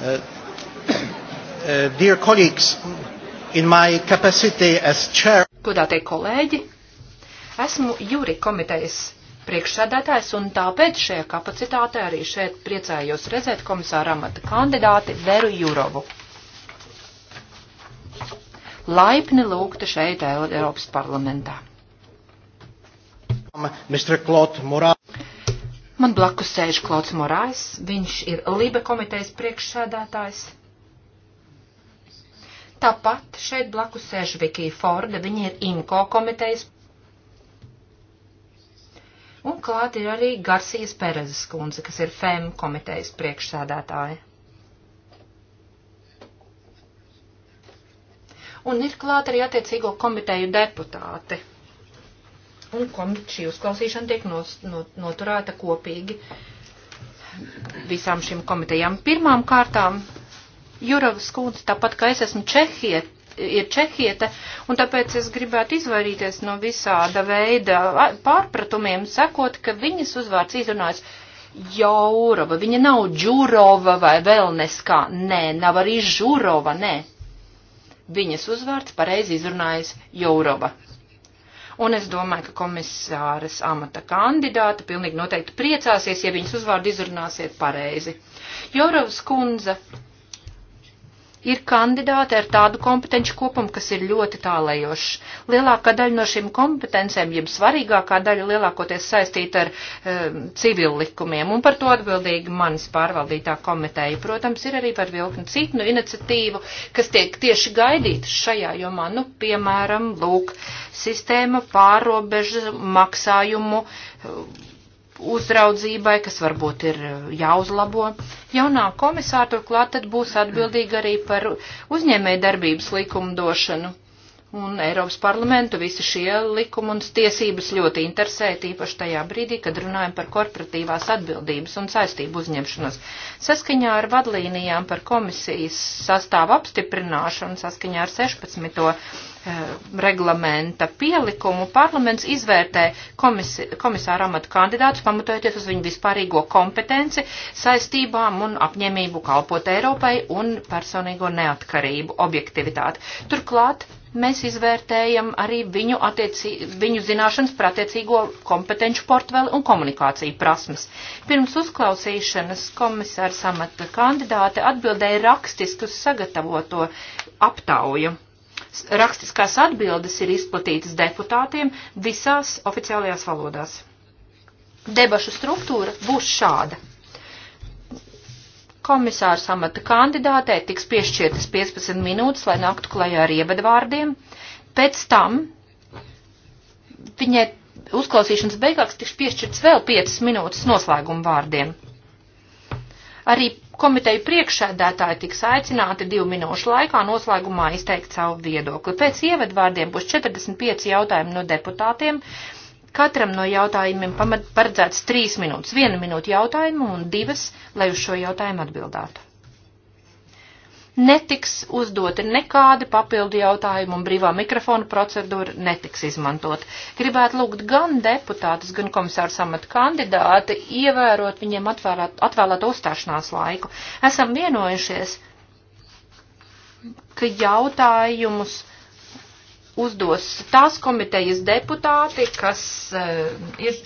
Uh, uh, dear colleagues, in my capacity as chair. Godātie kolēģi, esmu jūri komitejas priekšsēdētājs un tāpēc šajā kapacitātē arī šeit priecājos redzēt komisāra amata kandidāti Veru Jurovu. Laipni lūgta šeit Eiropas parlamentā. Mr. Klot Morāls. Man blakus sēž Klauds Morais, viņš ir Libe komitejas priekšsēdētājs. Tāpat šeit blakus sēž Vikija Forda, viņa ir IMCO komitejas. Un klāt ir arī Garcijas Perezes kundze, kas ir FEM komitejas priekšsēdētāja. Un ir klāt arī attiecīgo komiteju deputāti un kom, šī uzklausīšana tiek nos, no, noturēta kopīgi visām šīm komitejām. Pirmām kārtām Juravas kundze, tāpat kā es esmu Čehiet, ir Čehieta, un tāpēc es gribētu izvairīties no visāda veida pārpratumiem, sakot, ka viņas uzvārds izrunājas Jaurova, viņa nav Džurova vai vēl neskā, nē, nav arī Žurova, nē. Viņas uzvārds pareizi izrunājas Jaurova un es domāju, ka komisāras amata kandidāta pilnīgi noteikti priecāsies, ja viņas uzvārdu izrunāsiet pareizi. Jorovs kundze ir kandidāti ar tādu kompetenci kopumu, kas ir ļoti tālējošs. Lielākā daļa no šīm kompetencēm, jeb svarīgākā daļa lielākoties saistīta ar e, um, civilu likumiem, un par to atbildīgi manis pārvaldītā komiteja. Protams, ir arī par vilkni citu nu, iniciatīvu, kas tiek tieši gaidītas šajā jomā, nu, piemēram, lūk, sistēma pārobežu maksājumu. E, uzraudzībai, kas varbūt ir eh, jāuzlabo. Jaunā komisāra turklāt tad būs atbildīga arī par uzņēmē darbības likumdošanu. Un Eiropas parlamentu visi šie likumi un tiesības ļoti interesē, tīpaši tajā brīdī, kad runājam par korporatīvās atbildības un saistību uzņemšanos. Saskaņā ar vadlīnijām par komisijas sastāvu apstiprināšanu, saskaņā ar 16. Eh, reglamenta pielikumu parlaments izvērtē komisi, komisāra amata kandidātus, pamatojoties uz viņu vispārīgo kompetenci, saistībām un apņēmību kalpot Eiropai un personīgo neatkarību, objektivitāti. Turklāt mēs izvērtējam arī viņu, attiecī, viņu zināšanas par attiecīgo kompetenci portveli un komunikāciju prasmes. Pirms uzklausīšanas komisāra samata kandidāte atbildēja rakstiski uz sagatavoto aptauju rakstiskās atbildes ir izplatītas deputātiem visās oficiālajās valodās. Debašu struktūra būs šāda. Komisārs amata kandidātei tiks piešķirtas 15 minūtes, lai naktu klajā ar iebedvārdiem. Pēc tam viņai uzklausīšanas beigās tiks piešķirts vēl 5 minūtes noslēguma vārdiem. Arī Komiteju priekšsēdētāji tiks aicināti divu minūšu laikā noslēgumā izteikt savu viedokli. Pēc ievadvārdiem būs 45 jautājumi no deputātiem. Katram no jautājumiem paredzēts trīs minūtes, viena minūte jautājumu un divas, lai uz šo jautājumu atbildētu netiks uzdoti nekādi papildu jautājumi un brīvā mikrofona procedūra netiks izmantot. Gribētu lūgt gan deputātus, gan komisāru samatu kandidāti ievērot viņiem atvēlēt, atvēlēto uzstāšanās laiku. Esam vienojušies, ka jautājumus uzdos tās komitejas deputāti, kas uh, ir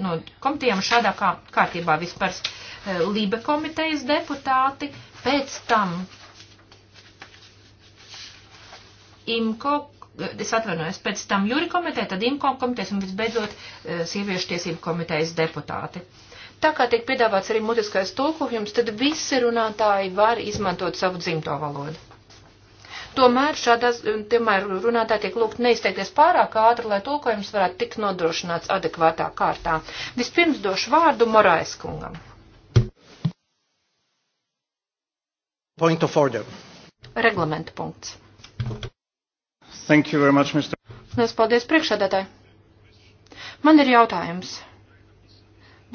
no nu, komitejām šādā kā, kārtībā vispār uh, Libe komitejas deputāti, pēc tam IMCO, es atvainojos, pēc tam Juri komiteja, tad IMCO komitejas un visbeidzot eh, sieviešu tiesību komitejas deputāti. Tā kā tiek piedāvāts arī mutiskais tulkojums, tad visi runātāji var izmantot savu dzimto valodu. Tomēr šādās, tomēr runātāji tiek lūgt neizteikties pārāk ātri, lai tulkojums varētu tikt nodrošināts adekvātā kārtā. Vispirms došu vārdu Morais kungam. Point of order. Reglamenta punkts. Thank you very much, Mr. Liels paldies priekšsēdētāji. Man ir jautājums.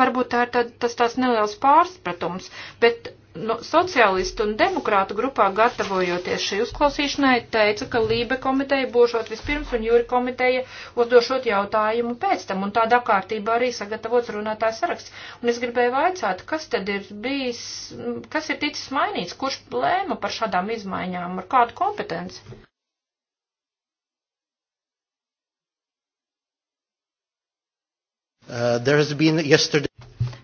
Varbūt tā ir tā, tas tās neliels pārspratums, bet no nu, sociālistu un demokrātu grupā gatavojoties šī uzklausīšanai, teica, ka Lībe komiteja būšot vispirms un Jūri komiteja uzdošot jautājumu pēc tam, un tādā kārtībā arī sagatavots runātājs saraksts. Un es gribēju vaicāt, kas tad ir bijis, kas ir ticis mainīts, kurš lēma par šādām izmaiņām, ar kādu kompetenci? Uh,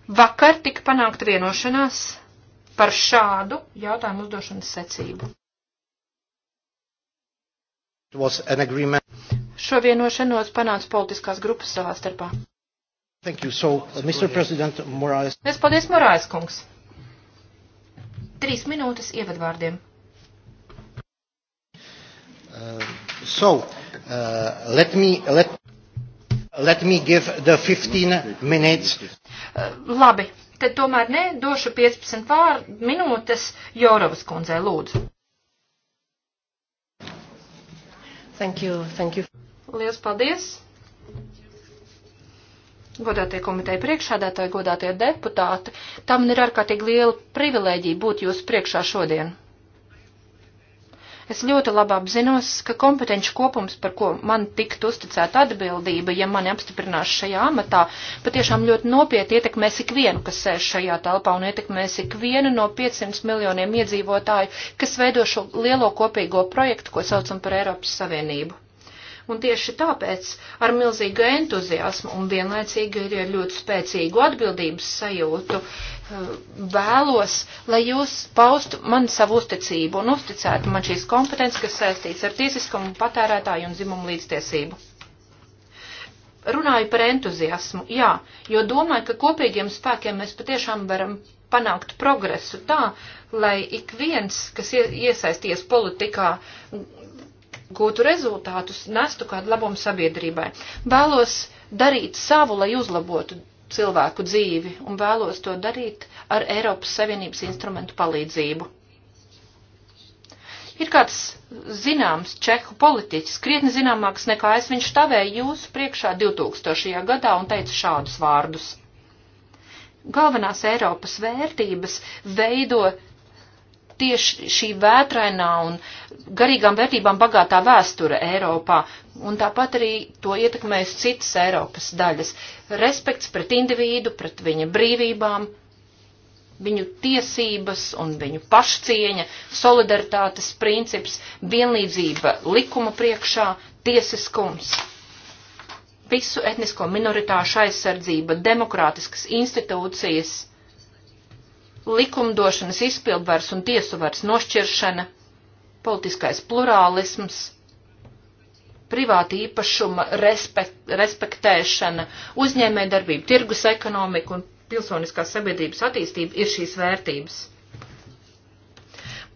Vakar tika panākta vienošanās par šādu jautājumu uzdošanas secību. Šo vienošanos panāca politiskās grupas savā starpā. Thank you. So, uh, Mr. President Morales. Es paldies, Morales kungs. Trīs minūtes ievadvārdiem. Uh, so, uh, let me, let... Let me give the 15 minutes. Uh, labi, tad tomēr nē, došu 15 pār minūtes Jorovas kundzē, lūdzu. Thank you, thank you. Lielas paldies. Godātie komiteja priekšādātāji, godātie deputāti, tam ir ārkārtīgi liela privilēģija būt jūsu priekšā šodien. Es ļoti labi apzinos, ka kompetenci kopums, par ko man tiktu uzticēta atbildība, ja mani apstiprinās šajā amatā, patiešām ļoti nopietni ietekmēs ikvienu, kas sēž šajā telpā un ietekmēs ikvienu no 500 miljoniem iedzīvotāju, kas veido šo lielo kopīgo projektu, ko saucam par Eiropas Savienību un tieši tāpēc ar milzīgu entuziasmu un vienlaicīgi arī ar ļoti spēcīgu atbildības sajūtu vēlos, lai jūs paustu man savu uzticību un uzticētu man šīs kompetences, kas saistīts ar tiesiskumu, patērētāju un dzimumu līdztiesību. Runāju par entuziasmu, jā, jo domāju, ka kopīgiem spēkiem mēs patiešām varam panākt progresu tā, lai ik viens, kas iesaisties politikā, gūtu rezultātus, nestu kādu labumu sabiedrībai. Vēlos darīt savu, lai uzlabotu cilvēku dzīvi un vēlos to darīt ar Eiropas Savienības instrumentu palīdzību. Ir kāds zināms čehu politiķis, krietni zināmāks nekā es, viņš stāvēja jūsu priekšā 2000. gadā un teica šādus vārdus. Galvenās Eiropas vērtības veido tieši šī vētrainā un garīgām vērtībām bagātā vēsture Eiropā, un tāpat arī to ietekmēs citas Eiropas daļas. Respekts pret individu, pret viņa brīvībām, viņu tiesības un viņu pašcieņa, solidaritātes princips, vienlīdzība likuma priekšā, tiesiskums visu etnisko minoritāšu aizsardzība, demokrātiskas institūcijas, likumdošanas izpildvars un tiesu vars nošķiršana, politiskais plurālisms, privāta īpašuma respekt, respektēšana, uzņēmē darbība, tirgus ekonomika un pilsoniskās sabiedrības attīstība ir šīs vērtības.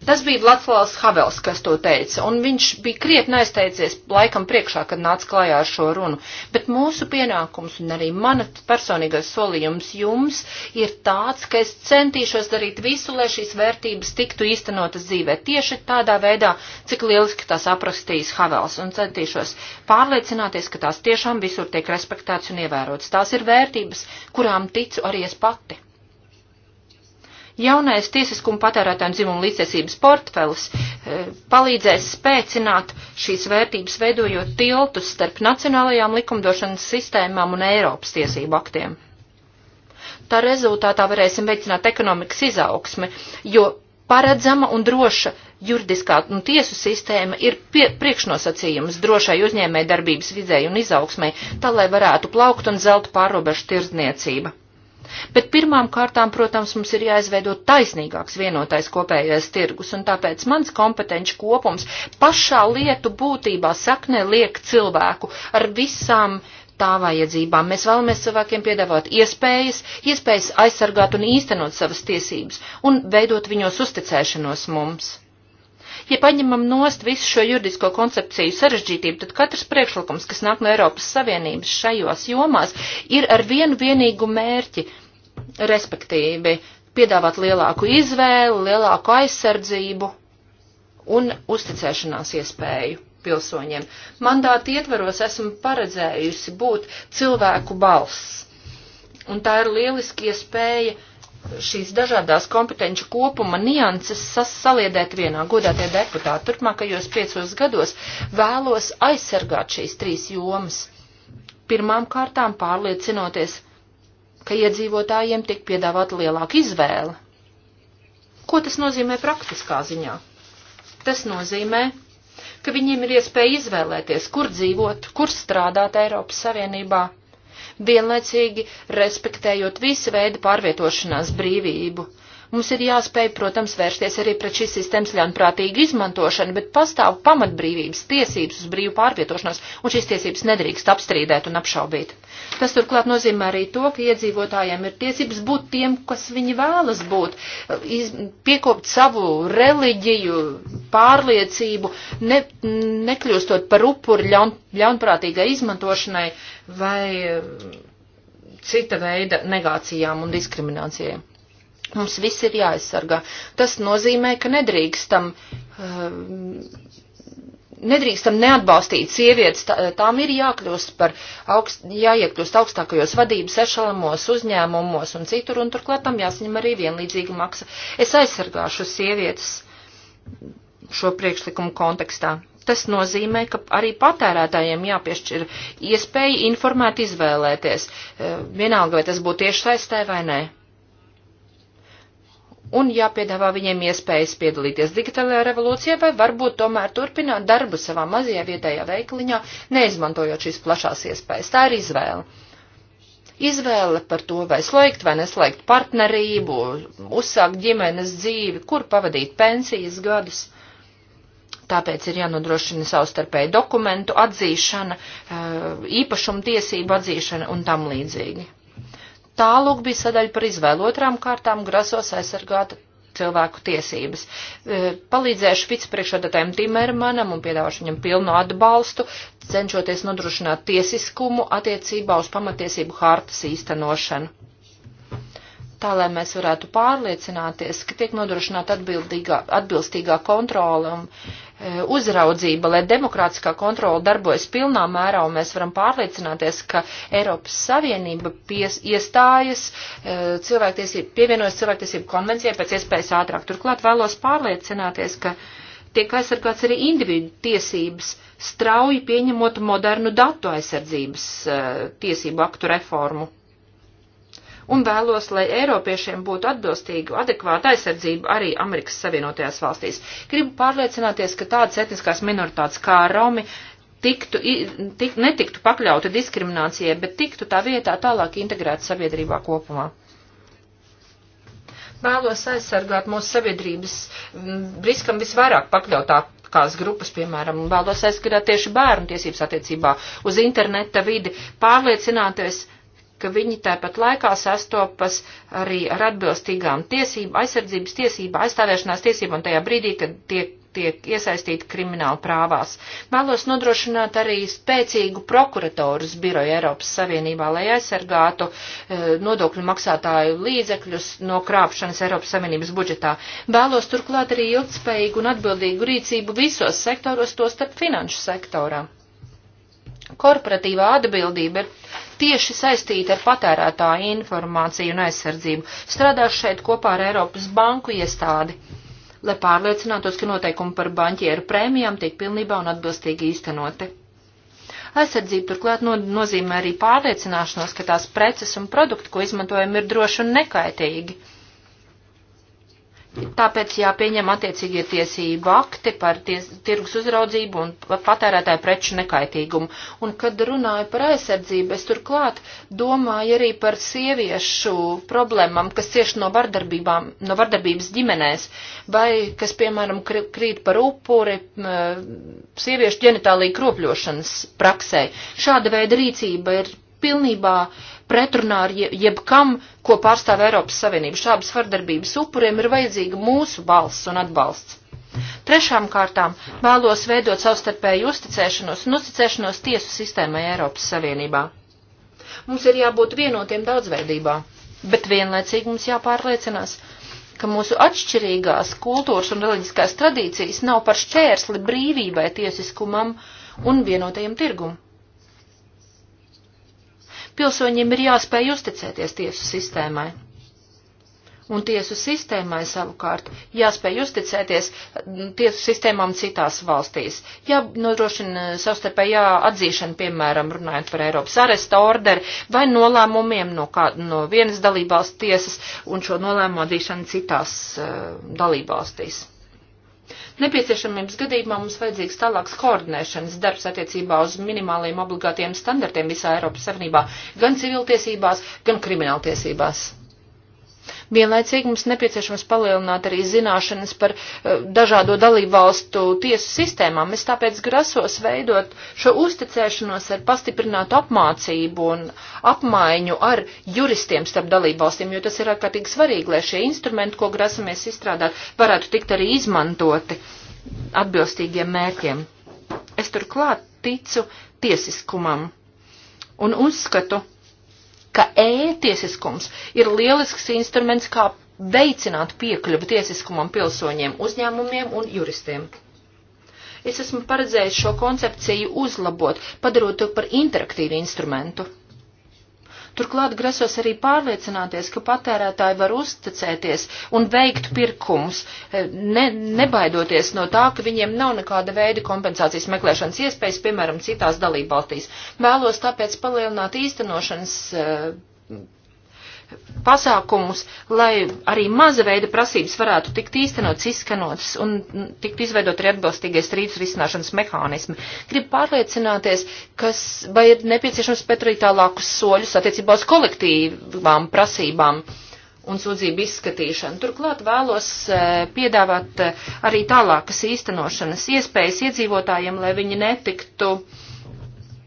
Tas bija Laclavs Havels, kas to teica, un viņš bija krietni aizteicies laikam priekšā, kad nāca klājā ar šo runu. Bet mūsu pienākums un arī mana personīgais solījums jums ir tāds, ka es centīšos darīt visu, lai šīs vērtības tiktu īstenotas dzīvē tieši tādā veidā, cik lieliski tās aprakstījis Havels, un centīšos pārliecināties, ka tās tiešām visur tiek respektēts un ievērotas. Tās ir vērtības, kurām ticu arī es pati. Jaunais tiesiskuma patērētājiem dzimuma līdztiesības portfels eh, palīdzēs spēcināt šīs vērtības, veidojot tiltus starp nacionālajām likumdošanas sistēmām un Eiropas tiesību aktiem. Tā rezultātā varēsim veicināt ekonomikas izaugsmi, jo paredzama un droša juridiskā un tiesu sistēma ir pie, priekšnosacījums drošai uzņēmē darbības vidēji un izaugsmai, tā lai varētu plaukt un zelt pārobežu tirdzniecība. Bet pirmām kārtām, protams, mums ir jāizveido taisnīgāks vienotais kopējais tirgus, un tāpēc mans kompetenci kopums pašā lietu būtībā saknē liek cilvēku ar visām tā vajadzībām. Mēs vēlamies cilvēkiem piedāvāt iespējas, iespējas aizsargāt un īstenot savas tiesības un veidot viņos uzticēšanos mums. Ja paņemam nost visu šo juridisko koncepciju sarežģītību, tad katrs priekšlikums, kas nāk no Eiropas Savienības šajos jomās, ir ar vienu vienīgu mērķi, respektīvi piedāvāt lielāku izvēli, lielāku aizsardzību un uzticēšanās iespēju pilsoņiem. Mandāti ietvaros esmu paredzējusi būt cilvēku balss. Un tā ir lieliski iespēja. Ja šīs dažādās kompetenču kopuma nianses saliedēt vienā godātie deputāti. Turpmākajos piecos gados vēlos aizsargāt šīs trīs jomas. Pirmām kārtām pārliecinoties, ka iedzīvotājiem tik piedāvāta lielāka izvēle. Ko tas nozīmē praktiskā ziņā? Tas nozīmē, ka viņiem ir iespēja izvēlēties, kur dzīvot, kur strādāt Eiropas Savienībā vienlaicīgi respektējot visu veidu pārvietošanās brīvību. Uh, Mums ir jāspēj, protams, vērsties arī pret šīs sistēmas ļaunprātīgu izmantošanu, bet pastāv pamatbrīvības, tiesības uz brīvu pārvietošanos, un šīs tiesības nedrīkst apstrīdēt un apšaubīt. Tas turklāt nozīmē arī to, ka iedzīvotājiem ir tiesības būt tiem, kas viņi vēlas būt, iz, piekopt savu reliģiju, pārliecību, ne, nekļūstot par upuri ļaun, ļaunprātīgai izmantošanai vai um, cita veida negācijām un diskriminācijai. Mums viss ir jāaizsargā. Tas nozīmē, ka nedrīkstam. Uh, nedrīkstam neatbalstīt sievietes, tā, tām ir jākļūst par augst, jāiekļūst augstākajos vadības ešalamos uzņēmumos un citur, un turklāt tam jāsaņem arī vienlīdzīga maksa. Es aizsargāšu sievietes šo priekšlikumu kontekstā. Tas nozīmē, ka arī patērētājiem jāpiešķir iespēja informēt izvēlēties, eh, vienalga, vai tas būtu tieši saistē vai nē un jāpiedāvā viņiem iespējas piedalīties digitālajā revolūcijā vai varbūt tomēr turpināt darbu savā mazajā vietējā veikaliņā, neizmantojot šīs plašās iespējas. Tā ir izvēle. Izvēle par to, vai slēgt vai neslēgt partnerību, uzsākt ģimenes dzīvi, kur pavadīt pensijas gadus tāpēc ir jānodrošina savstarpēji dokumentu atzīšana, eh, īpašumtiesību atzīšana un tam līdzīgi. Tālūk bija sadaļa par izvēlu. Otrām kārtām grasos aizsargāt cilvēku tiesības. E, palīdzēšu vicepriekšādātājiem Timermanam un piedāvāšu viņam pilnu atbalstu, cenšoties nodrošināt tiesiskumu attiecībā uz pamatiesību hārtas īstenošanu. Tā, lai mēs varētu pārliecināties, ka tiek nodrošināta atbilstīgā kontrola un E, uzraudzība, lai demokrātiskā kontrola darbojas pilnā mērā un mēs varam pārliecināties, ka Eiropas Savienība pies, iestājas e, cilvēktiesību, pievienojas cilvēktiesību konvencijai pēc iespējas ātrāk. Turklāt vēlos pārliecināties, ka tiek aizsargāts arī individu tiesības, strauji pieņemot modernu datu aizsardzības e, tiesību aktu reformu un vēlos, lai Eiropiešiem būtu atbilstīga, adekvāta aizsardzība arī Amerikas Savienotajās valstīs. Gribu pārliecināties, ka tādas etniskās minoritātes kā Romi tiktu, tik, netiktu pakļauti diskriminācijai, bet tiktu tā vietā tālāk integrēt sabiedrībā kopumā. Vēlos aizsargāt mūsu sabiedrības riskam visvairāk pakļautākās grupas, piemēram, un vēlos aizsargāt tieši bērnu tiesības attiecībā uz interneta vidi, pārliecināties, ka viņi tāpat laikā sastopas arī ar atbilstīgām tiesību, aizsardzības tiesību, aizstāvēšanās tiesībām tajā brīdī, kad tiek tiek iesaistīti krimināla prāvās. Vēlos nodrošināt arī spēcīgu prokuratorus biroju Eiropas Savienībā, lai aizsargātu e, nodokļu maksātāju līdzekļus no krāpšanas Eiropas Savienības budžetā. Vēlos turklāt arī ilgspējīgu un atbildīgu rīcību visos sektoros, to starp finanšu sektorā. Korporatīvā atbildība ir tieši saistīti ar patērētāju informāciju un aizsardzību. Strādāšu šeit kopā ar Eiropas banku iestādi, lai pārliecinātos, ka noteikumi par banķieru prēmijām tiek pilnībā un atbilstīgi īstenoti. Aizsardzība turklāt no, nozīmē arī pārliecināšanos, ka tās preces un produkti, ko izmantojam, ir droši un nekaitīgi. Tāpēc jāpieņem attiecīgie tiesību akti par ties, tirgus uzraudzību un patērētāju preču nekaitīgumu. Un, kad runāju par aizsardzību, es turklāt domāju arī par sieviešu problēmām, kas cieši no, no vardarbības ģimenēs, vai kas, piemēram, krīt par upuri sieviešu ģenitālī kropļošanas praksē. Šāda veida rīcība ir pilnībā pretrunā ar jebkam, ko pārstāv Eiropas Savienība. Šādas vardarbības upuriem ir vajadzīga mūsu balss un atbalsts. Trešām kārtām vēlos veidot savstarpēju uzticēšanos un uzticēšanos tiesu sistēmai Eiropas Savienībā. Mums ir jābūt vienotiem daudzveidībā, bet vienlaicīgi mums jāpārliecinās, ka mūsu atšķirīgās kultūras un reliģiskās tradīcijas nav par šķērsli brīvībai, tiesiskumam un vienotajam tirgumam. Pilsoņiem ir jāspēj uzticēties tiesu sistēmai. Un tiesu sistēmai savukārt jāspēj uzticēties mm, tiesu sistēmām citās valstīs. Jā, nodrošina savstarpējā atzīšana, piemēram, runājot par Eiropas aresta orderi vai nolēmumiem no, kā, no vienas dalībvalsts tiesas un šo nolēmumu atzīšanu citās uh, dalībvalstīs. Nepieciešamības gadījumā mums vajadzīgs tālāks koordinēšanas darbs attiecībā uz minimāliem obligātiem standartiem visā Eiropas Savienībā, gan civiltiesībās, gan krimināltiesībās. Vienlaicīgi mums nepieciešams palielināt arī zināšanas par eh, dažādo dalībvalstu tiesu sistēmām. Es tāpēc grasos veidot šo uzticēšanos ar pastiprinātu apmācību un apmaiņu ar juristiem starp dalībvalstīm, jo tas ir ārkārtīgi svarīgi, lai šie instrumenti, ko grasamies izstrādāt, varētu tikt arī izmantoti atbilstīgiem mērķiem. Es turklāt ticu tiesiskumam un uzskatu, ka e-tiesiskums ir lielisks instruments, kā veicināt piekļuvu tiesiskumam pilsoņiem, uzņēmumiem un juristiem. Es esmu paredzējis šo koncepciju uzlabot, padarot to par interaktīvu instrumentu. Turklāt grasos arī pārliecināties, ka patērētāji var uzticēties un veikt pirkumus, e, ne, nebaidoties no tā, ka viņiem nav nekāda veida kompensācijas meklēšanas iespējas, piemēram, citās dalībvalstīs. Vēlos tāpēc palielināt īstenošanas e, pasākumus, lai arī maza veida prasības varētu tikt īstenotas, izskanotas un tikt izveidot arī atbilstīgais strīdus risināšanas mehānismi. Gribu pārliecināties, kas, vai ir nepieciešams pēc arī tālākus soļus attiecībā uz kolektīvām prasībām un sūdzību izskatīšanu. Turklāt vēlos e, piedāvāt e, arī tālākas īstenošanas iespējas iedzīvotājiem, lai viņi netiktu uh,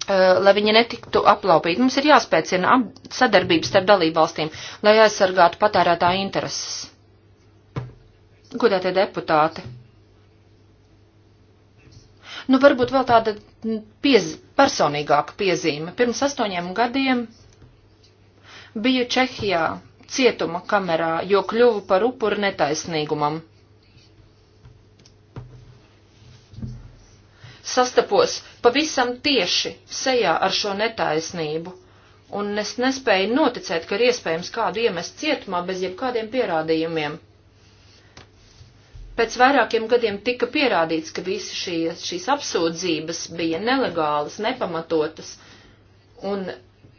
Eh, lai viņi netiktu aplaupīti. Mums ir jāspēcina sadarbības starp dalībvalstīm, lai aizsargātu patērētāju intereses. Godētie deputāti. Nu, varbūt vēl tāda piez, personīgāka piezīme. Pirms astoņiem gadiem biju Čehijā cietuma kamerā, jo kļuvu par upuru netaisnīgumam. sastapos pavisam tieši sejā ar šo netaisnību, un es nespēju noticēt, ka ir iespējams kādu iemest cietumā bez jebkādiem pierādījumiem. Pēc vairākiem gadiem tika pierādīts, ka visi šī, šīs apsūdzības bija nelegālas, nepamatotas un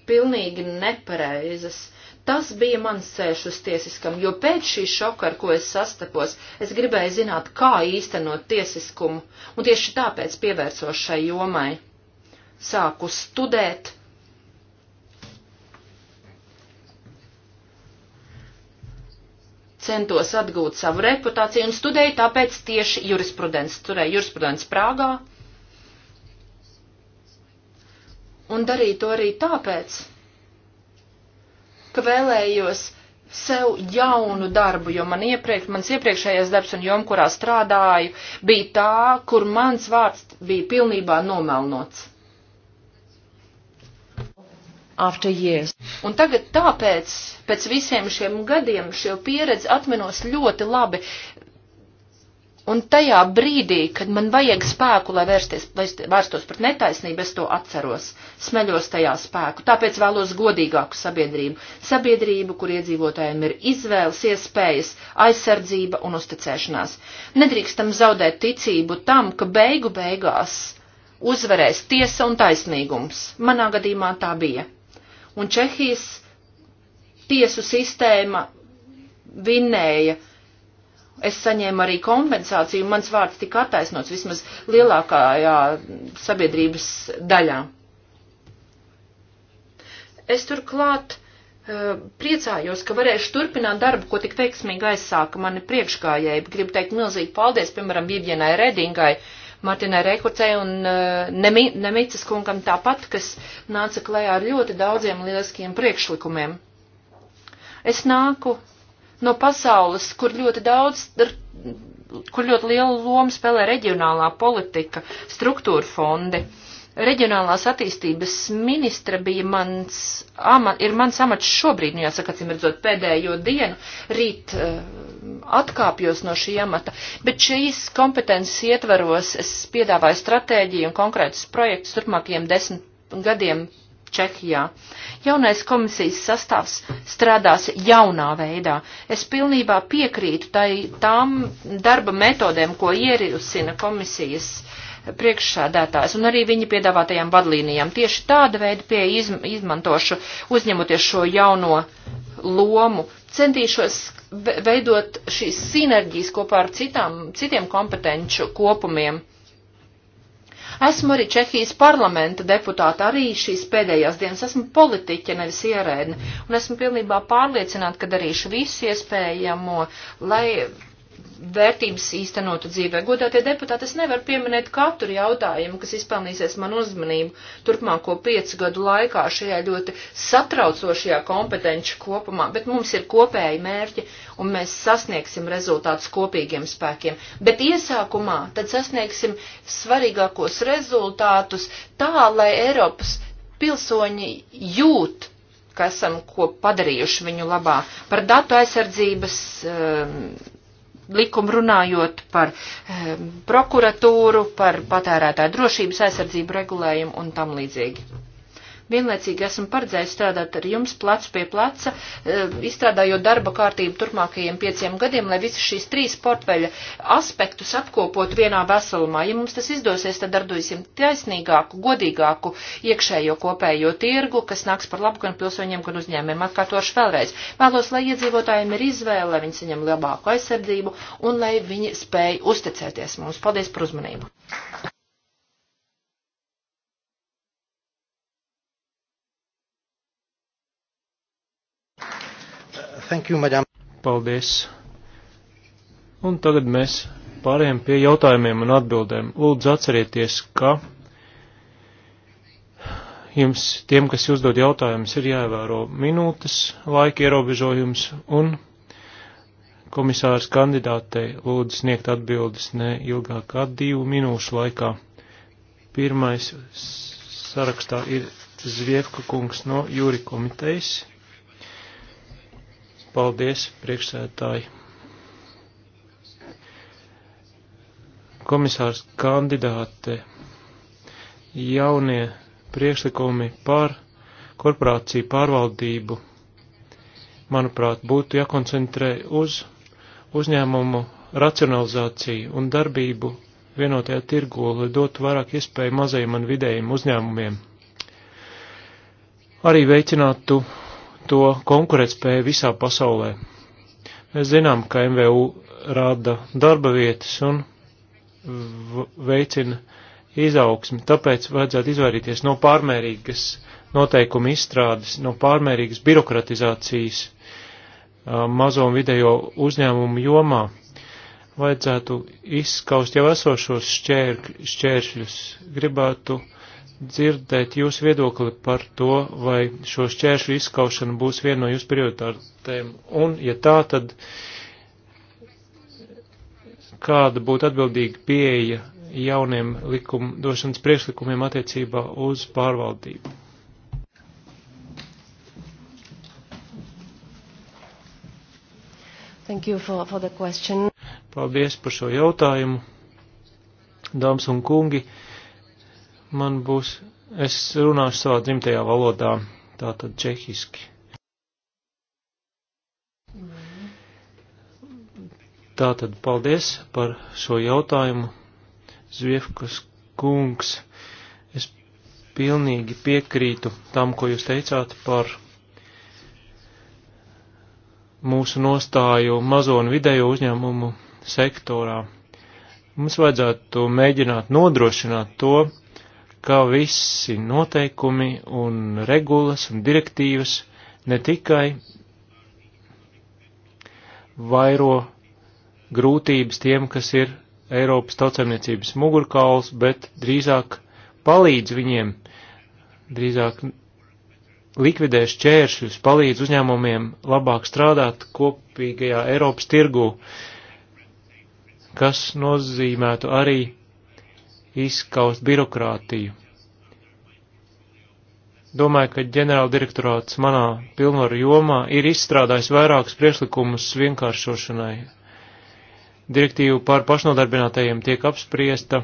pilnīgi nepareizas Tas bija mans ceļš uz tiesiskam, jo pēc šī šoka, ar ko es sastapos, es gribēju zināt, kā īstenot tiesiskumu, un tieši tāpēc pievērsos šai jomai. Sāku studēt. Centos atgūt savu reputāciju un studēju tāpēc tieši jurisprudences. Turēju jurisprudences Prāgā un darīju to arī tāpēc, ka vēlējos sev jaunu darbu, jo man iepriekš, mans iepriekšējais darbs un jom, kurā strādāju, bija tā, kur mans vārds bija pilnībā nomelnots. Un tagad tāpēc, pēc visiem šiem gadiem, šo pieredzi atminos ļoti labi, Un tajā brīdī, kad man vajag spēku, lai vērsties, lai vērstos pret netaisnību, es to atceros, smeļos tajā spēku. Tāpēc vēlos godīgāku sabiedrību. Sabiedrību, kur iedzīvotājiem ir izvēles, iespējas, aizsardzība un uzticēšanās. Nedrīkstam zaudēt ticību tam, ka beigu beigās uzvarēs tiesa un taisnīgums. Manā gadījumā tā bija. Un Čehijas tiesu sistēma vinnēja Es saņēmu arī kompensāciju, un mans vārds tika attaisnots vismaz lielākajā sabiedrības daļā. Es turklāt eh, priecājos, ka varēšu turpināt darbu, ko tik veiksmīgi aizsāka mani priekšgājēji. Gribu teikt milzīgi paldies, piemēram, Vivienai Redingai, Martinai Rekurcei un eh, Nemi, Nemicas kungam tāpat, kas nāca klajā ar ļoti daudziem lieliskiem priekšlikumiem. Es nāku no pasaules, kur ļoti daudz, kur ļoti lielu lomu spēlē reģionālā politika, struktūra fondi. Reģionālās attīstības ministra bija mans, ama, ir mans amats šobrīd, nu jāsaka, acīm redzot, pēdējo dienu, rīt uh, atkāpjos no šī amata, bet šīs kompetences ietvaros es piedāvāju stratēģiju un konkrētus projektus turpmākajiem desmit gadiem Čehijā. Jaunais komisijas sastāvs strādās jaunā veidā. Es pilnībā piekrītu tai, tām darba metodēm, ko ierusina komisijas priekšsēdētājs un arī viņa piedāvātajām vadlīnijām. Tieši tāda veida pieeja izm izmantošu, uzņemoties šo jauno lomu. Centīšos veidot šīs sinerģijas kopā ar citām, citiem kompetenču kopumiem Esmu arī Čehijas parlamenta deputāta, arī šīs pēdējās dienas esmu politiķa, nevis ierēdne, un esmu pilnībā pārliecināta, ka darīšu visu iespējamo, lai vērtības īstenotu dzīvē. Godātie deputāti, es nevaru pieminēt katru jautājumu, kas izpelnīsies man uzmanību turpmāko piecu gadu laikā šajā ļoti satraucošajā kompetenci kopumā, bet mums ir kopēji mērķi un mēs sasniegsim rezultātus kopīgiem spēkiem. Bet iesākumā tad sasniegsim svarīgākos rezultātus tā, lai Eiropas pilsoņi jūt ka esam ko padarījuši viņu labā. Par datu aizsardzības um, likumu runājot par e, prokuratūru, par patērētāju drošības aizsardzību regulējumu un tam līdzīgi. Vienlaicīgi esmu paredzējis strādāt ar jums plecu pie pleca, e, izstrādājot darba kārtību turpmākajiem pieciem gadiem, lai visas šīs trīs portveļa aspektus apkopot vienā veselumā. Ja mums tas izdosies, tad darbosim taisnīgāku, godīgāku iekšējo kopējo tirgu, kas nāks par labu gan pilsoņiem, gan uzņēmiem. Atkārtošu vēlreiz. Vēlos, lai iedzīvotājiem ir izvēle, lai viņi saņem labāku aizsardzību un lai viņi spēj uzticēties mums. Paldies par uzmanību! Thank you, madam. Paldies. Un tagad mēs pārējām pie jautājumiem un atbildēm. Lūdzu atcerieties, ka jums, tiem, kas uzdod jautājumus, ir jāievēro minūtes laika ierobežojums un komisārs kandidātei lūdzu sniegt atbildes ne ilgāk kā divu minūšu laikā. Pirmais sarakstā ir Zviefka kungs no jūri komitejas. Paldies, priekšsētāji. Komisārs kandidāte jaunie priekšlikumi par korporāciju pārvaldību, manuprāt, būtu jākoncentrē uz uzņēmumu racionalizāciju un darbību vienotajā tirgu, lai dotu vairāk iespēju mazajiem un vidējiem uzņēmumiem. Arī veicinātu to konkurētspēju visā pasaulē. Mēs zinām, ka MVU rada darba vietas un veicina izaugsmi, tāpēc vajadzētu izvairīties no pārmērīgas noteikuma izstrādes, no pārmērīgas birokratizācijas mazo un vidējo uzņēmumu jomā. Vajadzētu izskaust jau esošos šķēr, šķēršļus, gribētu uh, dzirdēt jūsu viedokli par to, vai šo šķēršu izskaušana būs viena no jūsu prioritātēm. Un, ja tā, tad kāda būtu atbildīga pieeja jauniem likumdošanas priekšlikumiem attiecībā uz pārvaldību? Thank you for, for the question. Paldies par šo jautājumu, dāmas un kungi. Uh, man būs, es runāšu savā dzimtajā valodā, tātad čehiski. Tātad paldies par šo jautājumu, Zviefkas kungs. Es pilnīgi piekrītu tam, ko jūs teicāt par mūsu nostāju mazo un vidējo uzņēmumu sektorā. Mums vajadzētu mēģināt nodrošināt to, ka visi noteikumi un regulas un direktīvas ne tikai vairo grūtības tiem, kas ir Eiropas tautsēmniecības mugurkauls, bet drīzāk palīdz viņiem, drīzāk likvidē šķēršļus, palīdz uzņēmumiem labāk strādāt kopīgajā Eiropas tirgū, kas nozīmētu arī izskaust birokrātiju. Domāju, ka ģenerāldirektorāts manā pilnvaru jomā ir izstrādājis vairākus priešlikumus vienkāršošanai. Direktīva par pašnodarbinātajiem tiek apspriesta.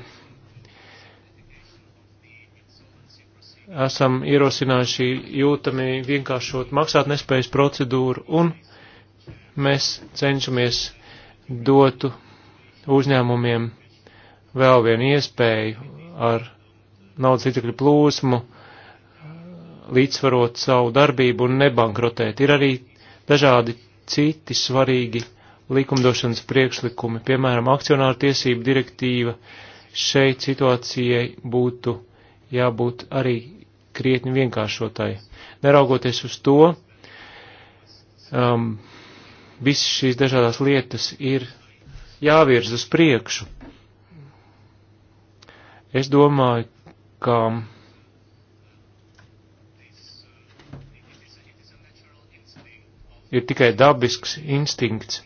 Esam ierosinājuši jūtami vienkāršot maksātnespējas procedūru un mēs cenšamies dotu uzņēmumiem vēl vienu iespēju ar naudas līdzekļu plūsmu līdzsvarot savu darbību un nebankrotēt. Ir arī dažādi citi svarīgi likumdošanas priekšlikumi, piemēram, akcionāra tiesība direktīva. Šeit situācijai būtu jābūt arī krietni vienkāršotai. Neraugoties uz to, um, visas šīs dažādas lietas ir jāvirz uz priekšu. Es domāju, ka ir tikai dabisks instinkts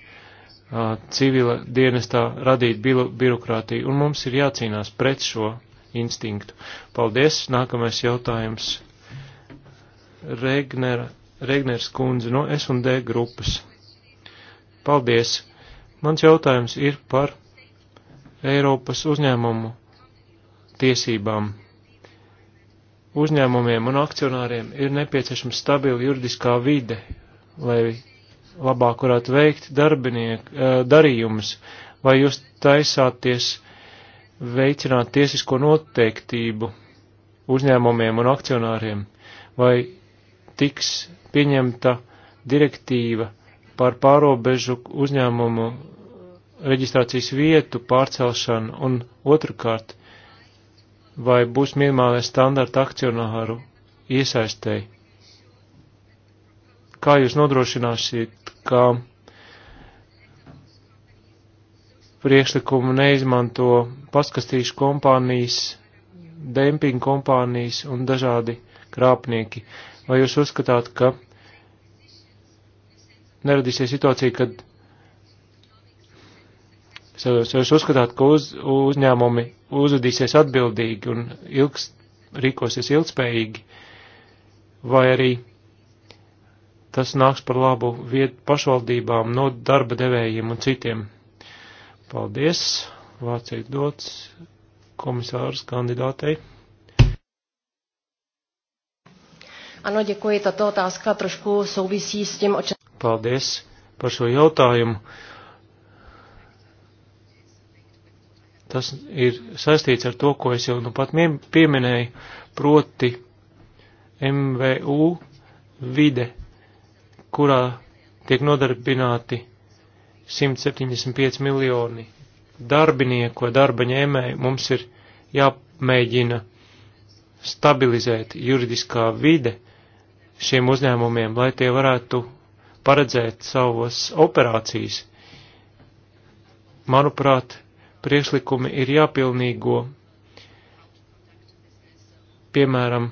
civila dienestā radīt birokrātiju, un mums ir jācīnās pret šo instinktu. Paldies! Nākamais jautājums. Regner, Regners kundze no S&D grupas. Paldies! Mans jautājums ir par Eiropas uzņēmumu tiesībām. Uzņēmumiem un akcionāriem ir nepieciešama stabila juridiskā vide, lai labāk varētu veikt eh, darījumus, vai jūs taisāties veicināt tiesisko noteiktību uzņēmumiem un akcionāriem, vai tiks pieņemta direktīva par pārobežu uzņēmumu reģistrācijas vietu pārcelšanu un otrkārt vai būs minimālais standarta akcionāru iesaistēji? Kā jūs nodrošināsiet, ka priekšlikumu neizmanto paskastīšu kompānijas, dempinga kompānijas un dažādi krāpnieki? Vai jūs uzskatāt, ka neradīsies situācija, kad Es jūs uzskatāt, ka uz, uzņēmumi uzvedīsies atbildīgi un ilgs, rīkosies ilgspējīgi, vai arī tas nāks par labu vietu pašvaldībām, no darba devējiem un citiem. Paldies! Vārds ir dots komisārs kandidātei. Ano, děkuji, tato otázka trošku souvisí s tím, o čem... Paldies par šo jautājumu. Tas ir saistīts ar to, ko es jau nu pat pieminēju, proti MVU vide, kurā tiek nodarbināti 175 miljoni darbinieku vai darba ņēmēju. Mums ir jāmēģina stabilizēt juridiskā vide šiem uzņēmumiem, lai tie varētu paredzēt savas operācijas. Manuprāt, priekšlikumi ir jāpilnīgo, piemēram,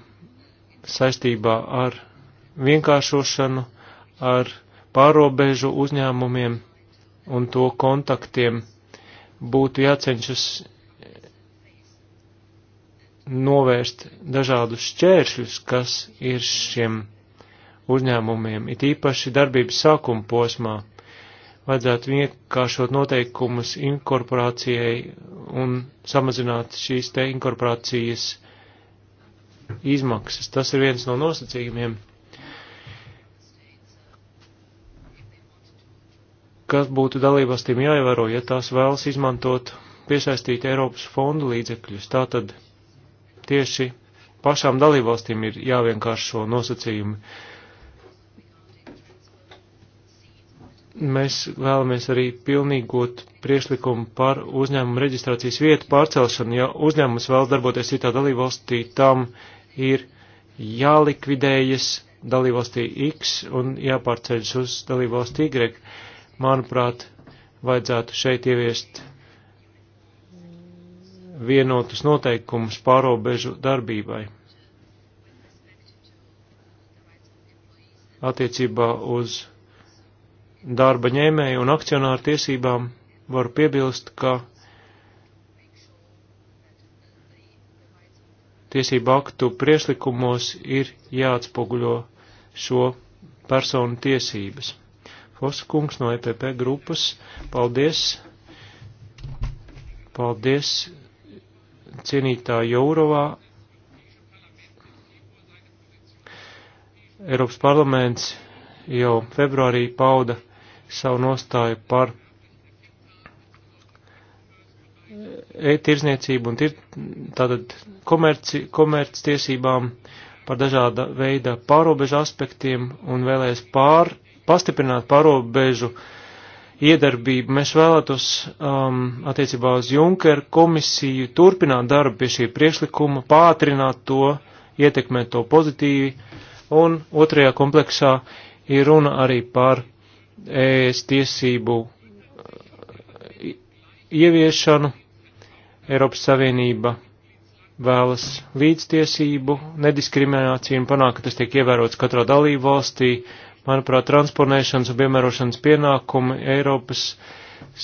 saistībā ar vienkāršošanu, ar pārobežu uzņēmumiem un to kontaktiem būtu jāceņšas novērst dažādus šķēršļus, kas ir šiem uzņēmumiem, it īpaši darbības sākuma posmā vajadzētu vienkāršot noteikumus inkorporācijai un samazināt šīs te inkorporācijas izmaksas. Tas ir viens no nosacījumiem, kas būtu dalībvalstīm jāievēro, ja tās vēlas izmantot piesaistīt Eiropas fondu līdzekļus. Tātad tieši pašām dalībvalstīm ir jāvienkāršo nosacījumi. mēs vēlamies arī pilnīgot priešlikumu par uzņēmumu reģistrācijas vietu pārcelšanu. Ja uzņēmums vēl darboties citā dalībvalstī, tam ir jālikvidējas dalībvalstī X un jāpārceļas uz dalībvalstī Y. Manuprāt, vajadzētu šeit ieviest vienotus noteikumus pārobežu darbībai. Attiecībā uz darba ņēmēju un akcionāru tiesībām varu piebilst, ka tiesību aktu priešlikumos ir jāatspoguļo šo personu tiesības. Foskungs no EPP grupas, paldies, paldies cienītā Jourovā. Eiropas parlaments jau februārī pauda savu nostāju par e-tirzniecību un tir, tātad komerci, komerc tiesībām par dažāda veida pārobežu aspektiem un vēlēs pār, pastiprināt pārobežu iedarbību. Mēs vēlētos um, attiecībā uz Junker komisiju turpināt darbu pie šī priekšlikuma, pātrināt to, ietekmēt to pozitīvi. Un otrajā kompleksā ir runa arī par ES tiesību ieviešanu. Eiropas Savienība vēlas līdztiesību, nediskrimināciju un panāk, ka tas tiek ievērots katrā dalību valstī. Manuprāt, transponēšanas un piemērošanas pienākumi Eiropas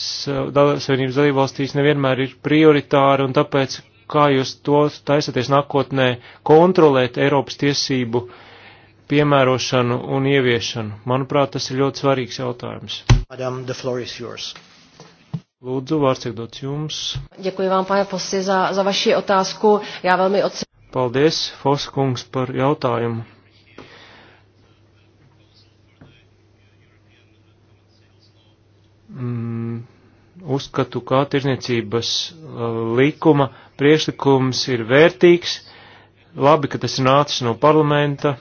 Savienības dalību valstīs nevienmēr ir prioritāri un tāpēc, kā jūs to taisaties nākotnē kontrolēt Eiropas tiesību uh, piemērošanu un ieviešanu. Manuprāt, tas ir ļoti svarīgs jautājums. Madam, the floor is yours. Lūdzu, vārds tiek dots jums. Děkuji vám, pane Fosi, za, za vaši otázku. Jā, velmi ocenuju. Paldies, Foskungs, par jautājumu. Mm, uzskatu, kā tirzniecības uh, likuma priešlikums ir vērtīgs. Labi, ka tas ir nācis no parlamenta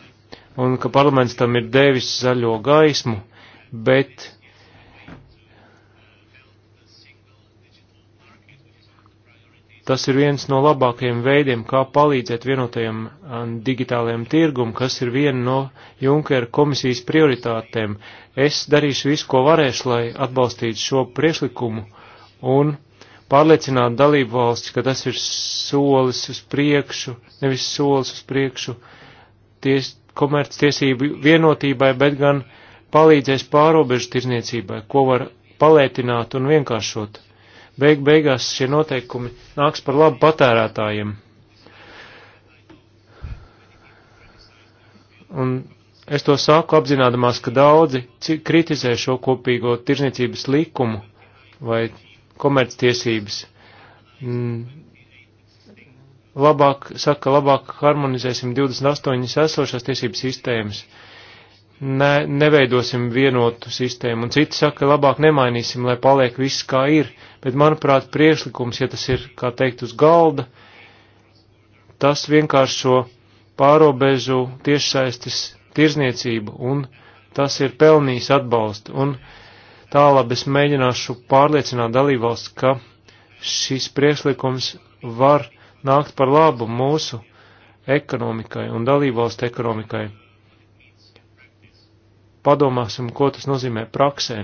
un ka parlaments tam ir devis zaļo gaismu, bet tas ir viens no labākajiem veidiem, kā palīdzēt vienotajam um, digitālajam tirgum, kas ir viena no Junkera komisijas prioritātēm. Es darīšu visu, ko varēšu, lai atbalstītu šo priešlikumu un pārliecinātu dalību valsts, ka tas ir solis uz priekšu, nevis solis uz priekšu ties, komerctiesību vienotībai, bet gan palīdzēs pārobežu tirzniecībai, ko var palētināt un vienkāršot. Beig beigās šie noteikumi nāks par labu patērētājiem. Un es to saku apzinādamās, ka daudzi kritizē šo kopīgo tirzniecības likumu vai komerctiesības. Mm labāk, saka, labāk harmonizēsim 28 esošās tiesības sistēmas, ne, neveidosim vienotu sistēmu, un citi saka, labāk nemainīsim, lai paliek viss kā ir, bet manuprāt, priešlikums, ja tas ir, kā teikt, uz galda, tas vienkāršo pārobežu tiešsaistes tirzniecību, un tas ir pelnījis atbalstu, un tālāk es mēģināšu pārliecināt dalībvalsts, ka šis priešlikums var nākt par labu mūsu ekonomikai un dalībvalstu ekonomikai. Padomāsim, ko tas nozīmē praksē.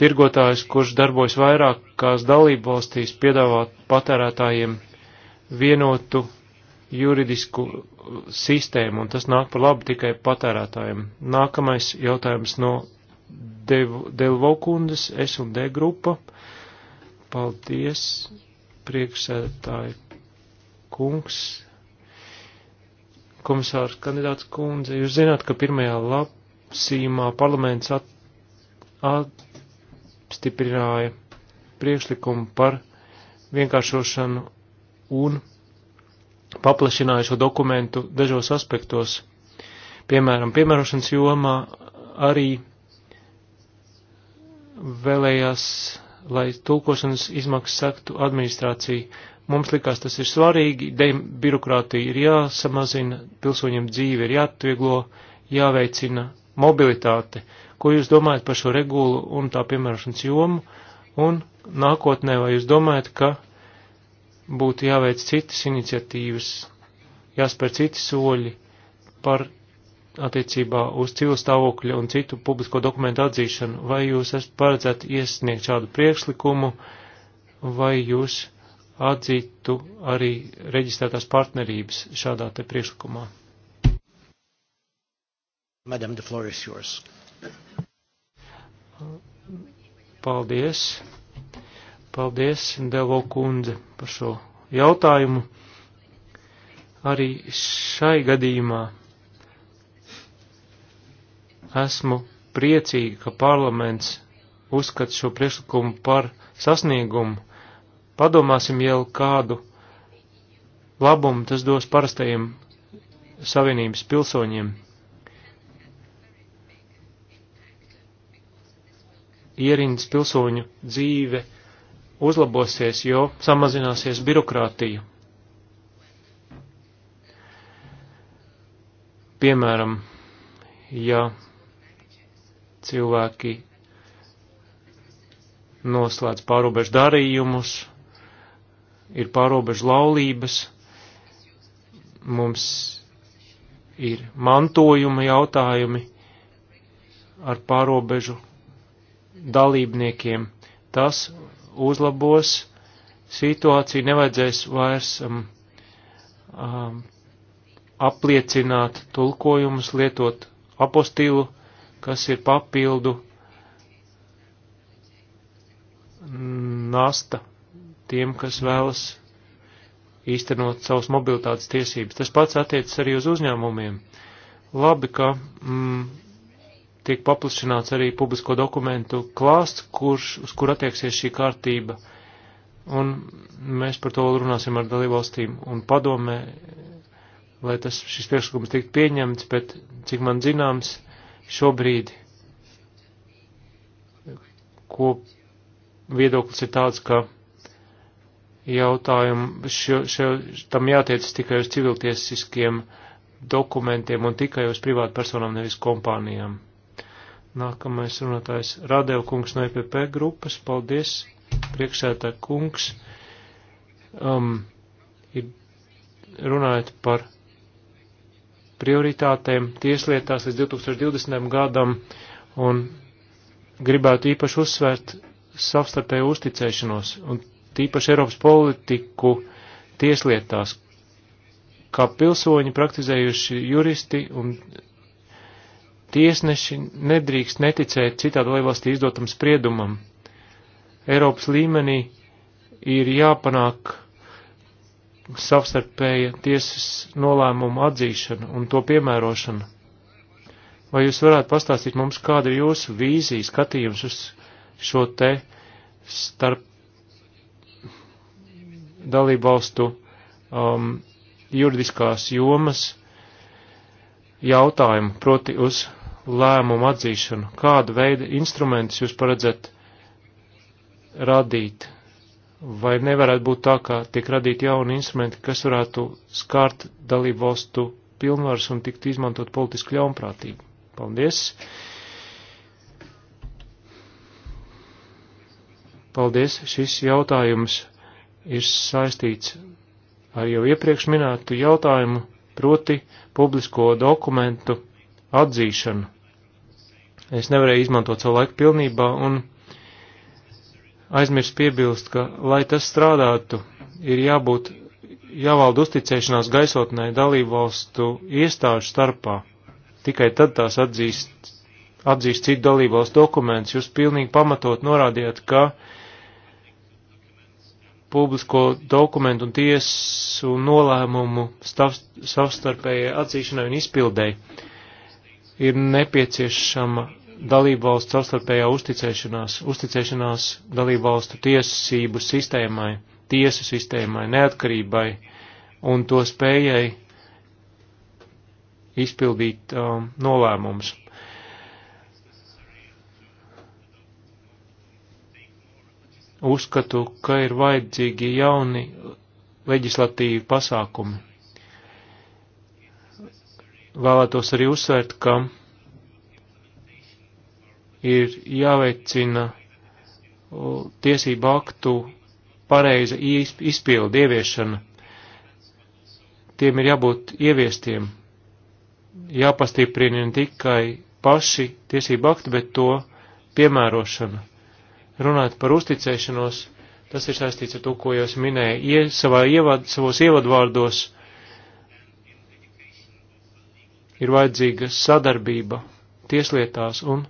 Tirgotājs, kurš darbojas vairākās dalībvalstīs, piedāvā patērētājiem vienotu juridisku sistēmu, un tas nāk par labu tikai patērētājiem. Nākamais jautājums no Delvo kundas, S un D grupa. Paldies, priekšsēdētāji kungs, komisārs kandidāts kundze. Jūs zināt, ka pirmajā lapsīmā parlaments at, apstiprināja priekšlikumu par vienkāršošanu un paplašināja šo dokumentu dažos aspektos. Piemēram, piemērošanas jomā arī vēlējās, lai tulkošanas izmaksas saktu administrāciju. Mums likās tas ir svarīgi, birokrātija ir jāsamazina, pilsoņiem dzīve ir jāatvieglo, jāveicina mobilitāte. Ko jūs domājat par šo regulu un tā piemērošanas jomu? Un nākotnē vai jūs domājat, ka būtu jāveic citas iniciatīvas, jāspēr citi soļi par attiecībā uz civilu stāvokļa un citu publisko dokumentu atzīšanu. Vai jūs esat paredzēti iesniegt šādu priekšlikumu, vai jūs atzītu arī reģistrētās partnerības šādā te priekšlikumā? Madam, the floor is yours. Paldies. Paldies, Devo kundze, par šo jautājumu. Arī šai gadījumā esmu priecīgi, ka parlaments uzskata šo priekšlikumu par sasniegumu. Padomāsim jau kādu labumu tas dos parastajiem savienības pilsoņiem. Ierindas pilsoņu dzīve uzlabosies, jo samazināsies birokrātija. Piemēram, ja cilvēki noslēdz pārobežu darījumus, ir pārobežu laulības, mums ir mantojuma jautājumi ar pārobežu dalībniekiem. Tas uzlabos situāciju, nevajadzēs vairs um, um, apliecināt tulkojumus, lietot apostīlu kas ir papildu nasta tiem, kas vēlas īstenot savas mobilitātes tiesības. Tas pats attiecas arī uz uzņēmumiem. Labi, ka mm, tiek paplašināts arī publisko dokumentu klāsts, kurš, uz kur attieksies šī kārtība. Un mēs par to runāsim ar dalībvalstīm un padomē, lai tas, šis priekšlikums tiktu pieņemts, bet, cik man zināms, uh, šobrīd ko viedoklis ir tāds, ka jautājumu šo, šo, tam jātiecas tikai uz civiltiesiskiem dokumentiem un tikai uz privātpersonām, nevis kompānijām. Nākamais runātājs Radev kungs no EPP grupas. Paldies, priekšētā kungs. Um, ir runājot par prioritātēm tieslietās līdz 2020. gadam un gribētu īpaši uzsvērt savstarpēju uzticēšanos un tīpaši Eiropas politiku tieslietās, kā pilsoņi praktizējuši juristi un tiesneši nedrīkst neticēt citādi lielvalstī izdotam spriedumam. Eiropas līmenī ir jāpanāk savstarpēja tiesas nolēmumu atzīšana un to piemērošana. Vai jūs varētu pastāstīt mums, kāda ir jūsu vīzija, skatījums uz šo te starp dalību valstu um, juridiskās jomas jautājumu, proti uz lēmumu atzīšanu? Kādu veidu instrumentus jūs paredzat radīt Vai nevarētu būt tā, ka tiek radīti jauni instrumenti, kas varētu skārt dalību valstu pilnvaras un tikt izmantot politiski ļaunprātīgi? Paldies! Paldies! Šis jautājums ir saistīts ar jau iepriekš minētu jautājumu, proti publisko dokumentu atzīšanu. Es nevarēju izmantot savu laiku pilnībā un aizmirst piebilst, ka, lai tas strādātu, ir jābūt jāvalda uzticēšanās gaisotnē dalību valstu iestāžu starpā. Tikai tad tās atzīst, atzīst citu dalību valstu dokumentus. Jūs pilnīgi pamatot norādījāt, ka publisko dokumentu un tiesu nolēmumu savstarpējai atzīšanai un izpildēji ir nepieciešama dalību valsts savstarpējā uzticēšanās, uzticēšanās dalību valstu tiesību sistēmai, tiesu sistēmai, neatkarībai un to spējai izpildīt um, nolēmumus. Uzskatu, ka ir vajadzīgi jauni leģislatīvi pasākumi. Vēlētos arī uzsvērt, ka ir jāveicina tiesību aktu pareiza izpildu ieviešana. Tiem ir jābūt ieviestiem, jāpastiprina ne tikai paši tiesību akti, bet to piemērošana. Runāt par uzticēšanos, tas ir saistīts ar to, ko jau es minēju, Ie, savā ievad, savos ievadvārdos ir vajadzīga sadarbība tieslietās un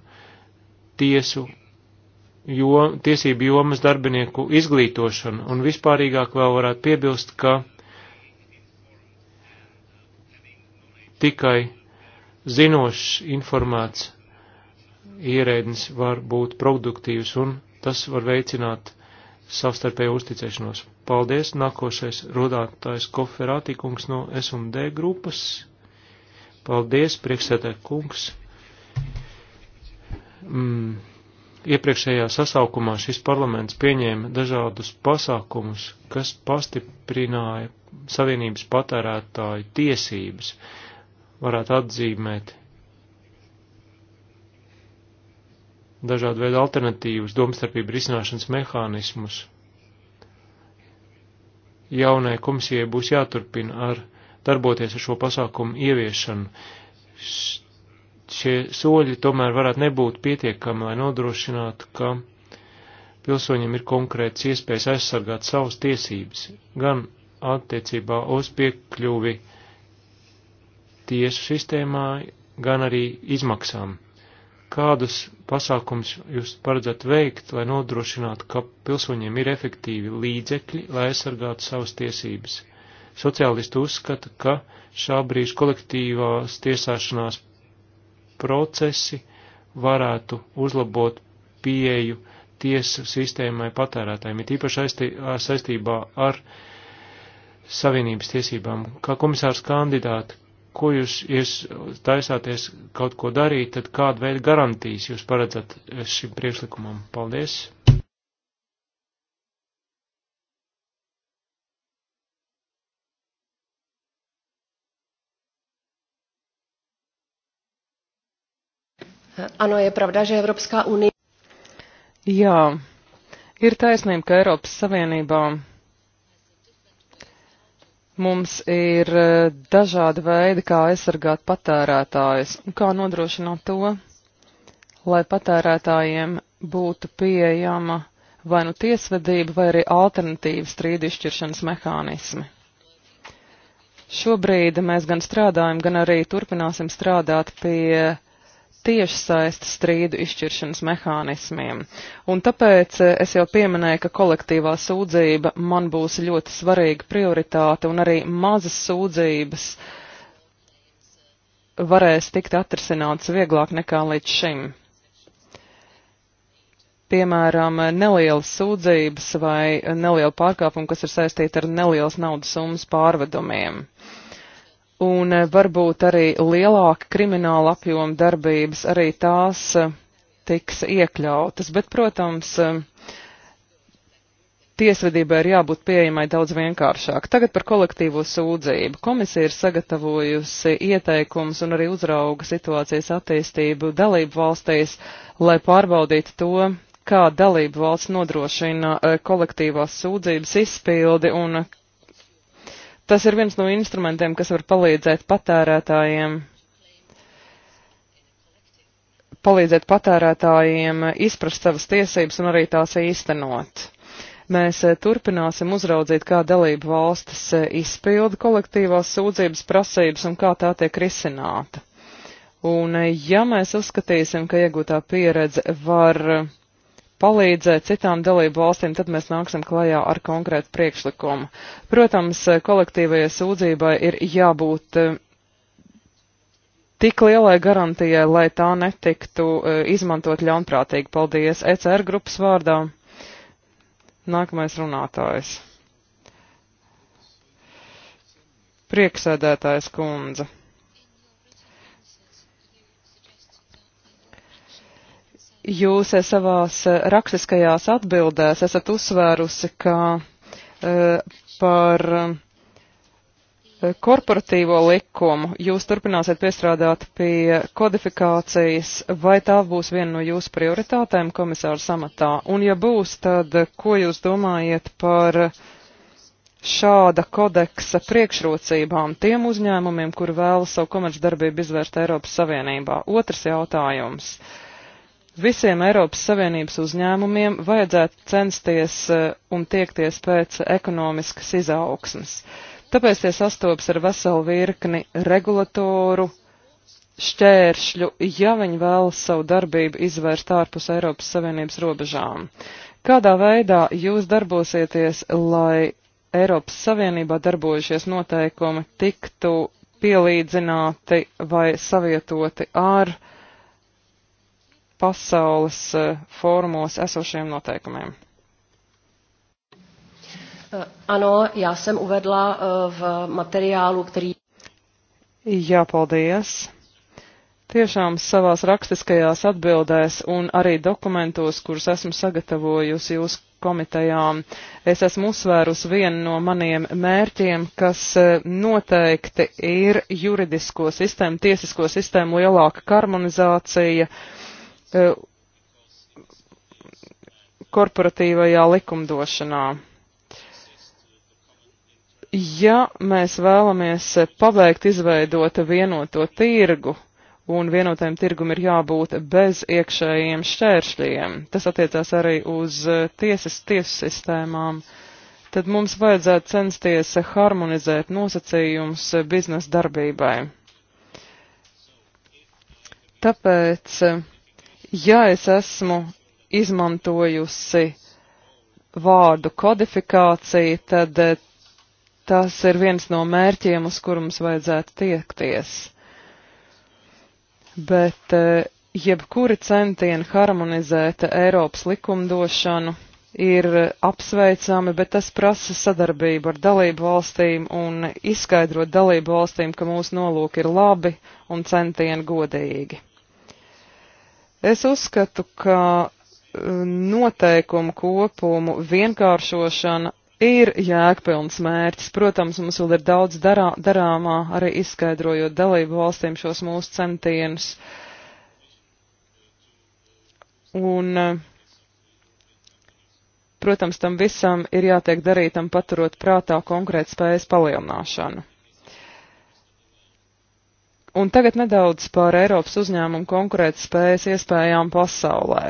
tiesu jo, tiesību jomas darbinieku izglītošanu, un vispārīgāk vēl varētu piebilst, ka tikai zinošs informēts ierēdnis var būt produktīvs, un tas var veicināt savstarpēju uzticēšanos. Paldies! Nākošais rodātājs Koferātī kungs no S&D grupas. Paldies, priekšsēdē kungs! mm, iepriekšējā sasaukumā šis parlaments pieņēma dažādus pasākumus, kas pastiprināja Savienības patērētāju tiesības, varētu atzīmēt dažādu veidu alternatīvas domstarpību risināšanas mehānismus. Jaunai komisijai būs jāturpina ar darboties ar šo pasākumu ieviešanu šie soļi tomēr varētu nebūt pietiekami, lai nodrošinātu, ka pilsoņiem ir konkrēts iespējas aizsargāt savas tiesības, gan attiecībā uz piekļuvi tiesu sistēmā, gan arī izmaksām. Kādus pasākums jūs paredzat veikt, lai nodrošinātu, ka pilsoņiem ir efektīvi līdzekļi, lai aizsargātu savas tiesības? Sociālisti uzskata, ka šā brīža kolektīvās tiesāšanās procesi varētu uzlabot pieeju tiesu sistēmai patērētājiem, it īpaši saistībā ar savienības tiesībām. Kā komisārs kandidāti, ko jūs, jūs taisāties kaut ko darīt, tad kādu veidu garantijas jūs paredzat šim priekšlikumam? Paldies! Ano, je pravda, že Evropskā unija. Jā, ir taisnība, ka Eiropas Savienībā mums ir e, dažādi veidi, kā aizsargāt patērētājus un kā nodrošināt to, lai patērētājiem būtu pieejama vai nu tiesvedība, vai arī alternatīva strīdu izšķiršanas mehānismi. Šobrīd mēs gan strādājam, gan arī turpināsim strādāt pie uh, tiešsaista strīdu izšķiršanas mehānismiem. Un tāpēc eh, es jau pieminēju, ka kolektīvā sūdzība man būs ļoti svarīga prioritāte un arī mazas sūdzības varēs tikt atrasināts vieglāk nekā līdz šim. Piemēram, nelielas sūdzības vai neliela pārkāpuma, kas ir saistīta ar nelielas naudas summas pārvedumiem un eh, varbūt arī lielāka krimināla apjoma darbības arī tās eh, tiks iekļautas. Bet, protams, eh, tiesvedībai ir jābūt pieejamai daudz vienkāršāk. Tagad par kolektīvo sūdzību. Komisija ir sagatavojusi ieteikums un arī uzrauga situācijas attīstību dalību valstīs, lai pārbaudītu to, kā dalību valsts nodrošina kolektīvās sūdzības izpildi un Tas ir viens no instrumentiem, kas var palīdzēt patērētājiem palīdzēt patērētājiem izprast savas tiesības un arī tās īstenot. Mēs eh, turpināsim uzraudzīt, kā dalību valstis eh, izpilda kolektīvās sūdzības prasības un kā tā tiek risināta. Un eh, ja mēs uzskatīsim, ka iegūtā pieredze var uh, palīdzēt citām dalību valstīm, tad mēs nāksim klajā ar konkrētu priekšlikumu. Protams, kolektīvajai sūdzībai ir jābūt eh, tik lielai garantijai, lai tā netiktu eh, izmantot ļaunprātīgi. Paldies ECR grupas vārdā. Nākamais runātājs. Prieksēdētājs kundze. Jūs e, savās e, rakstiskajās atbildēs esat uzsvērusi, ka e, par korporatīvo likumu jūs turpināsiet piestrādāt pie kodifikācijas, vai tā būs viena no jūsu prioritātēm komisāra samatā? Un ja būs, tad ko jūs domājat par šāda kodeksa priekšrocībām tiem uzņēmumiem, kur vēlas savu komercdarbību izvērst Eiropas Savienībā? Otrs jautājums. Uh, Visiem Eiropas Savienības uzņēmumiem vajadzētu censties eh, un tiekties pēc ekonomiskas izaugsmas. Tāpēc tie sastopas ar veselu virkni regulatoru šķēršļu, ja viņi vēlas savu darbību izvērst ārpus Eiropas Savienības robežām. Kādā veidā jūs darbosieties, lai Eiropas Savienībā darbojušies noteikumi tiktu pielīdzināti vai savietoti ar uh, pasaules eh, fórumos esošiem noteikumiem? Eh, ano, já jsem uvedla eh, v materiálu, který. Jā, paldies. Tiešām savās rakstiskajās atbildēs un arī dokumentos, kurus esmu sagatavojusi jūsu komitejām, es esmu uzsvērus vienu no maniem mērķiem, kas noteikti ir juridisko sistēmu, tiesisko sistēmu lielāka harmonizācija Eh, korporatīvajā likumdošanā. Ja mēs vēlamies pabeigt izveidot vienoto tirgu, un vienotajam tirgum ir jābūt bez iekšējiem šķēršļiem, tas attiecās arī uz eh, tiesas tiesu sistēmām, tad mums vajadzētu censties harmonizēt nosacījumus biznesa darbībai. Tāpēc eh, ja es esmu izmantojusi vārdu kodifikācija, tad eh, tas ir viens no mērķiem, uz kuru mums vajadzētu tiekties. Bet eh, jebkuri centieni harmonizēt Eiropas likumdošanu ir apsveicami, bet tas prasa sadarbību ar dalību valstīm un izskaidrot dalību valstīm, ka mūsu nolūki ir labi un centieni godīgi. Es uzskatu, ka e, noteikumu kopumu vienkāršošana ir jēgpilns mērķis. Protams, mums vēl ir daudz darā, darāmā, arī izskaidrojot dalību valstīm šos mūsu centienus. Un, e, protams, tam visam ir jātiek darītam paturot prātā konkrēt spējas palielināšanu. Un tagad nedaudz par Eiropas uzņēmumu konkurētspējas iespējām pasaulē.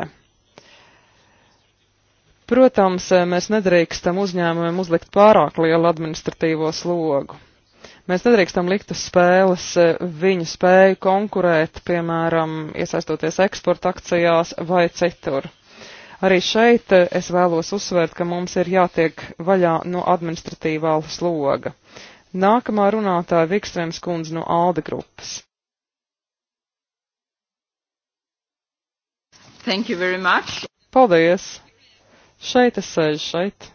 Protams, mēs nedrīkstam uzņēmumiem uzlikt pārāk lielu administratīvo slogu. Mēs nedrīkstam likt uz spēles eh, viņu spēju konkurēt, piemēram, iesaistoties eksporta akcijās vai citur. Arī šeit eh, es vēlos uzsvērt, ka mums ir jātiek vaļā no administratīvā sloga. Nākamā runātāja Vikstrēms kundze no Alde grupas. Thank you very much. Paldies. Šeit es sēžu, šeit.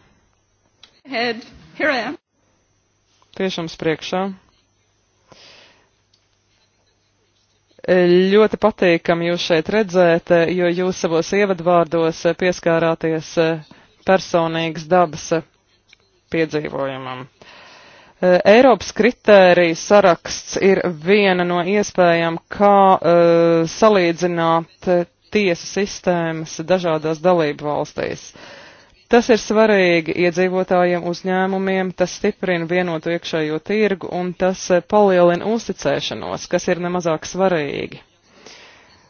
Head. Here I am. Tiešām priekšā. Ļoti patīkami jūs šeit redzēt, jo jūs savos ievadvārdos pieskārāties personīgas dabas piedzīvojumam. Eh, Eiropas kritērija saraksts ir viena no iespējām, kā uh, salīdzināt eh, tiesu sistēmas dažādās dalību valstīs. Tas ir svarīgi iedzīvotājiem, uzņēmumiem, tas stiprina vienotu iekšējo tirgu un tas palielina uzticēšanos, kas ir nemazāk svarīgi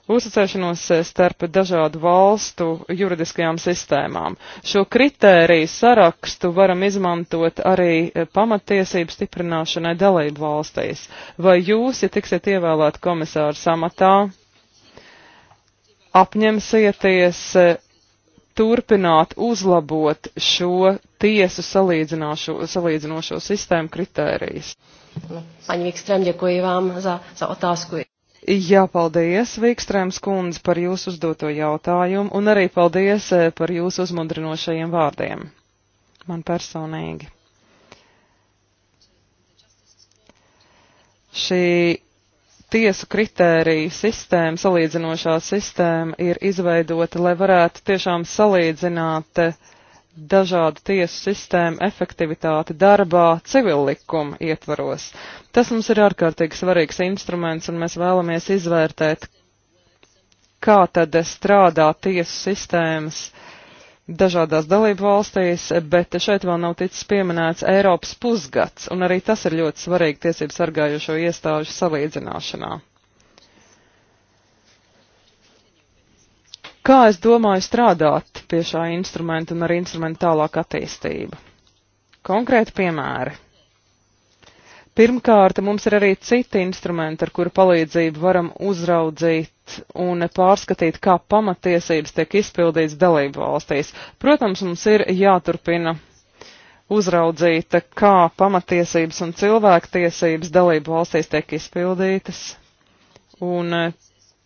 uzticēšanos eh, starp dažādu valstu juridiskajām sistēmām. Šo kritēriju sarakstu varam izmantot arī eh, pamatiesību stiprināšanai dalību valstīs. Vai jūs, ja tiksiet ievēlēt komisāru samatā, apņemsieties eh, turpināt uzlabot šo tiesu salīdzinošo sistēmu kritērijas? Paņi Vikstrēm, ďakujem vám za, za otázku. Jā, paldies, Vīkstrēms kundze, par jūsu uzdoto jautājumu, un arī paldies eh, par jūsu uzmundrinošajiem vārdiem. Man personīgi. Šī tiesu kritēriju sistēma, salīdzinošā sistēma ir izveidota, lai varētu tiešām salīdzināt uh, dažādu tiesu sistēmu efektivitāti darbā civillikuma ietvaros. Tas mums ir ārkārtīgi svarīgs instruments, un mēs vēlamies izvērtēt, kā tad strādā tiesu sistēmas dažādās dalību valstīs, bet šeit vēl nav ticis pieminēts Eiropas pusgads, un arī tas ir ļoti svarīgi tiesību sargājušo iestāžu salīdzināšanā. kā es domāju strādāt pie šā instrumenta un ar instrumentu tālāk attīstību. Konkrēti piemēri. Pirmkārt, mums ir arī citi instrumenti, ar kuru palīdzību varam uzraudzīt un pārskatīt, kā pamatiesības tiek izpildīts dalību valstīs. Protams, mums ir jāturpina uzraudzīta, kā pamatiesības un cilvēktiesības dalību valstīs tiek izpildītas, un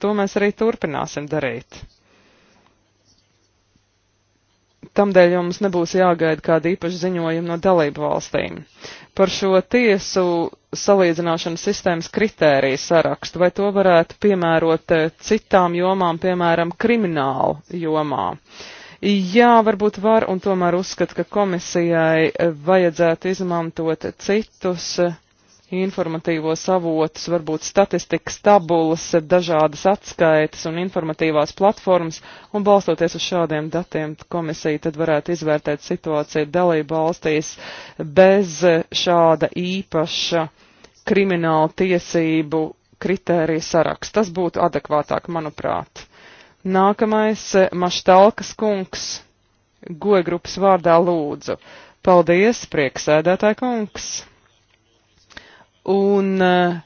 to mēs arī turpināsim darīt tamdēļ jau mums nebūs jāgaida kāda īpaša ziņojuma no dalību valstīm. Par šo tiesu salīdzināšanas sistēmas kritēriju sarakstu, vai to varētu piemērot eh, citām jomām, piemēram, kriminālu jomā? Jā, varbūt var, un tomēr uzskat, ka komisijai eh, vajadzētu izmantot citus uh, informatīvos avotus, varbūt statistikas tabulas, dažādas atskaites un informatīvās platformas, un balstoties uz šādiem datiem komisija tad varētu izvērtēt situāciju dalību valstīs bez šāda īpaša krimināla tiesību kritērija saraksts. Tas būtu adekvātāk, manuprāt. Nākamais Maštalkas kungs goja grupas vārdā lūdzu. Paldies, prieksēdētāja kungs! un eh,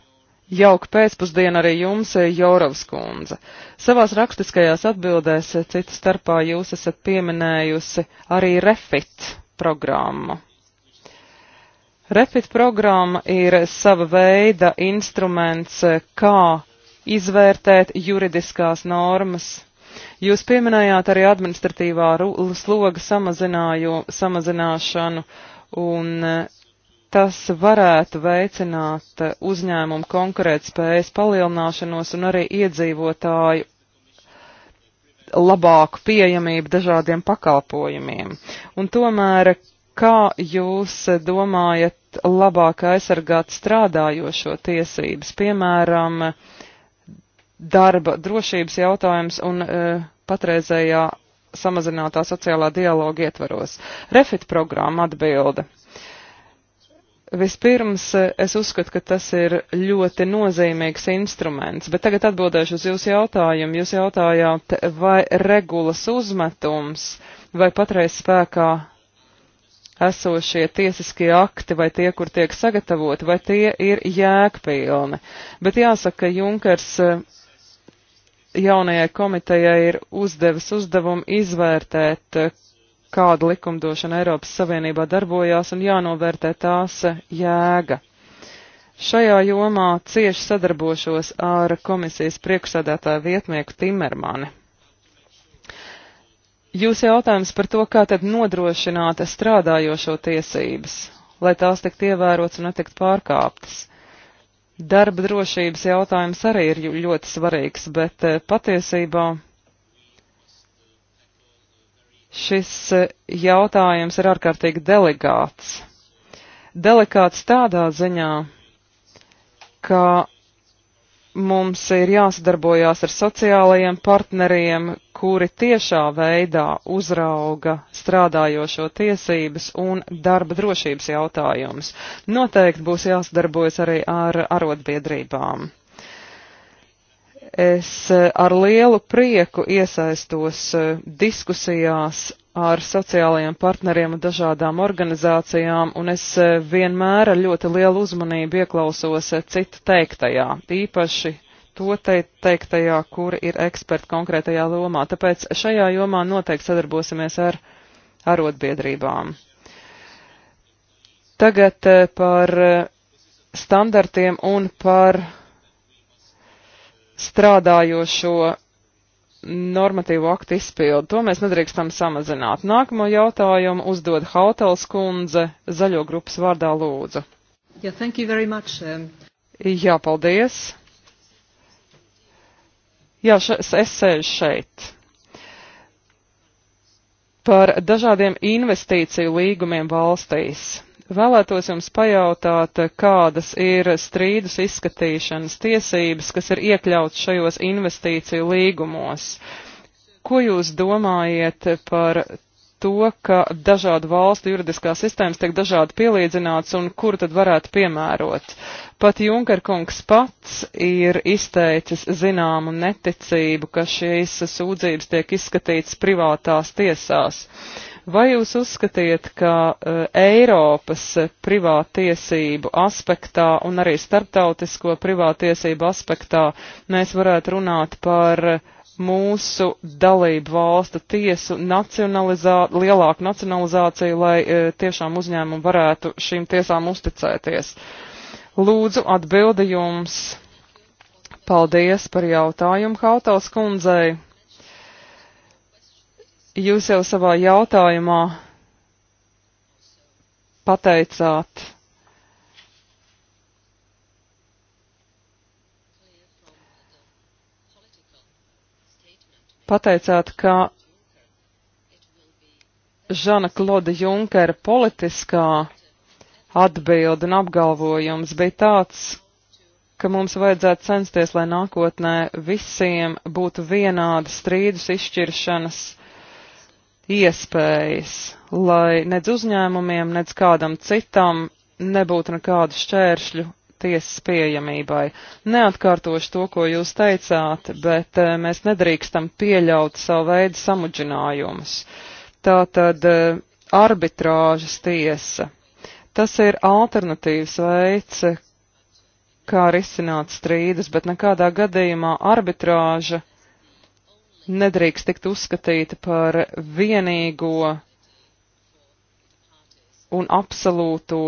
jauka pēcpusdiena arī jums, eh, Jorovs kundze. Savās rakstiskajās atbildēs eh, citas starpā jūs esat pieminējusi arī refit programmu. Refit programma ir sava veida instruments, kā izvērtēt juridiskās normas. Jūs pieminējāt arī administratīvā sloga samazināšanu un Tas varētu veicināt uzņēmumu konkurētspējas palielināšanos un arī iedzīvotāju labāku pieejamību dažādiem pakalpojumiem. Un tomēr, kā jūs domājat labāk aizsargāt strādājošo tiesības, piemēram, darba drošības jautājums un e, patreizējā samazinātā sociālā dialoga ietvaros? Refit programma atbilda. Vispirms eh, es uzskatu, ka tas ir ļoti nozīmīgs instruments, bet tagad atbildēšu uz jūsu jautājumu. Jūs jautājāt, vai regulas uzmetums vai patreiz spēkā esošie tiesiskie akti vai tie, kur tiek sagatavoti, vai tie ir jēgpilni. Bet jāsaka, ka Junkers eh, jaunajai komitejai ir uzdevis uzdevumu izvērtēt, eh, kāda likumdošana Eiropas Savienībā darbojās un jānovērtē tās jēga. Šajā jomā cieši sadarbošos ar komisijas priekšsēdētāju vietnieku Timermani. Jūs jautājums par to, kā tad nodrošināt strādājošo tiesības, lai tās tiktu ievērotas un netikt pārkāptas. Darba drošības jautājums arī ir ļoti svarīgs, bet eh, patiesībā šis eh, jautājums ir ārkārtīgi delikāts. Delikāts tādā ziņā, ka mums ir jāsadarbojās ar sociālajiem partneriem, kuri tiešā veidā uzrauga strādājošo tiesības un darba drošības jautājumus. Noteikti būs jāsadarbojas arī ar arotbiedrībām. Ar Es eh, ar lielu prieku iesaistos eh, diskusijās ar sociālajiem partneriem un dažādām organizācijām, un es eh, vienmēr ar ļoti lielu uzmanību ieklausos citu teiktajā, īpaši to teiktajā, kur ir eksperti konkrētajā lomā. Tāpēc šajā jomā noteikti sadarbosimies ar arotbiedrībām. Tagad par standartiem un par strādājošo normatīvu aktu izpildu. To mēs nedrīkstam samazināt. Nākamo jautājumu uzdod Hautals kundze zaļo grupas vārdā lūdzu. Yeah, thank you very much. Um... Jā, paldies. Jā, še, es sēžu šeit. Par dažādiem investīciju līgumiem valstīs. Vēlētos jums pajautāt, kādas ir strīdus izskatīšanas tiesības, kas ir iekļauts šajos investīciju līgumos. Ko jūs domājat par to, ka dažādu valstu juridiskās sistēmas tiek dažādi pielīdzināts un kur tad varētu piemērot. Pat Junkerkungs pats ir izteicis zināmu neticību, ka šīs sūdzības tiek izskatītas privātās tiesās. Vai jūs uzskatiet, ka uh, Eiropas privātiesību aspektā un arī starptautisko privātiesību aspektā mēs varētu runāt par mūsu dalību valstu tiesu nacionalizā, lielāku nacionalizāciju, lai e, tiešām uzņēmumi varētu šīm tiesām uzticēties. Lūdzu, atbildi jums. Paldies par jautājumu Hautals kundzei. Jūs jau savā jautājumā pateicāt pateicāt, ka Žana Kloda Junkera politiskā atbilde un apgalvojums bija tāds, ka mums vajadzētu censties, lai nākotnē visiem būtu vienāda strīdus izšķiršanas iespējas, lai nedz uzņēmumiem, nedz kādam citam nebūtu nekādu šķēršļu tiesas pieejamībai. Neatkārtošu to, ko jūs teicāt, bet eh, mēs nedrīkstam pieļaut savu veidu samudžinājumus. Tātad eh, arbitrāžas tiesa. Tas ir alternatīvs veids, kā risināt strīdus, bet nekādā gadījumā arbitrāža nedrīkst tikt uzskatīta par vienīgo un absolūto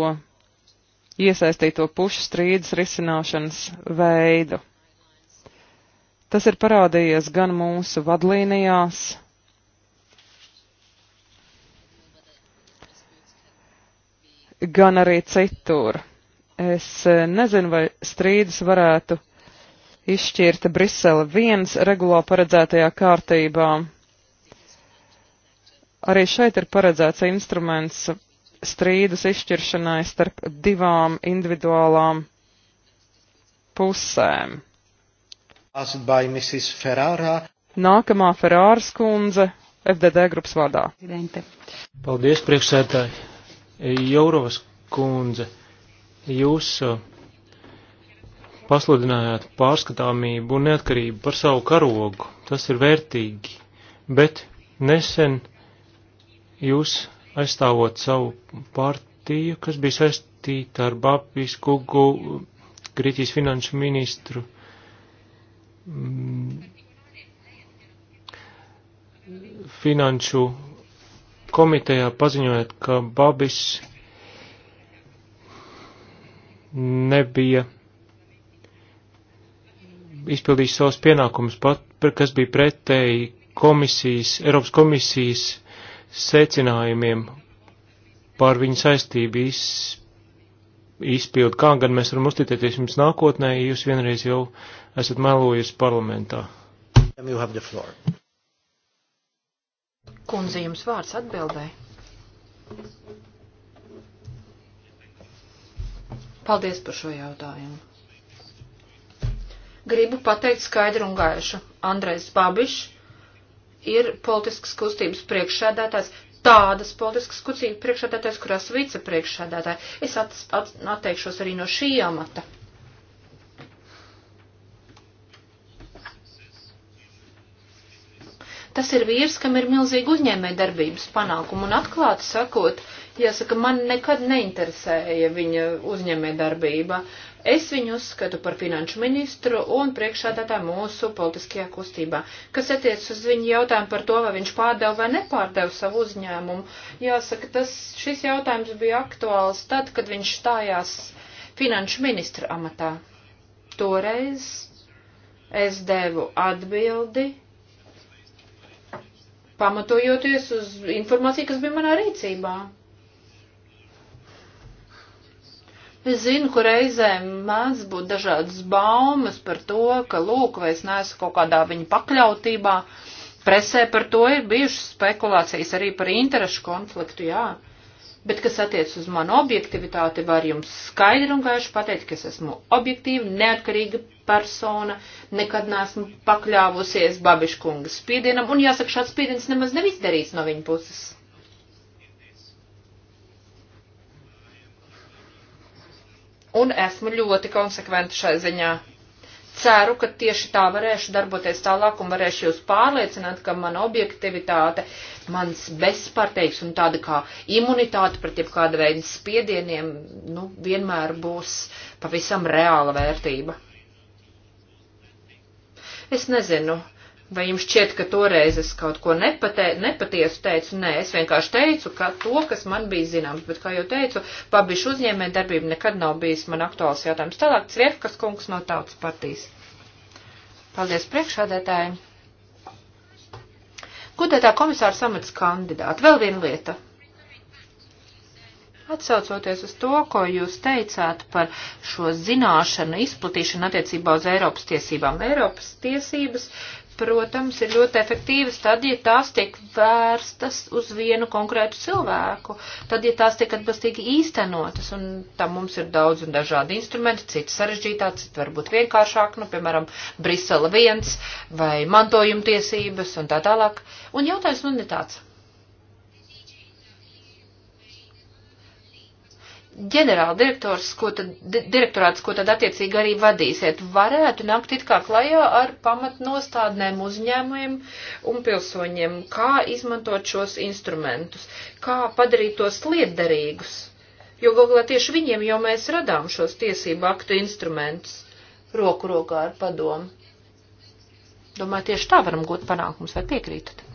iesaistīto pušu strīdus risināšanas veidu. Tas ir parādījies gan mūsu vadlīnijās, gan arī citur. Es eh, nezinu, vai strīdus varētu izšķirta Brisele 1 regulā paredzētajā kārtībā. Arī šeit ir paredzēts instruments strīdus izšķiršanai starp divām individuālām pusēm. Nākamā Ferāras kundze FDD grupas vārdā. Paldies, priekšsētāji. Jaurovas kundze, jūs pasludinājāt pārskatāmību un neatkarību par savu karogu. Tas ir vērtīgi, bet nesen jūs aizstāvot savu partiju, kas bija saistīta ar Babis Kugu, Grieķijas finanšu ministru, mm, finanšu komitejā paziņojot, ka Babis nebija izpildījuši savus pienākumus, pat, kas bija pretēji komisijas, Eiropas komisijas secinājumiem par viņu saistību iz, izpildu. Kā gan mēs varam uzticēties jums nākotnē, ja jūs vienreiz jau esat melojusi parlamentā? Kundze, jums vārds atbildēja. Paldies par šo jautājumu gribu pateikt skaidru un gaišu. Andrejs Babišs ir politiskas kustības priekšsēdētājs, tādas politiskas kustības priekšsēdētājs, kurās vicepriekšsēdētāji. Es at, at, atteikšos arī no šī amata. Tas ir vīrs, kam ir milzīgi uzņēmē darbības panākumu, un atklāti sakot, jāsaka, man nekad neinteresēja viņa uzņēmē darbība. Es viņu uzskatu par finanšu ministru un priekšādātā mūsu politiskajā kustībā. Kas attiec uz viņu jautājumu par to, vai viņš pārdeva vai nepārdeva savu uzņēmumu, jāsaka, tas, šis jautājums bija aktuāls tad, kad viņš stājās finanšu ministra amatā. Toreiz es devu atbildi pamatojoties uz informāciju, kas bija manā rīcībā. Es zinu, ka reizēm mēdz būt dažādas baumas par to, ka, lūk, vai es neesmu kaut kādā viņa pakļautībā. Presē par to ir bijušas spekulācijas arī par interešu konfliktu, jā. Bet, kas attiec uz manu objektivitāti, var jums skaidri un gaiši pateikt, ka es esmu objektīva, neatkarīga persona, nekad neesmu pakļāvusies babiškunga spiedienam, un jāsaka, šāds spiediens nemaz nav izdarīts no viņa puses. un esmu ļoti konsekventa šai ziņā. Ceru, ka tieši tā varēšu darboties tālāk un varēšu jūs pārliecināt, ka mana objektivitāte, mans bezparteiks un tāda kā imunitāte pret jebkāda veida spiedieniem, nu, vienmēr būs pavisam reāla vērtība. Es nezinu, uh, Vai jums šķiet, ka toreiz es kaut ko nepate, nepatiesu teicu? Nē, es vienkārši teicu, ka to, kas man bija zināms, bet, kā jau teicu, pabišu uzņēmē darbība nekad nav bijis man aktuāls jautājums. Tālāk Cviefkas kungs no tautas partijas. Paldies priekšādētājiem. Gudētā komisāra samats kandidāti. Vēl viena lieta. Atsaucoties uz to, ko jūs teicāt par šo zināšanu izplatīšanu attiecībā uz Eiropas tiesībām. Eiropas tiesības protams, ir ļoti efektīvas tad, ja tās tiek vērstas uz vienu konkrētu cilvēku, tad, ja tās tiek atbilstīgi īstenotas, un tam mums ir daudz un dažādi instrumenti, citi sarežģītāki, citi varbūt vienkāršāk, nu, piemēram, Brisele viens vai mantojumtiesības un tā tālāk. Un jautājums man ir tāds. ģenerāldirektors, ko tad, direktorāts, ko tad attiecīgi arī vadīsiet, varētu nākt it kā klajā ar pamatnostādnēm uzņēmumiem un pilsoņiem, kā izmantot šos instrumentus, kā padarīt tos lietderīgus, jo galvā tieši viņiem jau mēs radām šos tiesību aktu instrumentus roku rokā ar padomu. Domāju, tieši tā varam gūt panākumus, vai piekrītat?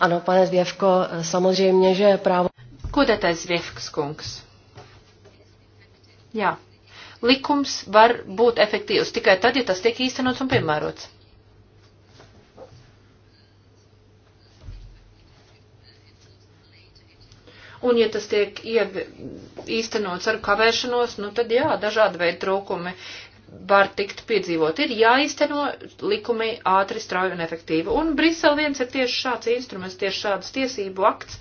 Ano, pane Zvěvko, samozřejmě, že právo. Ko tad tas Zviefkas kungs? Jā. Likums var būt efektīvs tikai tad, ja tas tiek īstenots un piemērots. Un, ja tas tiek iev, īstenots ar kavēšanos, nu tad jā, dažādi veidi trūkumi var tikt piedzīvot. Ir jāizteno likumi ātri, strauji un efektīvi. Un Brisele viens ir tieši šāds instruments, tieši šāds tiesību akts,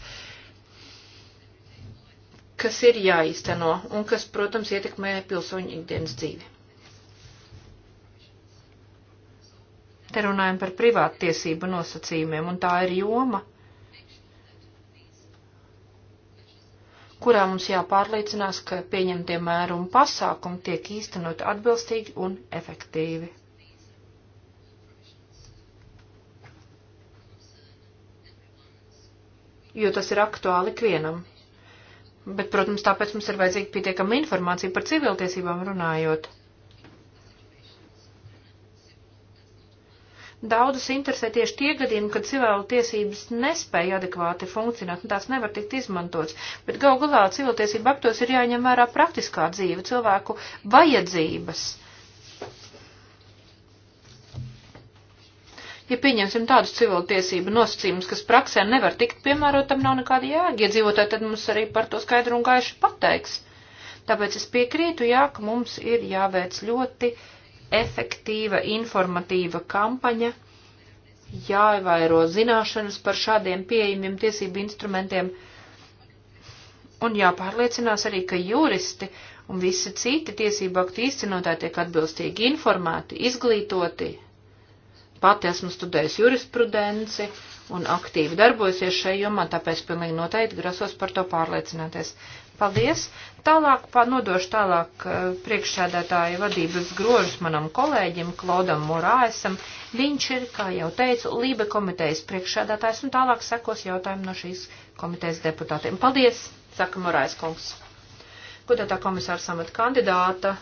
kas ir jāizteno un kas, protams, ietekmē pilsoņu ikdienas dzīvi. Te runājam par privātu tiesību nosacījumiem, un tā ir joma, kurā mums jāpārliecinās, ka pieņemtie mēru un pasākumi tiek īstenot atbilstīgi un efektīvi. Jo tas ir aktuāli ikvienam. Bet, protams, tāpēc mums ir vajadzīga pietiekama informācija par civiltiesībām runājot. Daudzus interesē tieši tie gadījumi, kad civilu tiesības nespēja adekvāti funkcionēt, un tās nevar tikt izmantots. Bet gal galā civiltiesību aktos ir jāņem vērā praktiskā dzīve, cilvēku vajadzības. Ja pieņemsim tādus civiltiesību nosacījumus, kas praksē nevar tikt piemērot, tam nav nekāda jēga iedzīvotāji, tad mums arī par to skaidru un gaišu pateiks. Tāpēc es piekrītu, jā, ka mums ir jāveic ļoti uh, efektīva informatīva kampaņa, jāievairo zināšanas par šādiem pieejamiem tiesību instrumentiem un jāpārliecinās arī, ka juristi un visi citi tiesību aktu īstenotāji tiek atbilstīgi informēti, izglītoti. Pati esmu studējusi jurisprudenci un aktīvi darbojusies šai jomā, tāpēc pilnīgi noteikti grasos par to pārliecināties. Paldies! Tālāk pārnodošu tālāk eh, priekšsēdētāju vadības grožus manam kolēģim Klaudam Morāesam. Viņš ir, kā jau teicu, Lībe komitejas priekšsēdētājs un tālāk sekos jautājumu no šīs komitejas deputātiem. Paldies, saka Morāes kungs. Godētā komisāra samata kandidāta,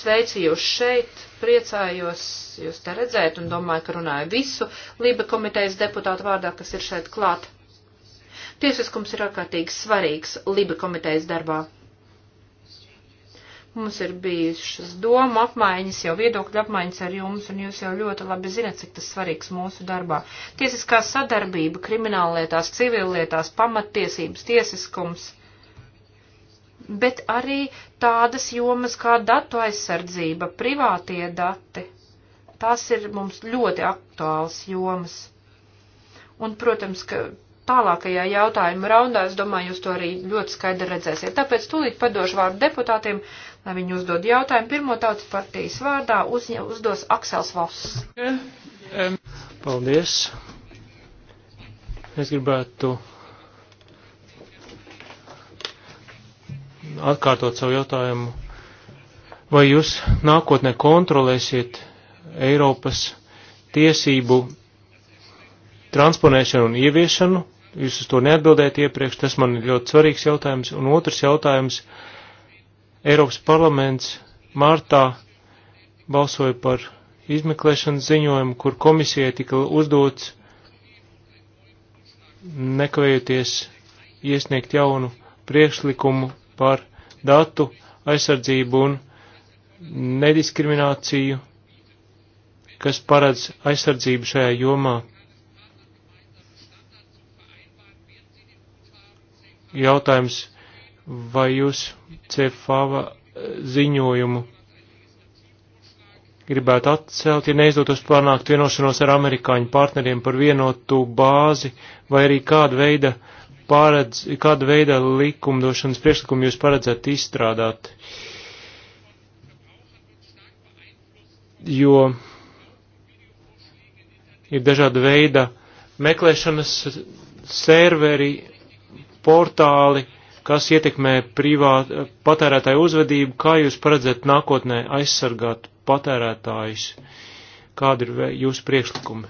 sveicu jūs šeit, priecājos jūs te redzēt un domāju, ka runāju visu Lībe komitejas deputātu vārdā, kas ir šeit klāt. Tiesiskums ir ārkārtīgi svarīgs Liba komitejas darbā. Mums ir bijušas doma apmaiņas, jau viedokļu apmaiņas ar jums, un jūs jau ļoti labi zinat, cik tas svarīgs mūsu darbā. Tiesiskā sadarbība, krimināllietās, civillietās, pamattiesības, tiesiskums, bet arī tādas jomas kā datu aizsardzība, privātie dati. Tās ir mums ļoti aktuāls jomas. Un, protams, ka tālākajā jautājuma raundā, es domāju, jūs to arī ļoti skaidri redzēsiet. Tāpēc tūlīt padošu vārdu deputātiem, lai viņi uzdod jautājumu. Pirmo tautas partijas vārdā uz, uzdos Aksels Voss. Paldies. Es gribētu atkārtot savu jautājumu. Vai jūs nākotnē kontrolēsiet Eiropas tiesību transponēšanu un ieviešanu jūs uz to neatbildējat iepriekš, tas man ir ļoti svarīgs jautājums. Un otrs jautājums. Eiropas parlaments martā balsoja par izmeklēšanas ziņojumu, kur komisijai tika uzdots nekavējoties iesniegt jaunu priekšlikumu par datu aizsardzību un nediskrimināciju, kas paredz aizsardzību šajā jomā jautājums, vai jūs Cefava eh, ziņojumu gribētu atcelt, ja neizdotos panākt vienošanos ar amerikāņu partneriem par vienotu bāzi, vai arī kāda veida, pāredz, kāda veida likumdošanas priekšlikumu jūs paredzētu izstrādāt. Jo ir dažāda veida meklēšanas serveri portāli, kas ietekmē privāt, patērētāju uzvedību, kā jūs paredzat nākotnē aizsargāt patērētājus, kādi ir jūsu priekšlikumi?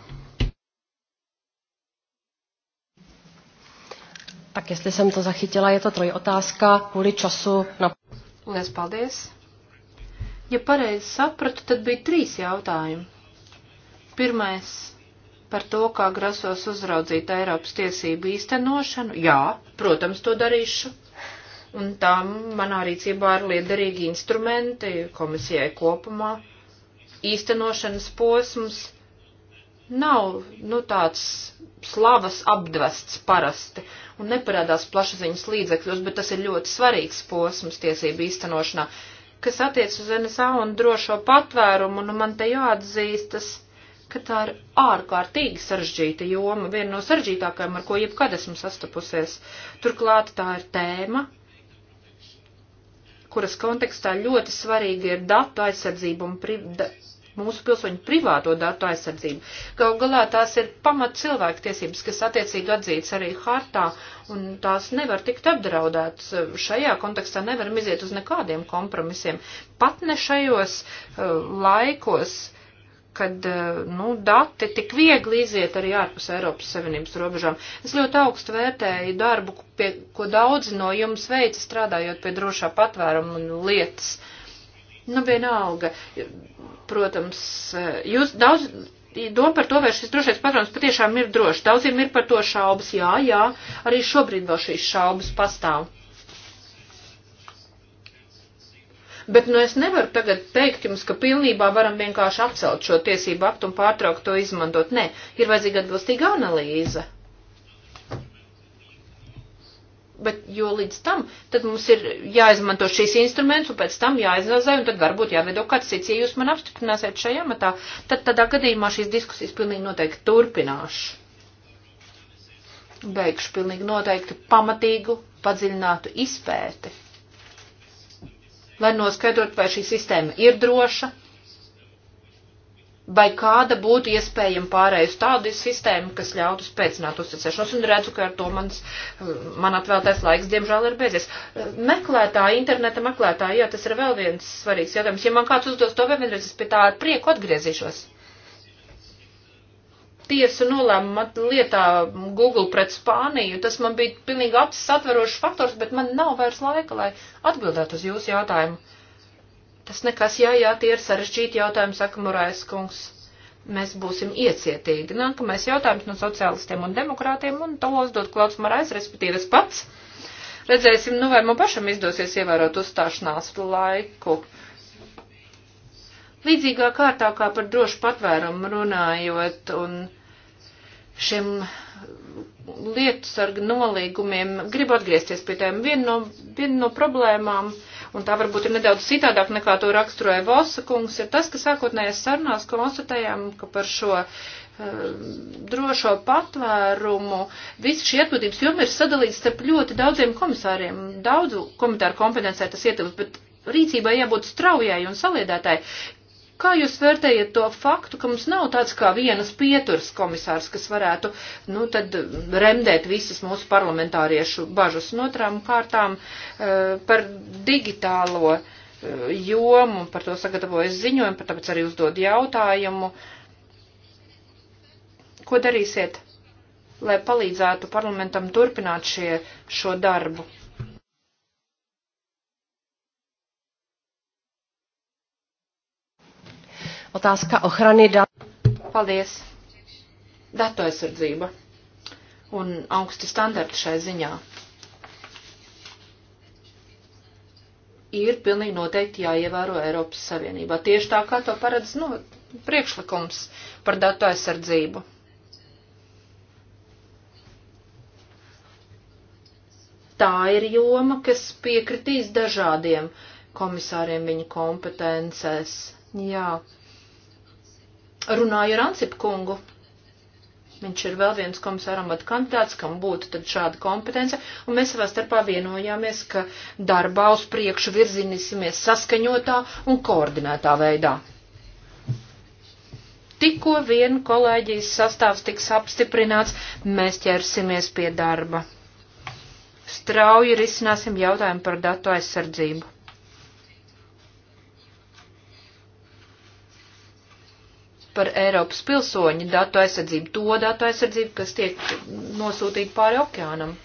Tak jestli jsem to zachytila, je to trojotázka kvůli času na... Lies, paldies. Ja pareizi sapratu, tad bija trīs jautājumi. Pirmais par to, kā grasos uzraudzīt Eiropas tiesību īstenošanu. Jā, protams, to darīšu. Un tam manā rīcībā ir liederīgi instrumenti komisijai kopumā. Īstenošanas posms nav, nu, tāds slavas apdvests parasti un neparādās plašaziņas līdzekļos, bet tas ir ļoti svarīgs posms tiesību īstenošanā, kas attiec uz NSA un drošo patvērumu, nu, man te jāatzīstas ka tā ir ārkārtīgi sarežģīta joma, viena no sarežģītākajām, ar ko jebkad esmu sastapusies. Turklāt tā ir tēma, kuras kontekstā ļoti svarīga ir datu aizsardzība un pri, da, mūsu pilsoņu privāto datu aizsardzību. Gal galā tās ir pamat cilvēktiesības, kas attiecīgi atzīts arī hartā, un tās nevar tikt apdraudētas. Šajā kontekstā nevaram iziet uz nekādiem kompromisiem. Pat ne šajos uh, laikos kad eh, nu, dati tik viegli iziet arī ārpus Eiropas Savienības robežām. Es ļoti augstu vērtēju darbu, pie, ko daudzi no jums veica strādājot pie drošā patvēruma un lietas. Nu, vienalga, protams, eh, jūs daudz. Doma par to, vai šis drošais patvērums patiešām ir drošs. Daudziem ir par to šaubas. Jā, jā, arī šobrīd vēl šīs šaubas pastāv. bet nu es nevaru tagad teikt jums, ka pilnībā varam vienkārši atcelt šo tiesību aktu un pārtraukt to izmantot. Nē, ir vajadzīga atbilstīga analīze. Bet jo līdz tam, tad mums ir jāizmanto šīs instruments un pēc tam jāiznazē un tad varbūt jāveido kāds cits. Ja jūs man apstiprināsiet šajā matā, tad tādā gadījumā šīs diskusijas pilnīgi noteikti turpināšu beigšu pilnīgi noteikti pamatīgu, padziļinātu izpēti lai noskaidrotu, vai šī sistēma ir droša, vai kāda būtu iespējama pārējai uz tādu sistēmu, kas ļautu spēcināt uzticēšanos, un redzu, ka ar to mans, man atvēltais laiks, diemžēl, ir beidzies. Meklētāji, interneta meklētāji, jā, tas ir vēl viens svarīgs jautājums. Ja man kāds uzdos to vēl vienreiz, es pie tā ar prieku atgriezīšos tiesu nolēmumu lietā Google pret Spāniju. Tas man bija pilnīgi acis atverošs faktors, bet man nav vairs laika, lai atbildētu uz jūsu jautājumu. Tas nekas, jā, jā, tie ir sarežģīti jautājumi, saka Morais kungs. Mēs būsim iecietīgi. Nākamais jautājums no sociālistiem un demokrātiem, un to uzdot Klauds Morais, respektīvi es pats. Redzēsim, nu vai man pašam izdosies ievērot uzstāšanās laiku. Līdzīgā kārtā kā par drošu patvērumu runājot un šiem lietusarga nolīgumiem. Gribu atgriezties pie tēm. Viena no, viena no problēmām, un tā varbūt ir nedaudz citādāk nekā to raksturoja Valsa kungs, ir tas, ka sākotnējās sarunās konstatējām, ka par šo uh, drošo patvērumu. Visi šie atbildības jomi ir sadalīts starp ļoti daudziem komisāriem. Daudzu komitāru kompetencē tas ietilpst, bet rīcībai jābūt straujai un saliedētai, Kā jūs vērtējat to faktu, ka mums nav tāds kā vienas pieturas komisārs, kas varētu, nu, tad remdēt visas mūsu parlamentāriešu bažas un otrām kārtām eh, par digitālo eh, jomu, par to sagatavojas ziņojumu, par tāpēc arī uzdod jautājumu. Ko darīsiet, lai palīdzētu parlamentam turpināt šie, šo darbu? Otázka ochrany dat. Paldies. Datu aizsardzība un augsti standarti šai ziņā. Ir pilnīgi noteikti jāievēro Eiropas Savienībā. Tieši tā kā to paredz no, nu, priekšlikums par datu aizsardzību. tā ir joma, kas piekritīs dažādiem komisāriem viņa kompetencēs. Jā runāju ar Ansipu kungu. Viņš ir vēl viens komisāram at kandidāts, kam būtu tad šāda kompetence, un mēs savā starpā vienojāmies, ka darbā uz priekšu virzinīsimies saskaņotā un koordinētā veidā. Tikko vien kolēģijas sastāvs tiks apstiprināts, mēs ķersimies pie darba. Strauji risināsim jautājumu par datu aizsardzību par Eiropas pilsoņu datu aizsardzību, to datu aizsardzību, kas tiek nosūtīta pāri okeānam.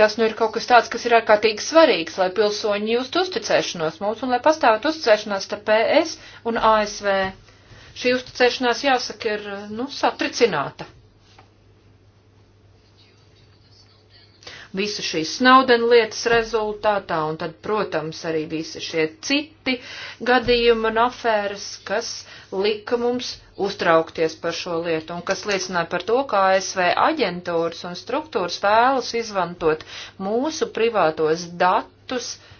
Tas nu ir kaut kas tāds, kas ir ārkārtīgi svarīgs, lai pilsoņi justu uzticēšanos mums un lai pastāvētu uzticēšanās starp PS e un ASV. Šī uzticēšanās, jāsaka, ir, nu, satricināta. visu šīs Snaudena lietas rezultātā, un tad, protams, arī visi šie citi gadījumi un afēras, kas lika mums uztraukties par šo lietu, un kas liecināja par to, kā ASV aģentūras un struktūras vēlas izmantot mūsu privātos datus, uh,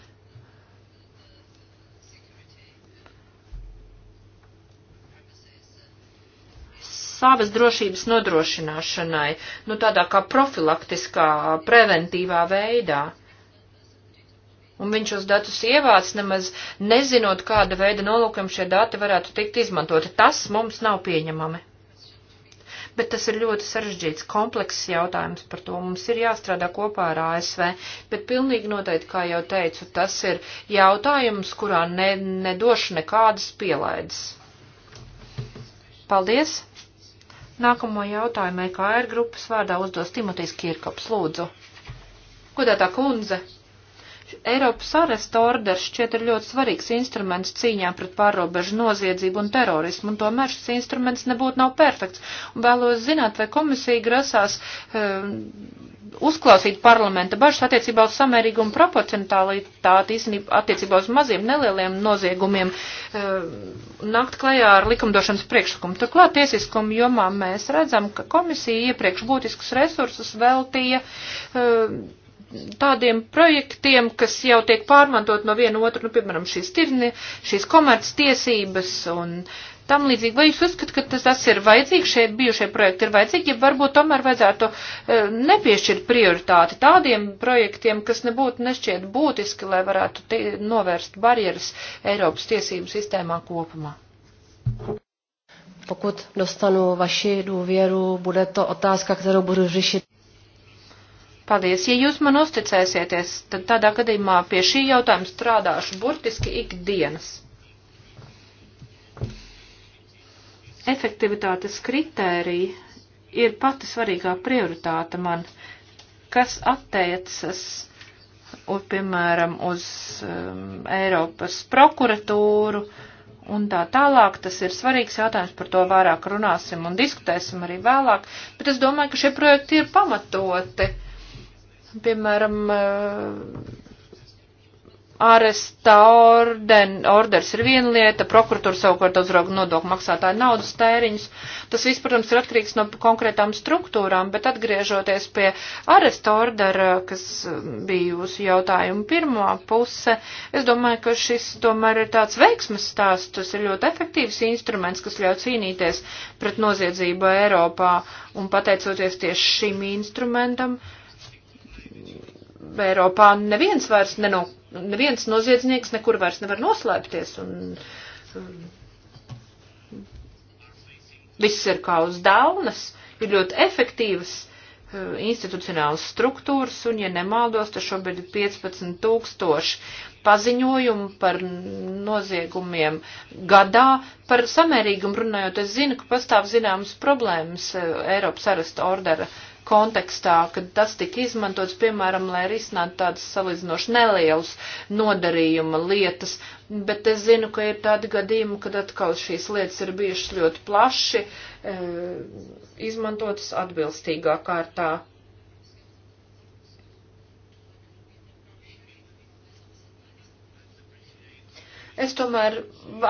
slāves drošības nodrošināšanai, nu tādā kā profilaktiskā, preventīvā veidā. Un viņš šos datus ievāc nemaz nezinot, kāda veida nolūkam šie dati varētu tikt izmantoti. Tas mums nav pieņemami. Bet tas ir ļoti sarežģīts, komplekss jautājums par to. Mums ir jāstrādā kopā ar ASV, bet pilnīgi noteikti, kā jau teicu, tas ir jautājums, kurā ne, nedošu nekādas pielaides. Paldies! Nākamo jautājumu EKR grupas vārdā uzdos Timotejs Kirkops, lūdzu. Godētā kundze, Eiropas arestu orders šķiet ir ļoti svarīgs instruments cīņā pret pārrobežu noziedzību un terorismu, un tomēr šis instruments nebūtu nav perfekts. Un vēlos zināt, vai komisija grasās um, uzklausīt parlamenta bažas attiecībā uz samērīgu un proporcionalitāti attiecībā uz maziem nelieliem noziegumiem eh, nakt klajā ar likumdošanas priekšlikumu. Turklāt tiesiskumu jomā mēs redzam, ka komisija iepriekš būtiskus resursus veltīja eh, tādiem projektiem, kas jau tiek pārmantot no viena otru, nu, piemēram, šīs tirni, šīs komerc tiesības un uh, tam līdzīgi. Vai jūs uzskat, ka tas, tas ir vajadzīgs, šie bijušie projekti ir vajadzīgi, ja varbūt tomēr vajadzētu e, nepiešķirt prioritāti tādiem projektiem, kas nebūtu nešķiet būtiski, lai varētu novērst barjeras Eiropas tiesību sistēmā kopumā? Pokud dostanu vaši důvěru, bude to otázka, kterou budu řešit. Paldies. Ja jūs man uzticēsieties, tad tādā gadījumā pie šī jautājuma strādāšu burtiski ikdienas. efektivitātes kritērija ir pati svarīgā prioritāte man, kas attiecas, un, piemēram, uz um, Eiropas prokuratūru un tā tālāk. Tas ir svarīgs jautājums, par to vairāk runāsim un diskutēsim arī vēlāk, bet es domāju, ka šie projekti ir pamatoti. Piemēram, uh, Aresta orden, orders ir viena lieta, prokuratūra savukārt uzrauga nodokļu maksātāju naudas tēriņus. Tas viss, protams, ir atkarīgs no konkrētām struktūrām, bet atgriežoties pie aresta ordera, kas um, bija jūsu jautājuma pirmā puse, es domāju, ka šis tomēr ir tāds veiksmes stāsts, tas ir ļoti efektīvs instruments, kas ļauj cīnīties pret noziedzību Eiropā, un pateicoties tieši šim instrumentam, Eiropā neviens vairs nenokļūst neviens noziedznieks nekur vairs nevar noslēpties. Un, um, viss ir kā uz daunas, ir ļoti efektīvas uh, institucionālas struktūras, un, ja nemaldos, tad šobrīd ir 15 tūkstoši paziņojumu par noziegumiem gadā. Par samērīgumu runājot, es zinu, ka pastāv zināmas problēmas e, Eiropas arestu ordera uh, kontekstā, kad tas tika izmantots, piemēram, lai risinātu tādas salīdzinoši nelielas nodarījuma lietas, bet es zinu, ka ir tādi gadījumi, kad atkal šīs lietas ir bijušas ļoti plaši e, izmantotas atbilstīgā kārtā. Es tomēr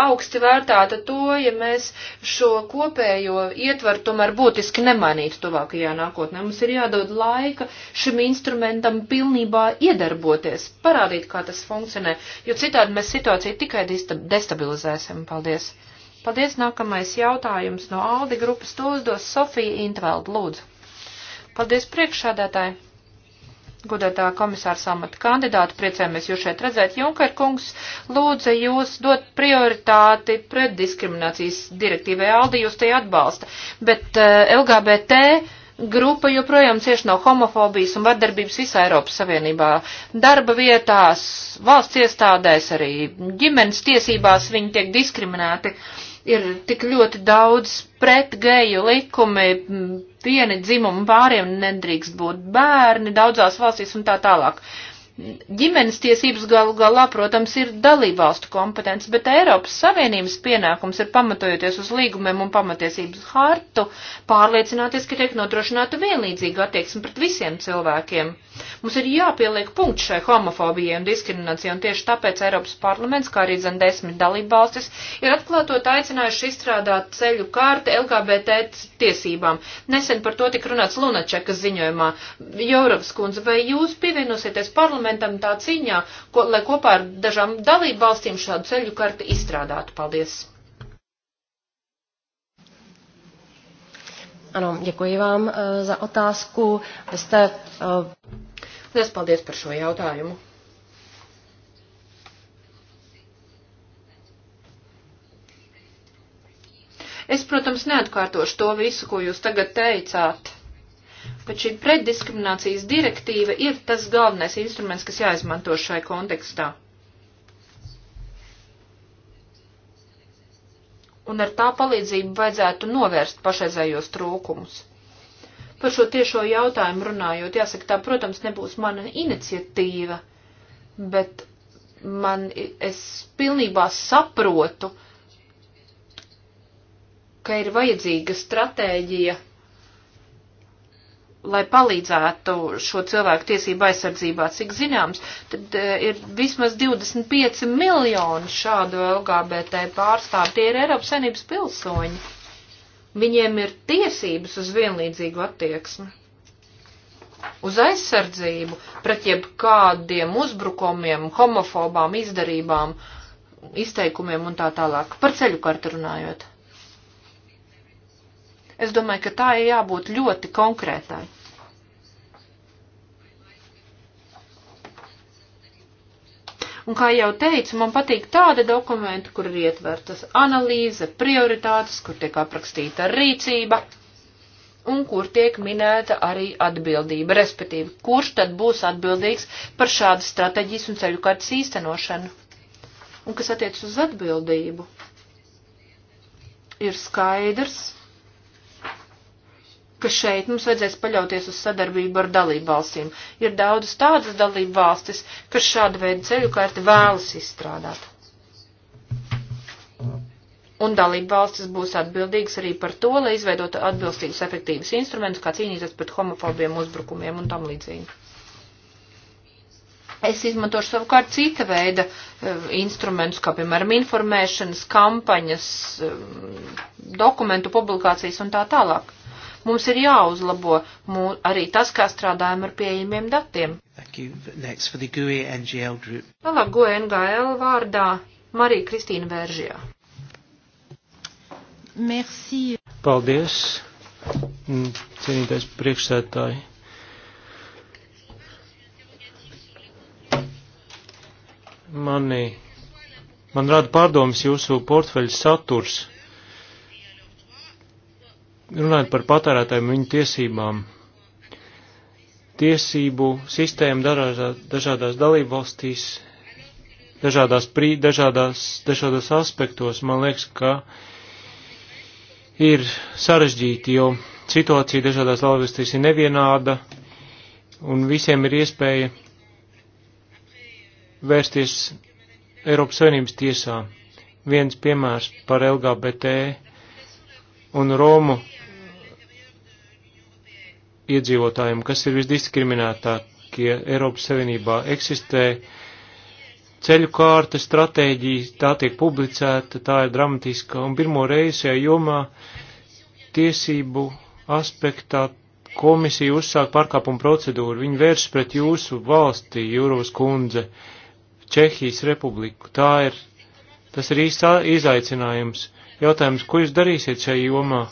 augsti vērtātu to, ja mēs šo kopējo ietvaru tomēr būtiski nemainītu tuvākajā nākotnē. Mums ir jādod laika šim instrumentam pilnībā iedarboties, parādīt, kā tas funkcionē, jo citādi mēs situāciju tikai destabilizēsim. Paldies! Paldies! Nākamais jautājums no Aldi grupas to uzdos Sofija Intveld, lūdzu. Paldies priekšādētāji! Godētā komisāra samata kandidāta, priecājamies jūs šeit redzēt. Junker kungs lūdza jūs dot prioritāti pret diskriminācijas direktīvai. Aldi jūs te atbalsta, bet eh, LGBT grupa joprojām cieši no homofobijas un vardarbības visā Eiropas Savienībā. Darba vietās, valsts iestādēs, arī ģimenes tiesībās viņi tiek diskriminēti. Uh, ir tik ļoti daudz pret geju likumi, viena dzimuma pāriem nedrīkst būt bērni daudzās valstīs un tā tālāk. Ģimenes tiesības galu galā, protams, ir dalībvalstu kompetence, bet Eiropas Savienības pienākums ir pamatojoties uz līgumiem un pamatiesības hartu, pārliecināties, ka tiek nodrošināta vienlīdzīga attieksme pret visiem cilvēkiem. Mums ir jāpieliek punkts šai homofobijai un diskriminācijai, un tieši tāpēc Eiropas parlaments, kā arī zem desmit dalībvalstis, ir atklātot aicinājuši izstrādāt ceļu kārti LGBT tiesībām. Nesen par to tika runāts Lunačekas ziņojumā. Jauravs kundze, vai jūs pievienosieties parlamentam? parlamentam tā ciņā, ko, lai kopā ar dažām dalību valstīm šādu ceļu karti izstrādātu. Paldies! Ano, děkuji vám e, za otázku. Vy jste... Eh, Lies, paldies par šo jautājumu. Es, protams, neatkārtošu to visu, ko jūs tagad teicāt. Bet šī preddiskriminācijas direktīva ir tas galvenais instruments, kas jāizmanto šai kontekstā. Un ar tā palīdzību vajadzētu novērst pašreizējos trūkumus. Par šo tiešo jautājumu runājot, jāsaka, tā, protams, nebūs mana iniciatīva, bet man, es pilnībā saprotu, ka ir vajadzīga stratēģija lai palīdzētu šo cilvēku tiesību aizsardzībā, cik zināms, tad eh, ir vismaz 25 miljoni šādu LGBT pārstāvu. Tie ir Eiropas Savienības pilsoņi. Viņiem ir tiesības uz vienlīdzīgu attieksmi, uz aizsardzību pret jebkādiem uzbrukumiem, homofobām, izdarībām, izteikumiem un tā tālāk. Par ceļu kartu runājot. Es domāju, ka tā ir jābūt ļoti konkrētai. Un, kā jau teicu, man patīk tādi dokumenti, kur ir ietvertas analīze, prioritātes, kur tiek aprakstīta rīcība un kur tiek minēta arī atbildība, respektīvi, kurš tad būs atbildīgs par šādu stratēģijas un ceļu kārtas īstenošanu. Un kas attiec uz atbildību, ir skaidrs ka šeit mums vajadzēs paļauties uz sadarbību ar dalību valstīm. Ir daudzas tādas dalību valstis, kas šādu veidu ceļu kārti vēlas izstrādāt. Un dalību valstis būs atbildīgas arī par to, lai izveidotu atbilstīgus efektīvus instrumentus, kā cīnīties pret homofobiem uzbrukumiem un tam līdzīgi. Es izmantošu savukārt cita veida e, instrumentus, kā piemēram informēšanas, kampaņas, e, dokumentu publikācijas un tā tālāk. Mums ir jāuzlabo mū, arī tas, kā strādājam ar pieejamiem datiem. E Tālāk GUE NGL vārdā Marija Kristīna Vēržijā. Merci. Paldies, cienītais priekšsētāji. Mani, man rada pārdomas jūsu portfeļa saturs runājot par patērētājiem viņu tiesībām. Tiesību sistēma dažādās, dažādās dalībvalstīs, dažādās, prī, dažādās, dažādos aspektos, man liekas, ka ir sarežģīti, jo situācija dažādās dalībvalstīs ir nevienāda, un visiem ir iespēja vērsties Eiropas Savienības tiesā. Viens piemērs par LGBT un Romu iedzīvotājiem, kas ir visdiskriminētākie Eiropas Savienībā, eksistē ceļu kārta, stratēģija, tā tiek publicēta, tā ir dramatiska, un pirmo reizi šajā jomā tiesību aspektā komisija uzsāk pārkāpumu procedūru. Viņi vērš pret jūsu valsti, Jūros kundze, Čehijas republiku. Tā ir, tas ir īsts izaicinājums. Jautājums, ko jūs darīsiet šajā jomā?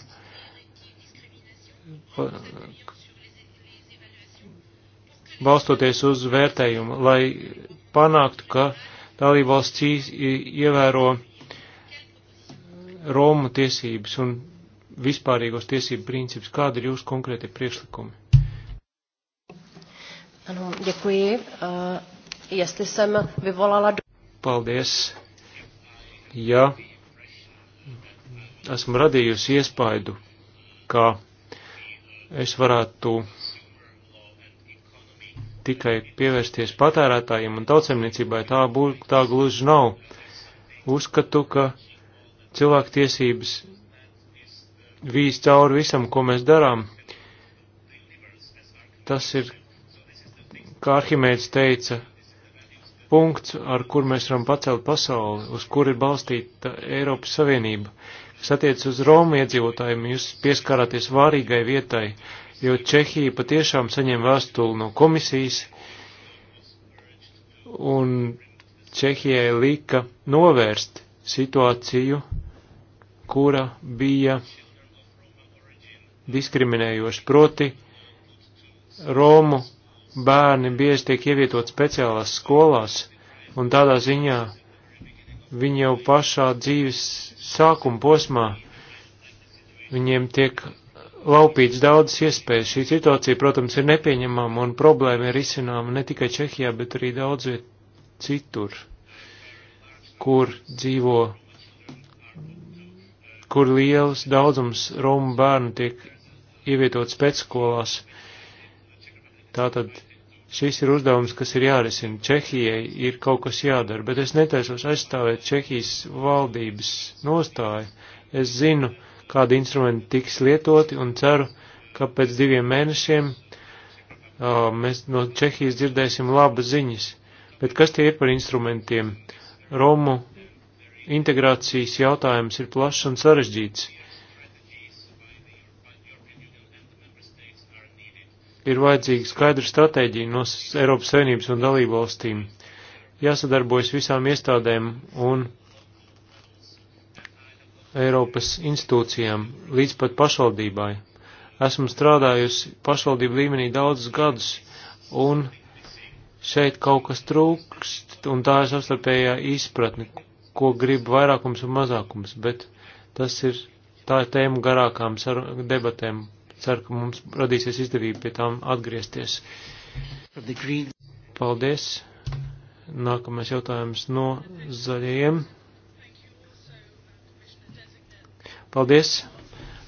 balstoties uz vērtējumu, lai panāktu, ka dalībvalsts ievēro Romu tiesības un vispārīgos tiesību principus. Kāda ir jūsu konkrētie priekšlikumi? Ano, děkuji. Uh, jestli jsem vyvolala... Do... Paldies. Ja esmu radījusi iespaidu, ka es varētu tikai pievērsties patērētājiem un tautsemniecībai, tā, bū, tā gluži nav. Uzskatu, ka cilvēku tiesības vīz cauri visam, ko mēs darām. Tas ir, kā Arhimēds teica, punkts, ar kur mēs varam pacelt pasauli, uz kur ir balstīta Eiropas Savienība. Kas attiec uz Romu iedzīvotājiem, jūs pieskarāties vārīgai vietai, jo Čehija patiešām saņem vēstuli no komisijas, un Čehijai lika novērst situāciju, kura bija diskriminējoša, proti Romu bērni bieži tiek ievietot speciālās skolās, un tādā ziņā viņi jau pašā dzīves sākuma posmā viņiem tiek laupīts daudzas iespējas. Šī situācija, protams, ir nepieņemama un problēma ir izcināma ne tikai Čehijā, bet arī daudz viet citur, kur dzīvo, kur liels daudzums Romu bērnu tiek ievietots pēcskolās. Tātad šis ir uzdevums, kas ir jārisina. Čehijai ir kaut kas jādara, bet es netaisos aizstāvēt Čehijas valdības nostāju. Es zinu, ka kādi instrumenti tiks lietoti un ceru, ka pēc diviem mēnešiem uh, mēs no Čehijas dzirdēsim labas ziņas. Bet kas tie ir par instrumentiem? Romu integrācijas jautājums ir plašs un sarežģīts. Ir vajadzīga skaidra stratēģija no Eiropas Savienības un dalību valstīm. Jāsadarbojas visām iestādēm un Eiropas institūcijām līdz pat pašvaldībai. Esmu strādājusi pašvaldību līmenī daudzus gadus, un šeit kaut kas trūkst, un tā ir savstarpējā izpratne, ko grib vairākums un mazākums, bet tas ir tā ir tēma garākām debatēm. Ceru, ka mums radīsies izdevība pie tām atgriezties. Paldies! Nākamais jautājums no zaļajiem. Paldies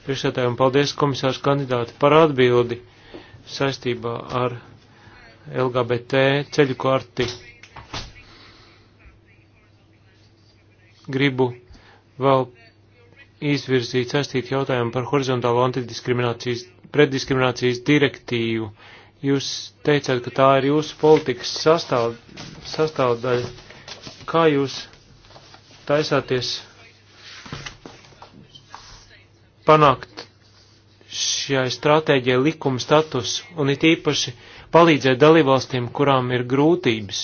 priekšsētājiem, paldies komisārs kandidāti par atbildi saistībā ar LGBT ceļu karti. Gribu vēl izvirzīt saistīt jautājumu par horizontālo antidiskriminācijas, preddiskriminācijas direktīvu. Jūs teicāt, ka tā ir jūsu politikas sastāv, sastāvdaļa. Kā jūs taisāties panākt šai stratēģijai likuma status un it īpaši palīdzēt dalībvalstīm, kurām ir grūtības.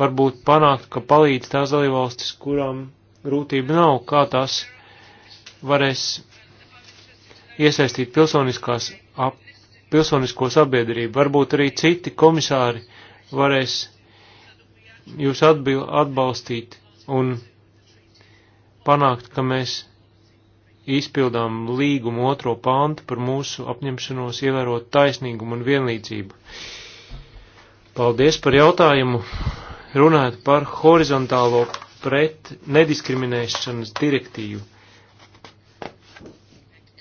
Varbūt panākt, ka palīdz tās dalībvalstis, kurām grūtība nav, kā tās varēs iesaistīt pilsoniskās ap, pilsonisko sabiedrību. Varbūt arī citi komisāri varēs jūs atbil, atbalstīt un panākt, ka mēs izpildām līgumu otro pāntu par mūsu apņemšanos ievērot taisnīgumu un vienlīdzību. Paldies par jautājumu. Runājot par horizontālo pret nediskriminēšanas direktīvu,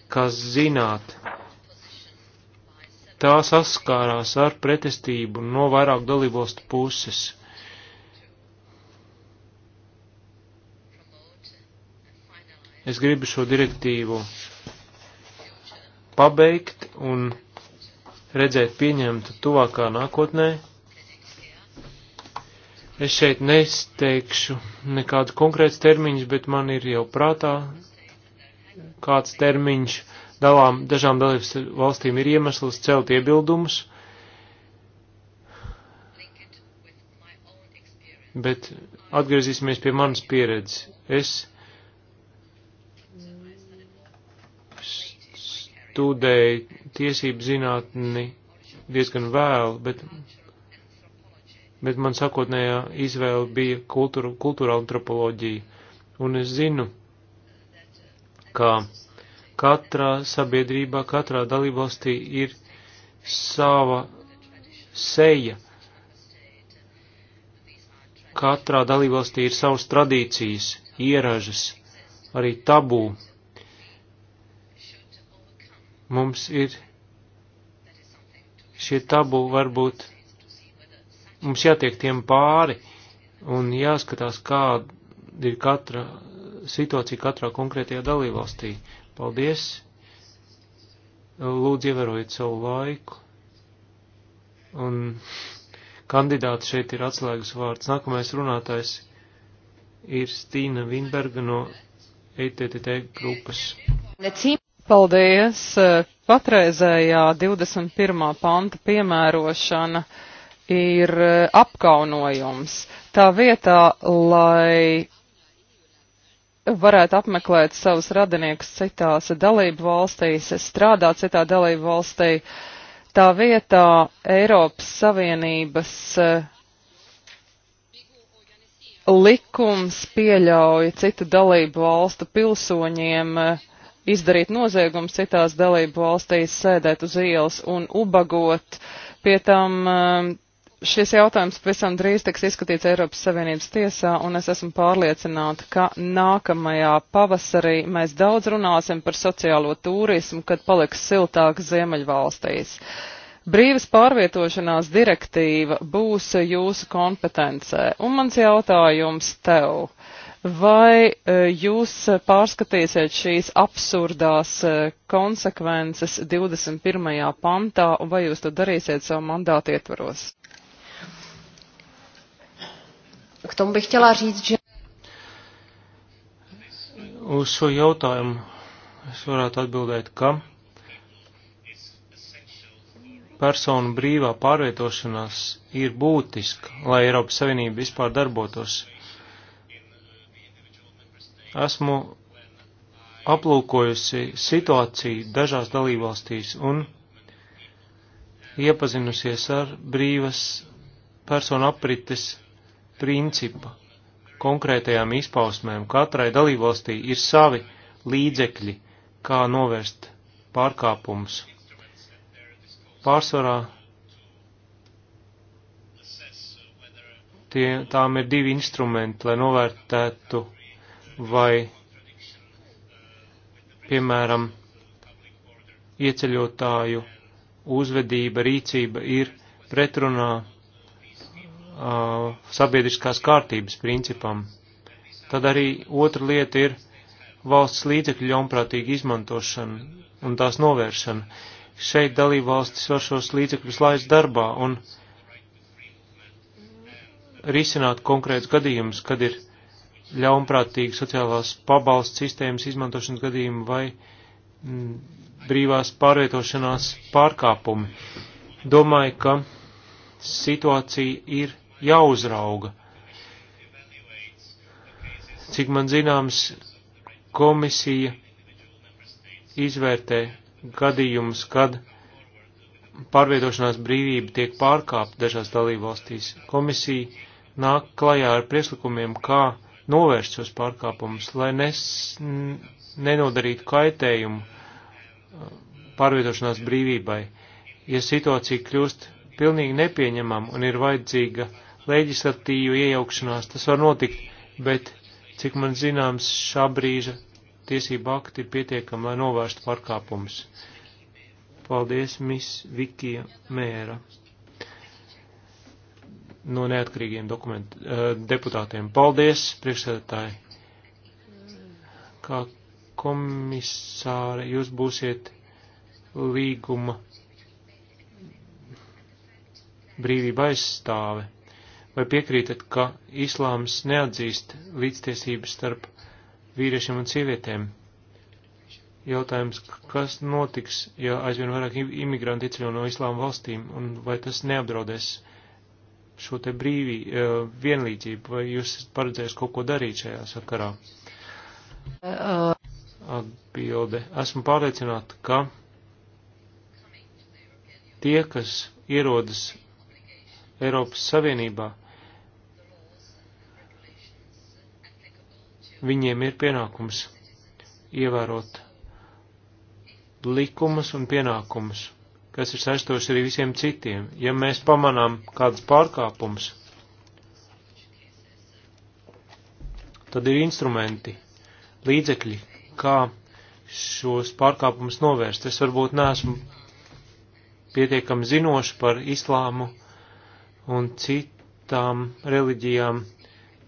kas zināt, tā saskārās ar pretestību no vairāk dalībvalstu puses Es gribu šo direktīvu pabeigt un redzēt pieņemtu tuvākā nākotnē. Es šeit nesteikšu nekādus konkrētus termiņus, bet man ir jau prātā kāds termiņš. Dalām, dažām dalības valstīm ir iemesls celt iebildumus, bet atgriezīsimies pie manas pieredzes. Es studēja tiesību zinātni diezgan vēlu, bet, bet man sakotnējā izvēle bija kultūra, kultūra antropoloģija. Un es zinu, ka katrā sabiedrībā, katrā dalībvalstī ir sava seja. Katrā dalībvalstī ir savas tradīcijas, ieražas, arī tabū, mums ir šie tabu varbūt, mums jātiek tiem pāri un jāskatās, kāda ir katra situācija katrā konkrētajā dalībvalstī. Paldies! Lūdzu, ievērojiet savu laiku. Un kandidāts šeit ir atslēgas vārds. Nākamais runātājs ir Stīna Vinberga no ETTT grupas. Paldies! Patreizējā 21. panta piemērošana ir apkaunojums. Tā vietā, lai varētu apmeklēt savus radiniekus citās dalību valstīs, strādāt citā dalību valstī, tā vietā Eiropas Savienības eh, likums pieļauj citu dalību valstu pilsoņiem uh, izdarīt noziegumus citās dalību valstīs, sēdēt uz ielas un ubagot. Pie tam um, šis jautājums pavisam drīz tiks izskatīts Eiropas Savienības tiesā, un es esmu pārliecināta, ka nākamajā pavasarī mēs daudz runāsim par sociālo turismu, kad paliks siltāk Ziemeļvalstīs. Brīvas pārvietošanās direktīva būs jūsu kompetencē, un mans jautājums tev Vai e, jūs pārskatīsiet šīs absurdās e, konsekvences 21. pantā, un vai jūs to darīsiet savu mandātu ietvaros? K tomu bych chtěla říct, že... Uz šo jautājumu es varētu atbildēt, ka personu brīvā pārvietošanās ir būtiska, lai Eiropas Savienība vispār darbotos esmu aplūkojusi situāciju dažās dalībvalstīs un iepazinusies ar brīvas personu aprites principu konkrētajām izpausmēm. Katrai dalībvalstī ir savi līdzekļi, kā novērst pārkāpumus. Pārsvarā tie, tām ir divi instrumenti, lai novērtētu vai, piemēram, ieceļotāju uzvedība, rīcība ir pretrunā uh, sabiedriskās kārtības principam. Tad arī otra lieta ir valsts līdzekļu ļaunprātīga izmantošana un tās novēršana. Šeit dalībvalstis var šos līdzekļus laist darbā un risināt konkrēts gadījums, kad ir ļaunprātīgu sociālās pabalsts sistēmas izmantošanas gadījumu vai mm, brīvās pārvietošanās pārkāpumi. Domāju, ka situācija ir jāuzrauga. Cik man zināms, komisija izvērtē gadījumus, kad pārvietošanās brīvība tiek pārkāpta dažās dalībvalstīs. Komisija nāk klajā ar prieslikumiem, kā novērst šos pārkāpumus, lai nes, nenodarītu kaitējumu uh, pārvietošanās brīvībai. Ja situācija kļūst pilnīgi nepieņemama un ir vajadzīga leģislatīva iejaukšanās, tas var notikt, bet, cik man zināms, šā brīža tiesība akti ir pietiekami, lai novērstu pārkāpumus. Paldies, Miss Vikija Mēra no neatkarīgiem dokumentu, eh, deputātiem. Paldies, priekšsēdētāji. Kā komisāri jūs būsiet līguma brīvība aizstāve? Vai piekrītat, ka islāms neatzīst līdztiesības starp vīriešiem un sievietēm? Jautājums, kas notiks, ja aizvien vairāk imigranti ieceļo no islāma valstīm, un vai tas neapdraudēs šo te brīvī, e, vienlīdzību, vai jūs esat paredzējis kaut ko darīt šajā sakarā? Atbilde. Esmu pārliecināta, ka tie, kas ierodas Eiropas Savienībā, viņiem ir pienākums ievērot likumus un pienākumus kas ir saistoši arī visiem citiem. Ja mēs pamanām kādus pārkāpumus, tad ir instrumenti, līdzekļi, kā šos pārkāpumus novērst. Es varbūt neesmu pietiekami zinoši par islāmu un citām reliģijām,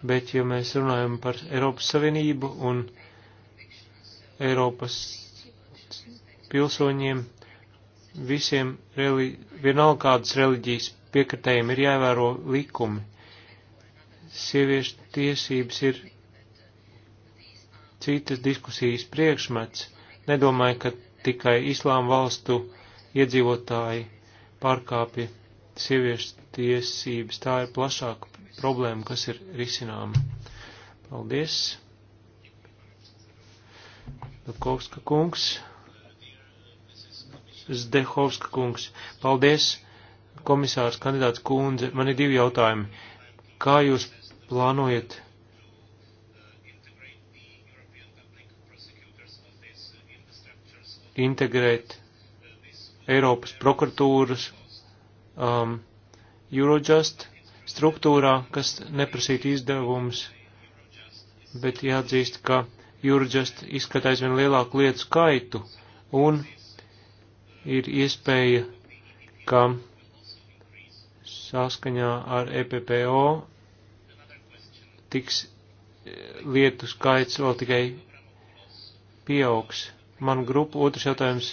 bet ja mēs runājam par Eiropas Savienību un Eiropas pilsoņiem, visiem, reli, vienalga kādas reliģijas piekritējiem, ir jāievēro likumi. Sieviešu tiesības ir citas diskusijas priekšmets. Nedomāju, ka tikai islāma valstu iedzīvotāji pārkāpja sieviešu tiesības. Tā ir plašāka problēma, kas ir risināma. Paldies! Lukovska kungs. Zdehovska kungs. Paldies, komisārs kandidāts kundze. Man ir divi jautājumi. Kā jūs plānojat integrēt Eiropas prokuratūras um, Eurojust struktūrā, kas neprasītu izdevumus, bet jāatzīst, ka Eurojust izskatās vien lielāku lietu skaitu un ir iespēja, ka saskaņā ar EPPO tiks e, lietu skaits vēl tikai pieaugs. Man grupa otrs jautājums.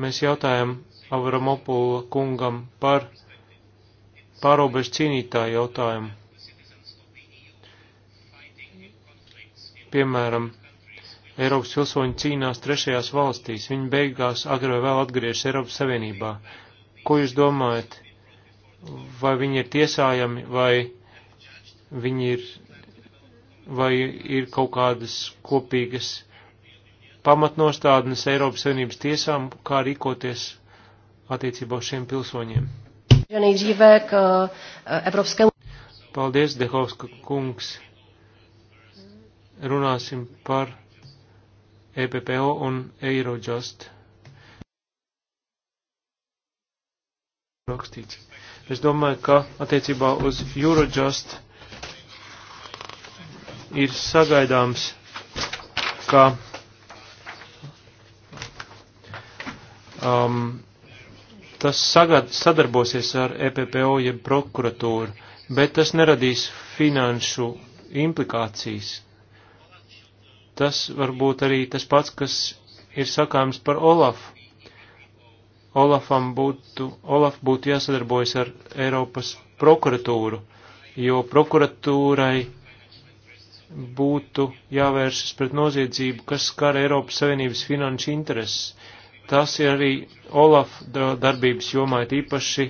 Mēs jautājam Avramopula kungam par pārobežu cīnītāju jautājumu. Piemēram, Eiropas pilsoņi cīnās trešajās valstīs, viņi beigās agri vai vēl atgriežas Eiropas Savienībā. Ko jūs domājat? Vai viņi ir tiesājami, vai viņi ir, vai ir kaut kādas kopīgas pamatnostādnes Eiropas Savienības tiesām, kā rīkoties attiecībā uz šiem pilsoņiem? Eh, Paldies, Dehovska kungs. Runāsim par EPPO un Eirojust. Rakstīts. Es domāju, ka attiecībā uz Eurojust ir sagaidāms, ka um, tas sagad, sadarbosies ar EPPO jeb prokuratūru, bet tas neradīs finanšu implikācijas. Tas varbūt arī tas pats, kas ir sakāms par Olafu. Olafam būtu, Olaf būtu jāsadarbojas ar Eiropas prokuratūru, jo prokuratūrai būtu jāvēršas pret noziedzību, kas skar Eiropas Savienības finanšu intereses. Tas ir arī Olaf darbības jomā, īpaši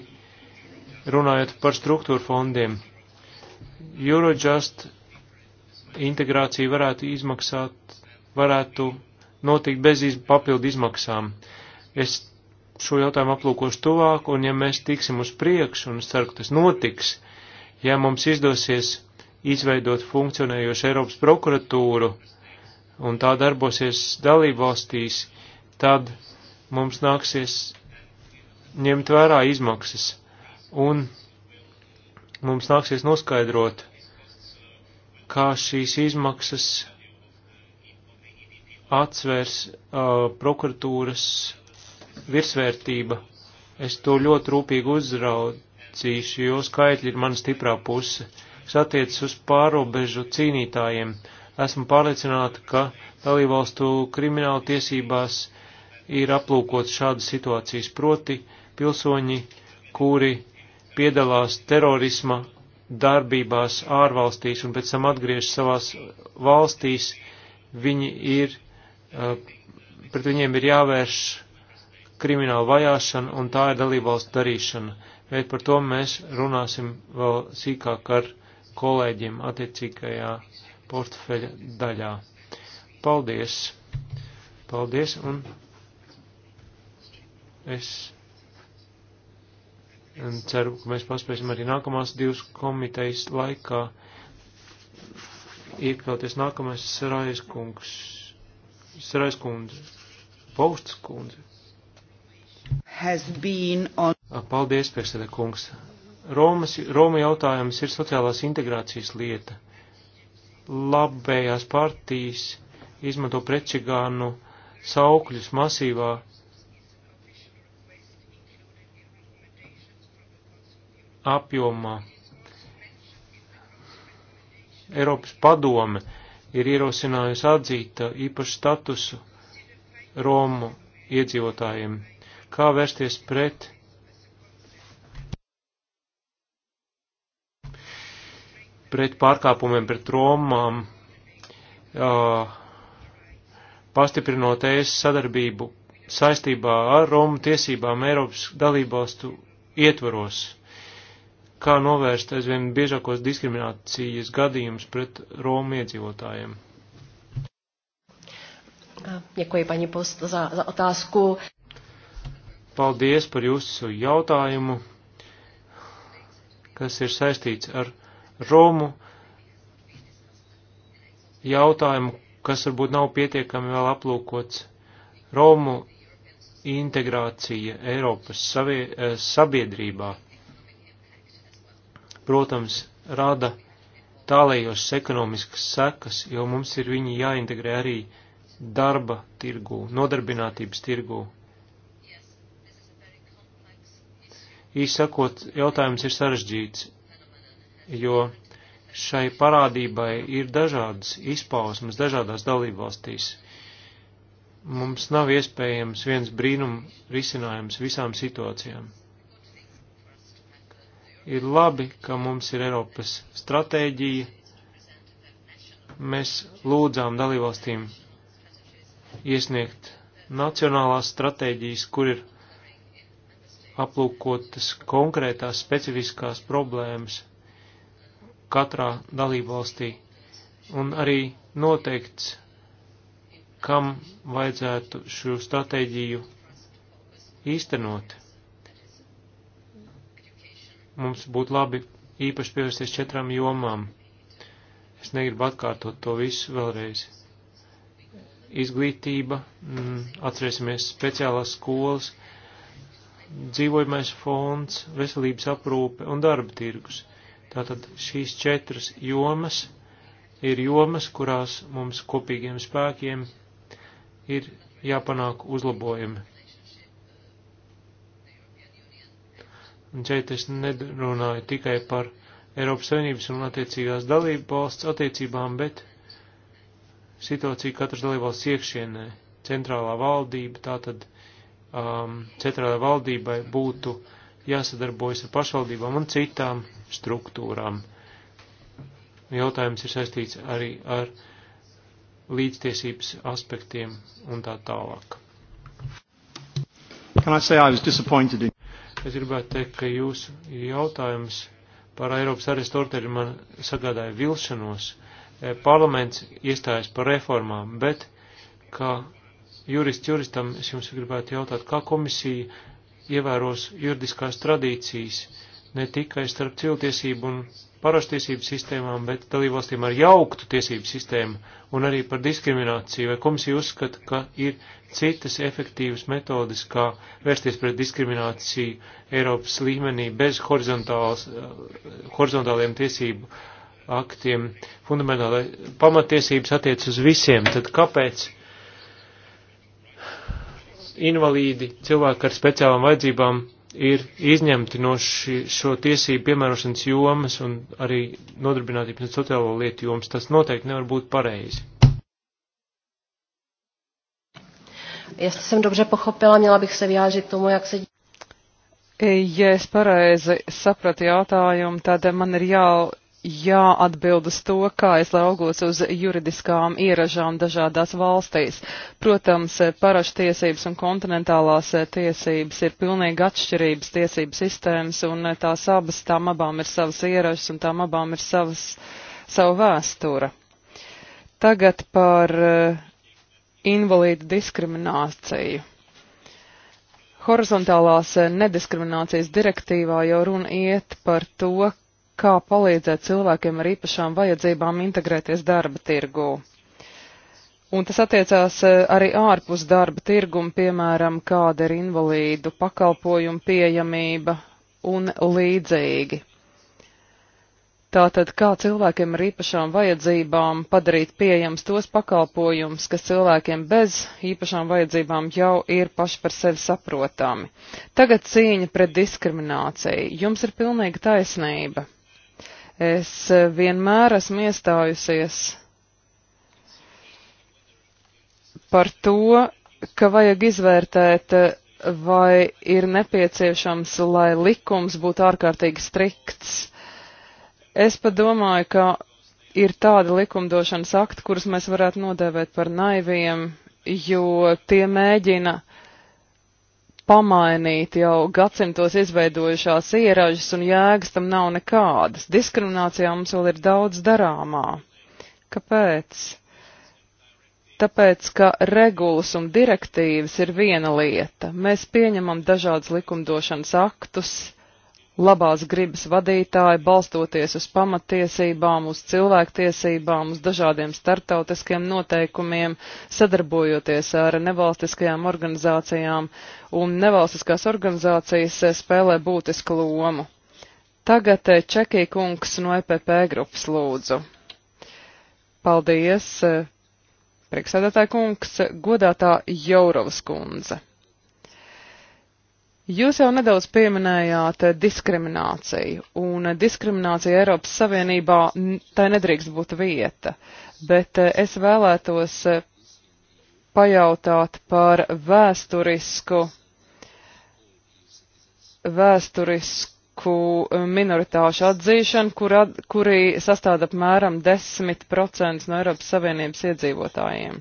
runājot par struktūru fondiem. Eurojust integrācija varētu izmaksāt, varētu notikt bez iz, papildu izmaksām. Es šo jautājumu aplūkošu tuvāk, un ja mēs tiksim uz priekšu, un ceru, ka tas notiks, ja mums izdosies izveidot funkcionējošu Eiropas prokuratūru, un tā darbosies dalībvalstīs, tad mums nāksies ņemt vērā izmaksas, un mums nāksies noskaidrot, kā šīs izmaksas atsvērs uh, prokuratūras virsvērtība. Es to ļoti rūpīgi uzraudzīšu, jo skaitļi ir mana stiprā puse. Kas attiecas uz pārobežu cīnītājiem, esmu pārliecināta, ka dalībvalstu krimināla tiesībās ir aplūkots šādas situācijas proti pilsoņi, kuri piedalās terorisma darbībās ārvalstīs un pēc tam atgriežas savās valstīs, viņi ir, eh, pret viņiem ir jāvērš krimināla vajāšana un tā ir dalībvalstu darīšana. Bet par to mēs runāsim vēl sīkāk ar kolēģiem attiecīgajā portfeļa daļā. Paldies! Paldies un es Un ceru, ka mēs paspēsim arī nākamās divas komitejas laikā iekļauties nākamais Saraiskungs, Saraiskundze, Paustskundze. On... Paldies, priekšsēdē kungs. Romas, Roma jautājums ir sociālās integrācijas lieta. Labējās partijas izmanto prečigānu saukļus masīvā apjomā. Eiropas padome ir ierosinājusi atzīt uh, īpašu statusu Romu iedzīvotājiem. Kā vērsties pret? pret pārkāpumiem, pret Romām, uh, pastiprinot ES sadarbību saistībā ar Romu tiesībām Eiropas dalībvalstu ietvaros kā novērst aizvien biežākos diskriminācijas gadījumus pret Romu iedzīvotājiem. Děkuji, paní Post, za, za otázku. Paldies par jūsu jautājumu, kas ir saistīts ar Romu jautājumu, kas varbūt nav pietiekami vēl aplūkots. Romu integrācija Eiropas savie, eh, sabiedrībā protams, rada tālējošas ekonomiskas sekas, jo mums ir viņi jāintegrē arī darba tirgū, nodarbinātības tirgū. Īsakot, jautājums ir sarežģīts, jo šai parādībai ir dažādas izpausmes dažādās dalībvalstīs. Mums nav iespējams viens brīnum risinājums visām situācijām. Ir labi, ka mums ir Eiropas stratēģija. Mēs lūdzām dalībvalstīm iesniegt nacionālās stratēģijas, kur ir aplūkotas konkrētās specifiskās problēmas katrā dalībvalstī un arī noteikts, kam vajadzētu šo stratēģiju īstenot mums būtu labi īpaši pievērsties četrām jomām. Es negribu atkārtot to visu vēlreiz. Izglītība, mm, atcerēsimies speciālās skolas, dzīvojamais fonds, veselības aprūpe un darba tirgus. Tātad šīs četras jomas ir jomas, kurās mums kopīgiem spēkiem ir jāpanāk uzlabojumi. Un šeit es nerunāju tikai par Eiropas Savienības un attiecīgās dalību valsts attiecībām, bet situāciju katras dalībvalsts iekšienē. Centrālā valdība, tātad um, centrālai valdībai būtu jāsadarbojas ar pašvaldībām un citām struktūrām. Jautājums ir saistīts arī ar līdztiesības aspektiem un tā tālāk. Can I say I was disappointed in Es gribētu teikt, ka jūsu jautājums par Eiropas arestu ordeļu man sagādāja vilšanos. E, parlaments iestājas par reformām, bet kā jurists juristam es jums gribētu jautāt, kā komisija ievēros juridiskās tradīcijas ne tikai starp cilvēktiesību un paroštiesību sistēmām, bet dalībvalstīm ar jauktu tiesību sistēmu un arī par diskrimināciju, vai komisija uzskata, ka ir citas efektīvas metodas, kā vērsties pret diskrimināciju Eiropas līmenī bez eh, horizontāliem tiesību aktiem. Fundamentāli pamatiesības attiec uz visiem, tad kāpēc invalīdi, cilvēki ar speciālām vajadzībām ir izņemti no ši, šo tiesību piemērošanas jomas un arī nodarbinātības un sociālo lietu jomas. Tas noteikti nevar būt pareizi. Jestli jsem dobře pochopila, měla bych se vyjádřit tomu, jak se. Ja es pareizi sapratu jautājumu, tad man ir jau jāatbild uz to, kā es laugos uz juridiskām ieražām dažādās valstīs. Protams, parašu tiesības un kontinentālās eh, tiesības ir pilnīgi atšķirības tiesības sistēmas, un eh, tās abas, tām abām ir savas ieražas, un tām abām ir savas, savu vēstura. Tagad par eh, invalīdu diskrimināciju. Horizontālās nediskriminācijas direktīvā jau runa iet par to, kā palīdzēt cilvēkiem ar īpašām vajadzībām integrēties darba tirgū. Un tas attiecās e, arī ārpus darba tirguma, piemēram, kāda ir invalīdu pakalpojumu pieejamība un līdzīgi. Tātad, kā cilvēkiem ar īpašām vajadzībām padarīt pieejams tos pakalpojumus, kas cilvēkiem bez īpašām vajadzībām jau ir paši par sevi saprotami. Tagad cīņa pret diskrimināciju. Jums ir pilnīga taisnība. Es vienmēr esmu iestājusies par to, ka vajag izvērtēt, vai ir nepieciešams, lai likums būtu ārkārtīgi strikts. Es pat domāju, ka ir tādi likumdošanas akti, kurus mēs varētu nodēvēt par naiviem, jo tie mēģina pamainīt jau gadsimtos izveidojušās ieražas un jēgas tam nav nekādas. Diskriminācijā mums vēl ir daudz darāmā. Kāpēc? Tāpēc, ka regulas un direktīvas ir viena lieta. Mēs pieņemam dažādas likumdošanas aktus, labās gribas vadītāji, balstoties uz pamatiesībām, uz cilvēktiesībām, uz dažādiem startautiskiem noteikumiem, sadarbojoties ar nevalstiskajām organizācijām, un nevalstiskās organizācijas eh, spēlē būtisku lomu. Tagad eh, Čekī kungs no EPP grupas lūdzu. Paldies, eh, priekšsēdētāja kungs, godātā Jourovas kundze. Jūs jau nedaudz pieminējāt eh, diskrimināciju, un eh, diskriminācija Eiropas Savienībā tai nedrīkst būt vieta, bet eh, es vēlētos pajautāt par vēsturisku, vēsturisku minoritāšu atzīšanu, kur, kuri sastāda apmēram 10% no Eiropas Savienības iedzīvotājiem.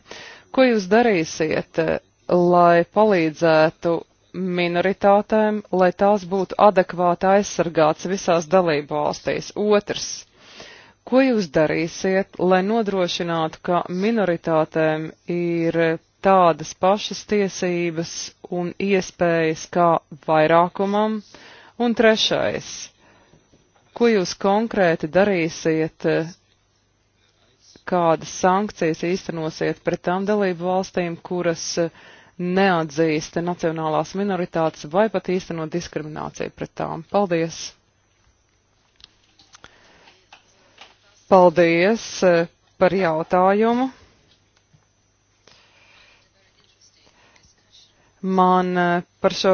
Ko jūs darīsiet, lai palīdzētu minoritātēm, lai tās būtu adekvāti aizsargāts visās dalību valstīs. Otrs. Ko jūs darīsiet, lai nodrošinātu, ka minoritātēm ir tādas pašas tiesības un iespējas kā vairākumam? Un trešais, ko jūs konkrēti darīsiet, kādas sankcijas īstenosiet pret tām dalību valstīm, kuras uh, neatzīst nacionālās minoritātes vai pat īsteno diskrimināciju pret tām. Paldies! Paldies eh, par jautājumu. Man eh, par šo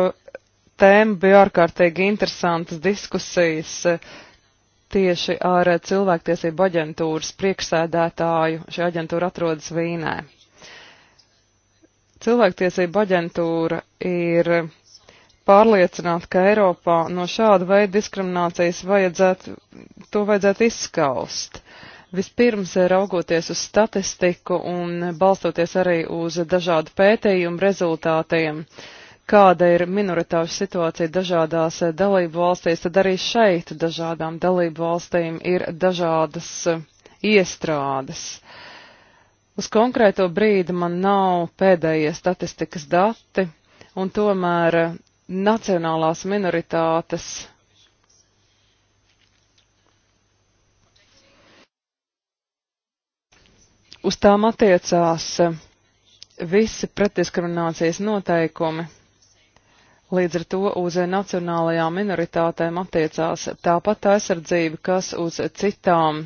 tēmu bija ārkārtīgi interesantas diskusijas eh, tieši ar cilvēktiesību aģentūras priekšsēdētāju. Šī aģentūra atrodas Vīnē. Cilvēktiesība aģentūra ir pārliecināta, ka Eiropā no šāda veida diskriminācijas vajadzētu, to vajadzētu izskaust. Vispirms eh, raugoties uz statistiku un balstoties arī uz dažādu pētījumu rezultātiem, kāda ir minoritāšu situācija dažādās eh, dalību valstīs, tad arī šeit dažādām dalību valstīm ir dažādas eh, iestrādes. Uh, Uz konkrēto brīdi man nav pēdējie statistikas dati, un tomēr nacionālās minoritātes uz tām attiecās visi pretdiskriminācijas noteikumi. Līdz ar to uz nacionālajām minoritātēm attiecās tāpat aizsardzība, kas uz citām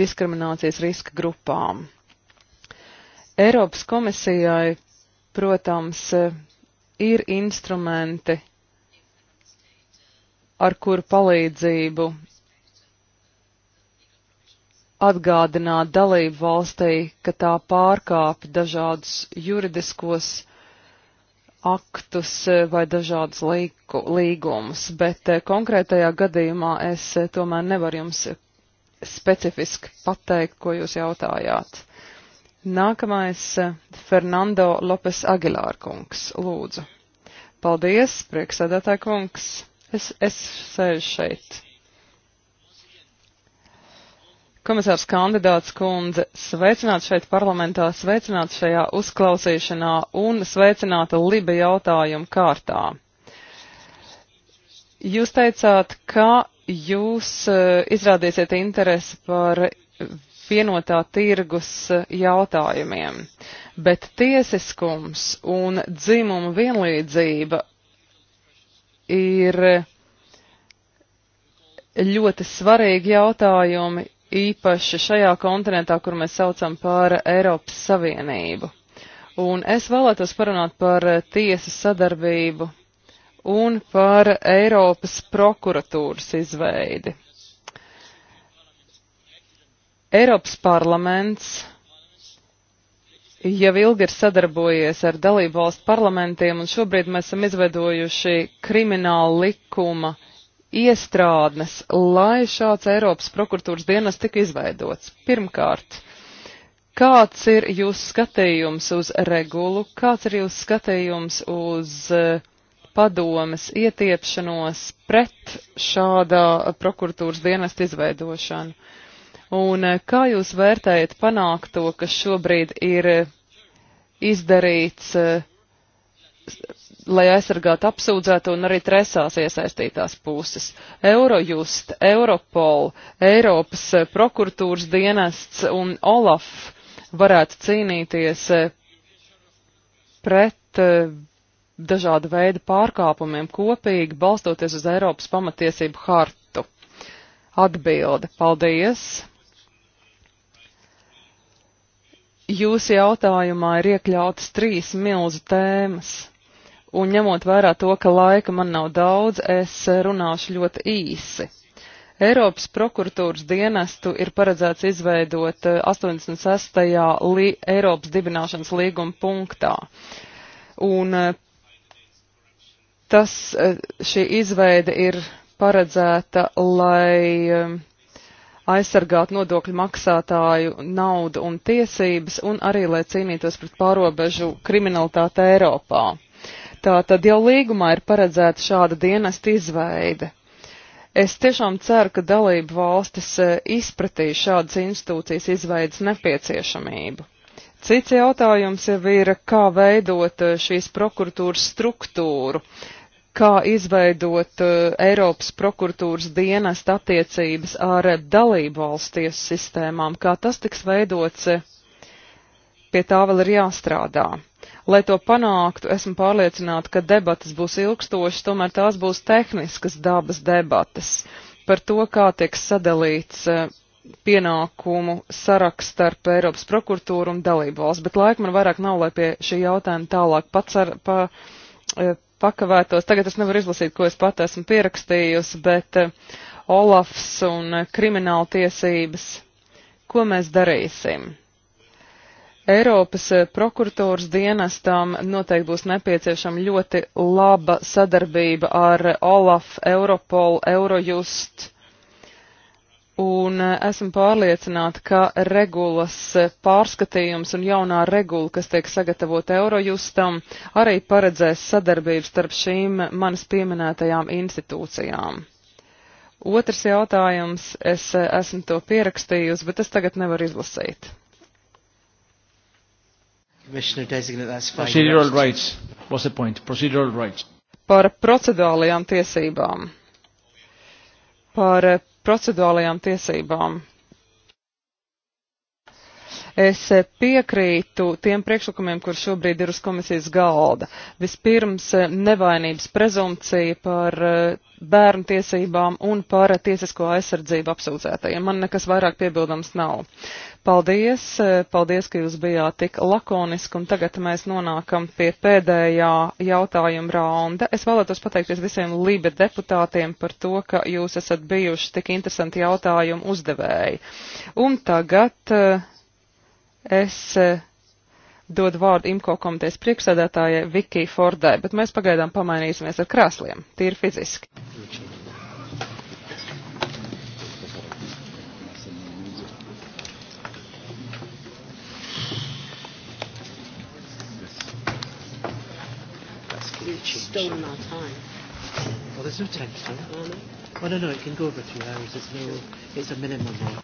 diskriminācijas riska grupām. Eiropas komisijai, protams, ir instrumenti, ar kuru palīdzību atgādināt dalību valstī, ka tā pārkāpj dažādus juridiskos aktus vai dažādus līku, līgumus, bet eh, konkrētajā gadījumā es eh, tomēr nevaru jums specifiski pateikt, ko jūs jautājāt. Nākamais eh, Fernando Lopes Aguilar kungs, lūdzu. Paldies, prieksēdētāj kungs. Es, es sēžu šeit. Komisārs kandidāts kundze, sveicināt šeit parlamentā, sveicināt šajā uzklausīšanā un sveicināta liba jautājumu kārtā. Jūs teicāt, ka jūs eh, izrādīsiet interesi par vienotā tirgus eh, jautājumiem, bet tiesiskums un dzimuma vienlīdzība ir ļoti svarīgi jautājumi, īpaši šajā kontinentā, kur mēs saucam par Eiropas Savienību. Un es vēlētos parunāt par eh, tiesas sadarbību un par Eiropas prokuratūras izveidi. Eiropas parlaments jau ilgi ir sadarbojies ar dalību valstu parlamentiem, un šobrīd mēs esam izveidojuši krimināla likuma iestrādnes, lai šāds Eiropas prokuratūras dienas tika izveidots. Pirmkārt, kāds ir jūsu skatījums uz regulu, kāds ir jūsu skatījums uz eh, padomes ietiepšanos pret šādā prokuratūras dienesta izveidošanu? Un eh, kā jūs vērtējat panākto, kas šobrīd ir eh, izdarīts, eh, lai aizsargātu apsūdzēto un arī tresās iesaistītās puses? Eurojust, Europol, Eiropas prokuratūras dienests un Olaf varētu cīnīties pret dažāda veida pārkāpumiem kopīgi, balstoties uz Eiropas pamatiesību hartu. Atbilde. Paldies! Jūsu jautājumā ir iekļautas trīs milzu tēmas, un ņemot vērā to, ka laika man nav daudz, es e, runāšu ļoti īsi. Eiropas prokuratūras dienestu ir paredzēts izveidot 86. E, li Eiropas dibināšanas līguma punktā. Un e, tas, šī izveida ir paredzēta, lai aizsargāt nodokļu maksātāju naudu un tiesības, un arī, lai cīnītos pret pārobežu kriminalitāti Eiropā. Tātad jau līgumā ir paredzēta šāda dienesta izveide. Es tiešām ceru, ka dalību valstis e, izpratīs šādas institūcijas izveidas nepieciešamību. Cits jautājums jau ir, kā veidot e, šīs prokuratūras struktūru. Uh, kā izveidot uh, Eiropas prokuratūras dienestu attiecības ar dalību valsties sistēmām, kā tas tiks veidots, uh, pie tā vēl ir jāstrādā. Lai to panāktu, esmu pārliecināta, ka debatas būs ilgstošas, tomēr tās būs tehniskas dabas debatas par to, kā tiek sadalīts uh, pienākumu saraksts starp Eiropas prokuratūru un dalību valsts, bet laika man vairāk nav, lai pie šī jautājuma tālāk pats ar, pa, eh, pakavētos. Tagad es nevaru izlasīt, ko es pat esmu pierakstījusi, bet eh, Olafs un eh, krimināla tiesības. Ko mēs darīsim? Eiropas eh, prokuratūras dienestam noteikti būs nepieciešama ļoti laba sadarbība ar Olaf, Europol, Eurojust un eh, esmu pārliecināta, ka regulas eh, pārskatījums un jaunā regula, kas tiek sagatavota Eurojustam, arī paredzēs sadarbību starp šīm manas pieminētajām institūcijām. Otrs jautājums, es eh, esmu to pierakstījusi, bet es tagad nevaru izlasīt. Procedural rights. What's the point? Procedural rights. Par procedurālajām tiesībām. Par procedūrālajām tiesībām. Es piekrītu tiem priekšlikumiem, kur šobrīd ir uz komisijas galda. Vispirms eh, nevainības prezumcija par eh, bērnu tiesībām un par tiesisko aizsardzību apsūdzētajiem. Man nekas vairāk piebildams nav. Paldies, eh, paldies, ka jūs bijāt tik lakoniski, un tagad mēs nonākam pie pēdējā jautājuma raunda. Es vēlētos pateikties visiem Lībe deputātiem par to, ka jūs esat bijuši tik interesanti jautājumu uzdevēji. Un tagad uh, Es eh, dodu vārdu IMCO komitejas priekšsēdētājai Vikī Fordai, bet mēs pagaidām pamainīsimies ar krāsliem, tīri fiziski. stolen our time. Well, there's no time, sir. Mm-hmm. Well, no, no, it can go over two hours. It's no, it's a minimum. Now.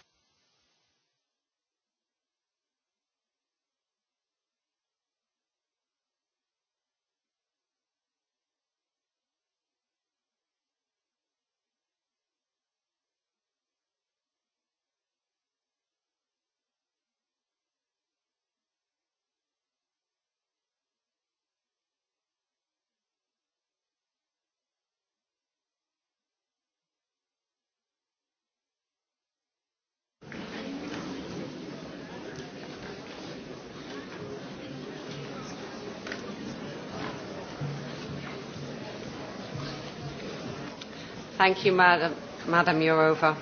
Thank you, Madam, Madam Jourova.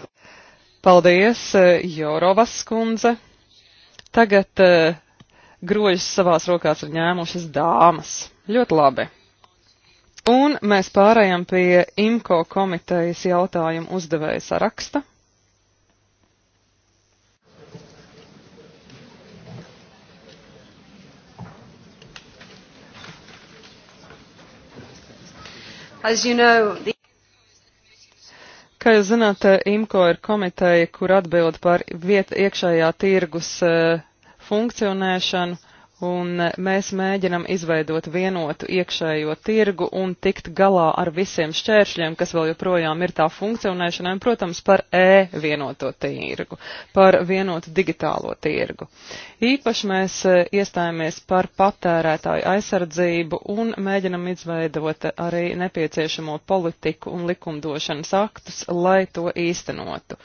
Paldies, eh, Jorovas kundze. Tagad uh, grožus savās rokās ir ņēmušas dāmas. Ļoti labi. Un mēs pārējām pie IMCO komitejas jautājumu uzdevēja saraksta. You know, the... Kā jūs zināt, eh, IMCO ir komiteja, kur atbild par viet, iekšējā tirgus eh, funkcionēšanu un mēs mēģinam izveidot vienotu iekšējo tirgu un tikt galā ar visiem šķēršļiem, kas vēl joprojām ir tā funkcionēšanai, un, protams, par e-vienoto tirgu, par vienotu digitālo tirgu. Īpaši mēs e, iestājāmies par patērētāju aizsardzību un mēģinam izveidot arī nepieciešamo politiku un likumdošanas aktus, lai to īstenotu.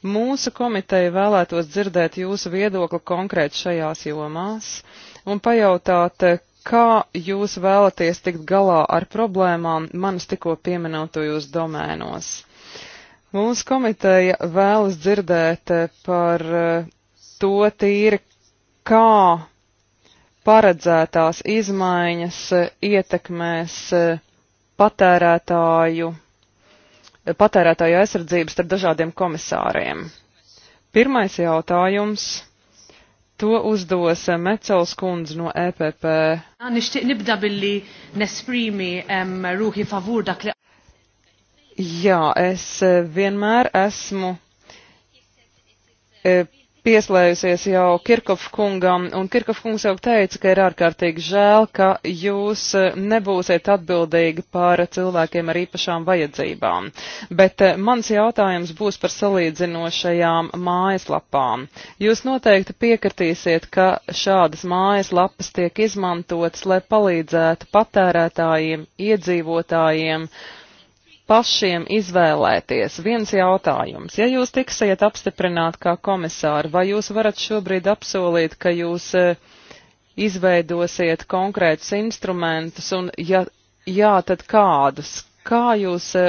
Mūsu komiteja vēlētos dzirdēt jūsu viedokli konkrēt šajās jomās. Uh, un pajautāt, eh, kā jūs vēlaties tikt galā ar problēmām manas tikko pieminētojos domēnos. Mūsu komiteja vēlas dzirdēt eh, par eh, to tīri, kā paredzētās izmaiņas ietekmēs patērētāju, patērētāju aizsardzības starp dažādiem komisāriem. Pirmais jautājums To uzdos Mecels kundze no EPP. Nishtiq nibda billi nesprimi rūhi favur dak li. Jā, es eh, vienmēr esmu eh, pieslējusies jau Kirkov kungam, un Kirkov kungs jau teica, ka ir ārkārtīgi žēl, ka jūs e, nebūsiet atbildīgi par cilvēkiem ar īpašām vajadzībām. Bet e, mans jautājums būs par salīdzinošajām mājaslapām. Jūs noteikti piekritīsiet, ka šādas mājaslapas tiek izmantotas, lai palīdzētu patērētājiem, iedzīvotājiem, uh, pašiem izvēlēties. Viens jautājums. Ja jūs tiksiet apstiprināt kā komisāri, vai jūs varat šobrīd apsolīt, ka jūs e, izveidosiet konkrētus instrumentus un, ja jā, tad kādus? Kā jūs e,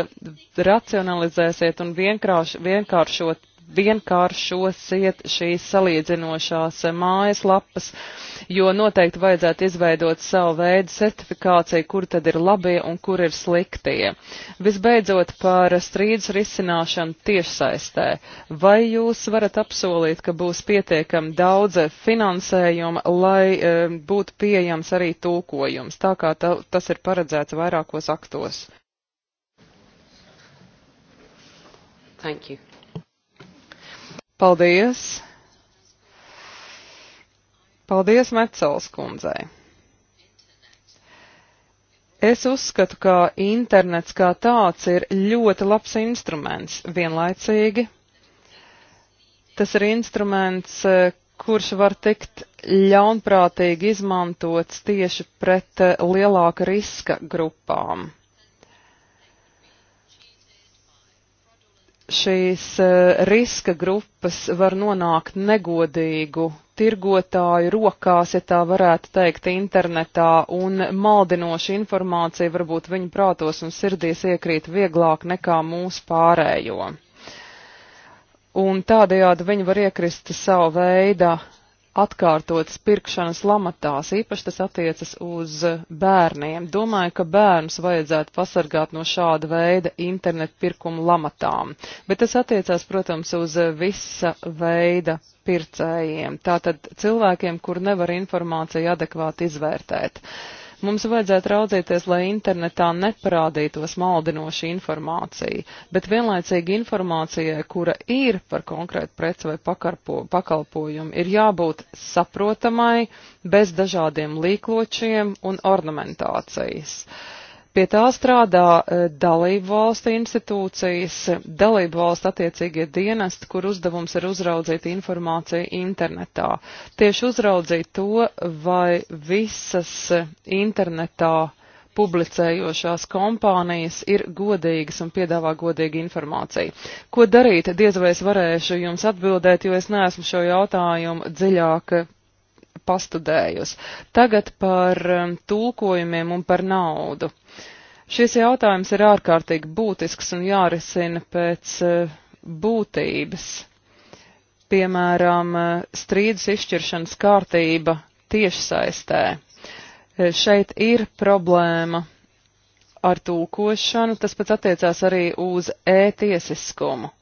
racionalizēsiet un vienkāršot vienkāršosiet šīs salīdzinošās mājaslapas, jo noteikti vajadzētu izveidot savu veidu certifikāciju, kur tad ir labie un kur ir sliktie. Visbeidzot par strīdus risināšanu tiešsaistē. Vai jūs varat apsolīt, ka būs pietiekami daudz finansējuma, lai e, būtu pieejams arī tūkojums, tā kā ta, tas ir paredzēts vairākos aktos? Thank you. Paldies! Paldies Mecels kundzei! Es uzskatu, ka internets kā tāds ir ļoti labs instruments vienlaicīgi. Tas ir instruments, kurš var tikt ļaunprātīgi izmantots tieši pret lielāka riska grupām. šīs eh, riska grupas var nonākt negodīgu tirgotāju rokās, ja tā varētu teikt, internetā, un maldinoša informācija varbūt viņu prātos un sirdīs iekrīt vieglāk nekā mūsu pārējo. Un tādējādi viņi var iekrist savu veidu atkārtotas pirkšanas lamatās, īpaši tas attiecas uz bērniem. Domāju, ka bērnus vajadzētu pasargāt no šāda veida internetu pirkumu lamatām, bet tas attiecās, protams, uz visa veida pircējiem, tātad cilvēkiem, kur nevar informāciju adekvāti izvērtēt. Uh, Mums vajadzētu raudzīties, lai internetā neparādītos maldinoša informācija, bet vienlaicīgi informācijai, kura ir par konkrētu preci vai pakarpo, pakalpojumu, ir jābūt saprotamai, bez dažādiem līkločiem un ornamentācijas. Uh, Pie tā strādā e, dalību valstu institūcijas, dalību valstu attiecīgie dienesti, kur uzdevums ir uzraudzīt informāciju internetā. Tieši uzraudzīt to, vai visas internetā publicējošās kompānijas ir godīgas un piedāvā godīgu informāciju. Ko darīt? Diez vai es varēšu jums atbildēt, jo es neesmu šo jautājumu dziļāk pastudējusi. Tagad par um, tulkojumiem un par naudu. Šis jautājums ir ārkārtīgi būtisks un jārisina pēc uh, būtības. Piemēram, uh, strīdus izšķiršanas kārtība tiešsaistē. Uh, šeit ir problēma ar tūkošanu, tas pats attiecās arī uz ētiesiskumu. E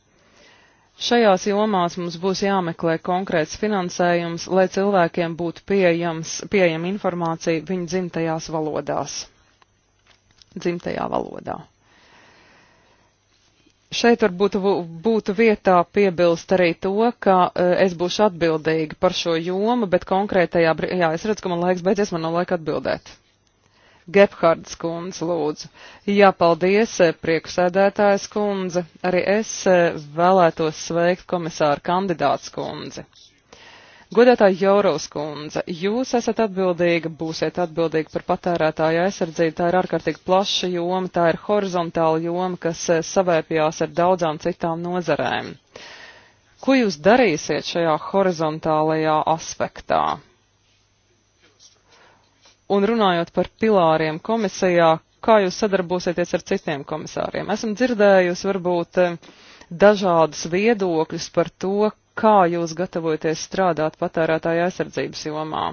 Šajās jomās mums būs jāmeklē konkrēts finansējums, lai cilvēkiem būtu pieejams, pieejama informācija viņu dzimtajās valodās, dzimtajā valodā. Šeit varbūt būtu vietā piebilst arī to, ka e, es būšu atbildīga par šo jomu, bet konkrētajā brīdī, jā, es redzu, ka man laiks beidzies, man nav laika atbildēt. Gebhards kundze lūdzu. Jā, paldies, eh, priekšsēdētājs kundze. Arī es eh, vēlētos sveikt komisāru kandidāts kundzi. Godētā Jauraus kundze, jūs esat atbildīga, būsiet atbildīga par patērētāju aizsardzību. Tā ir ārkārtīgi plaša joma, tā ir horizontāla joma, kas eh, savēpjās ar daudzām citām nozarēm. Ko jūs darīsiet šajā horizontālajā aspektā? Un runājot par pilāriem komisijā, kā jūs sadarbosieties ar citiem komisāriem? Esam dzirdējusi varbūt eh, dažādus viedokļus par to, kā jūs gatavojaties strādāt patērētāja aizsardzības jomā.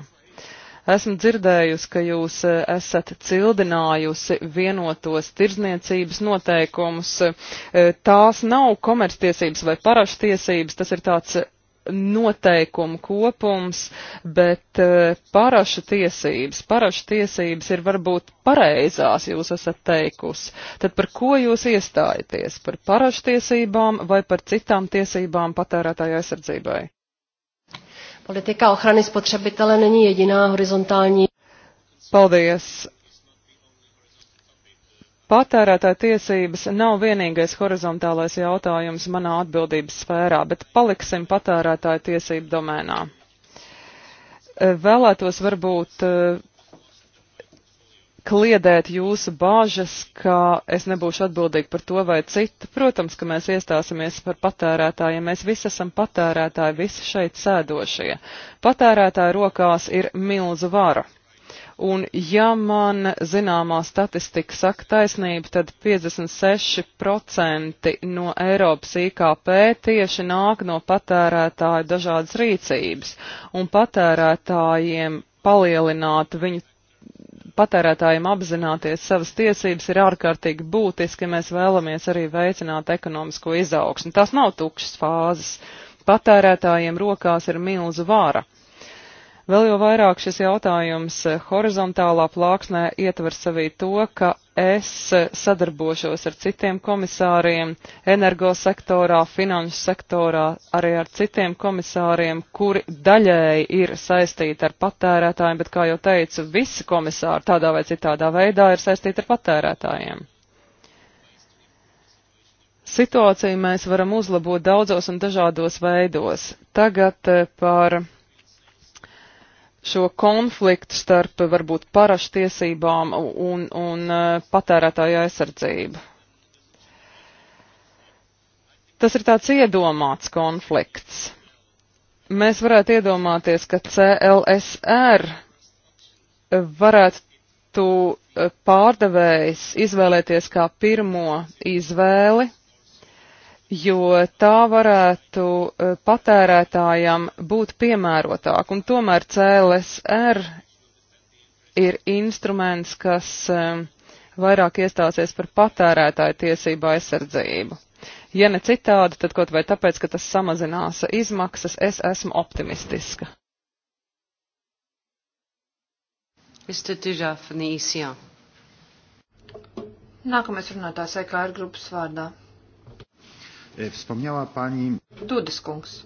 Esmu dzirdējusi, ka jūs eh, esat cildinājusi vienotos tirzniecības noteikumus. Eh, tās nav komerctiesības vai parašu tiesības, tas ir tāds noteikumu kopums, bet eh, parašu tiesības, parašu tiesības ir varbūt pareizās, jūs esat teikusi. Tad par ko jūs iestājaties? Par parašu tiesībām vai par citām tiesībām patērētāju aizsardzībai? Politika ochrany spotřebitele není jediná horizontální. Paldies! Patērētāja tiesības nav vienīgais horizontālais jautājums manā atbildības sfērā, bet paliksim patērētāja tiesību domēnā. Eh, vēlētos varbūt eh, kliedēt jūsu bāžas, ka es nebūšu atbildīgi par to vai citu. Protams, ka mēs iestāsimies par patērētājiem. Mēs visi esam patērētāji, visi šeit sēdošie. Patērētāja rokās ir milzu vara. Un ja man zināmā statistika saka taisnību, tad 56% no Eiropas IKP tieši nāk no patērētāju dažādas rīcības. Un patērētājiem palielināt viņu patērētājiem apzināties savas tiesības ir ārkārtīgi būtiski, ja mēs vēlamies arī veicināt ekonomisko izaugsmu. Tas nav tukšas fāzes. Patērētājiem rokās ir milzu vara. Vēl jau vairāk šis jautājums eh, horizontālā plāksnē ietver sevī to, ka es eh, sadarbošos ar citiem komisāriem energosektorā, finanšu sektorā, arī ar citiem komisāriem, kuri daļēji ir saistīti ar patērētājiem, bet, kā jau teicu, visi komisāri tādā vai citādā veidā ir saistīti ar patērētājiem. Situāciju mēs varam uzlabot daudzos un dažādos veidos. Tagad eh, par šo konfliktu starp varbūt paraštiesībām un, un uh, patērētāju aizsardzību. Tas ir tāds iedomāts konflikts. Mēs varētu iedomāties, ka CLSR varētu uh, pārdevējs izvēlēties kā pirmo izvēli jo tā varētu eh, patērētājam būt piemērotāk. Un tomēr CLSR ir instruments, kas eh, vairāk iestāsies par patērētāju tiesību aizsardzību. Ja ne citādi, tad kaut vai tāpēc, ka tas samazinās izmaksas, es esmu optimistiska. Nākamais runātājs EKR grupas vārdā. E, wspomniała pani. Dudas kungs.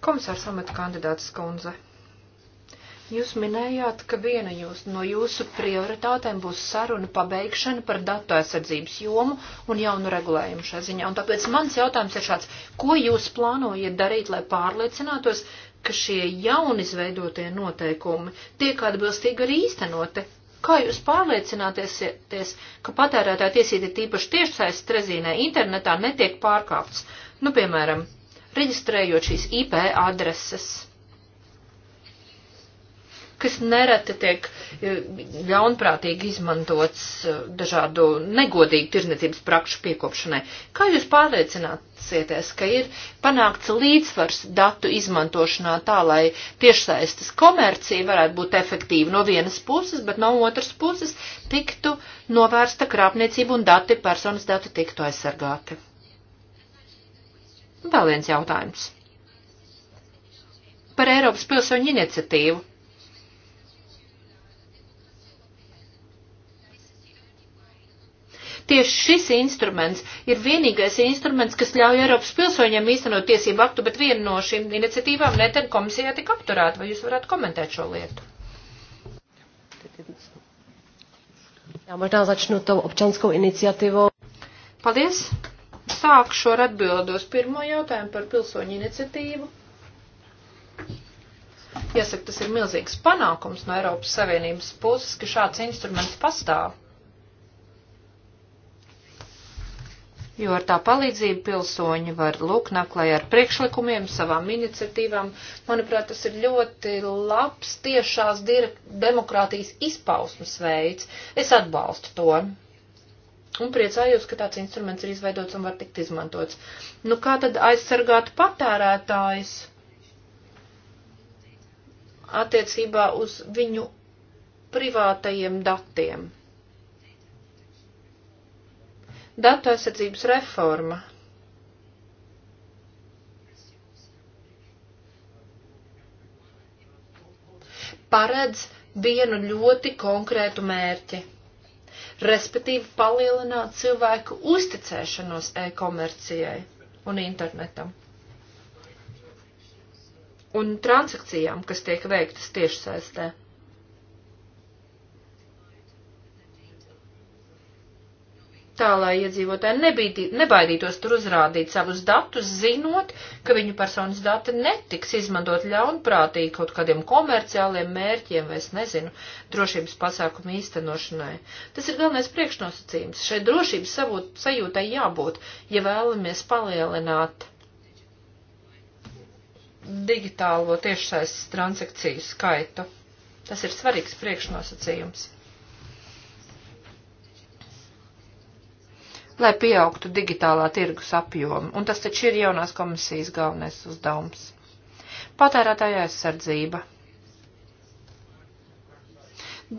Komisārs amata kandidāts skundze. Jūs minējāt, ka viena jūs, no jūsu prioritātēm būs saruna pabeigšana par datu aizsardzības jomu un jaunu regulējumu šajā ziņā. Un tāpēc mans jautājums ir šāds, ko jūs plānojat darīt, lai pārliecinātos, ka šie jaunizveidotie noteikumi tiek atbilstīgi arī īstenoti? Kā jūs pārliecināties, ka patērētāja tiesība tīpaši tiešsaistes trezīnē internetā netiek pārkāpts? Nu, piemēram, reģistrējot šīs IP adreses kas nereti tiek e, ļaunprātīgi izmantots e, dažādu negodīgu tirdzniecības prakšu piekopšanai. Kā jūs pārliecināsieties, ka ir panākts līdzsvars datu izmantošanā tā, lai tiešsaistes komercija varētu būt efektīva no vienas puses, bet no otras puses tiktu novērsta krāpniecība un dati, personas dati tiktu aizsargāti? Vēl viens jautājums. Par Eiropas pilsoņu iniciatīvu Tieši šis instruments ir vienīgais instruments, kas ļauj Eiropas pilsoņiem īstenot tiesību aktu, bet viena no šīm iniciatīvām neten komisijā tika apturēta. Vai jūs varētu komentēt šo lietu? Jā, možná začnu tou občanskou iniciatīvu. Paldies! Sākšu ar atbildos pirmo jautājumu par pilsoņu iniciatīvu. Jāsaka, tas ir milzīgs panākums no Eiropas Savienības puses, ka šāds instruments pastāv. jo ar tā palīdzību pilsoņi var lūk naklai ar priekšlikumiem, savām iniciatīvām. Manuprāt, tas ir ļoti labs tiešās demokrātijas izpausmas veids. Es atbalstu to. Un priecājos, ka tāds instruments ir izveidots un var tikt izmantots. Nu, kā tad aizsargāt patērētājs attiecībā uz viņu privātajiem datiem? Datu aizsardzības reforma. Paredz vienu ļoti konkrētu mērķi, respektīvi palielināt cilvēku uzticēšanos e-komercijai un internetam un transakcijām, kas tiek veiktas tiešsaistē. tā, lai iedzīvotāji nebīdī, nebaidītos tur uzrādīt savus datus, zinot, ka viņu personas dati netiks izmantot ļaunprātīgi kaut kādiem komerciāliem mērķiem vai, es nezinu, drošības pasākumu īstenošanai. Tas ir galvenais priekšnosacījums. Šai drošības savot, sajūtai jābūt, ja vēlamies palielināt digitālo tiešsaistes transakciju skaitu. Tas ir svarīgs priekšnosacījums. lai pieaugtu digitālā tirgus apjoma, un tas taču ir jaunās komisijas galvenais uzdevums. Patērētāja aizsardzība.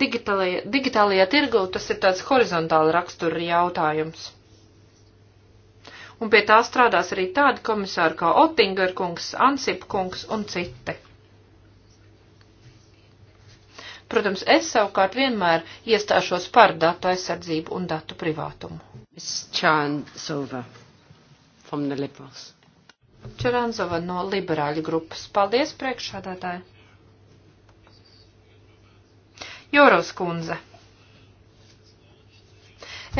Digitālajā, digitālajā tirgu tas ir tāds horizontāla rakstura jautājums. Un pie tā strādās arī tādi komisāri kā Otinger kungs, Ansip kungs un citi. Protams, es savukārt vienmēr iestāšos par datu aizsardzību un datu privātumu. Čānsova from the Liberals. Čaranzova no liberāļu grupas. Paldies, priekšādātāji. Joros kundze.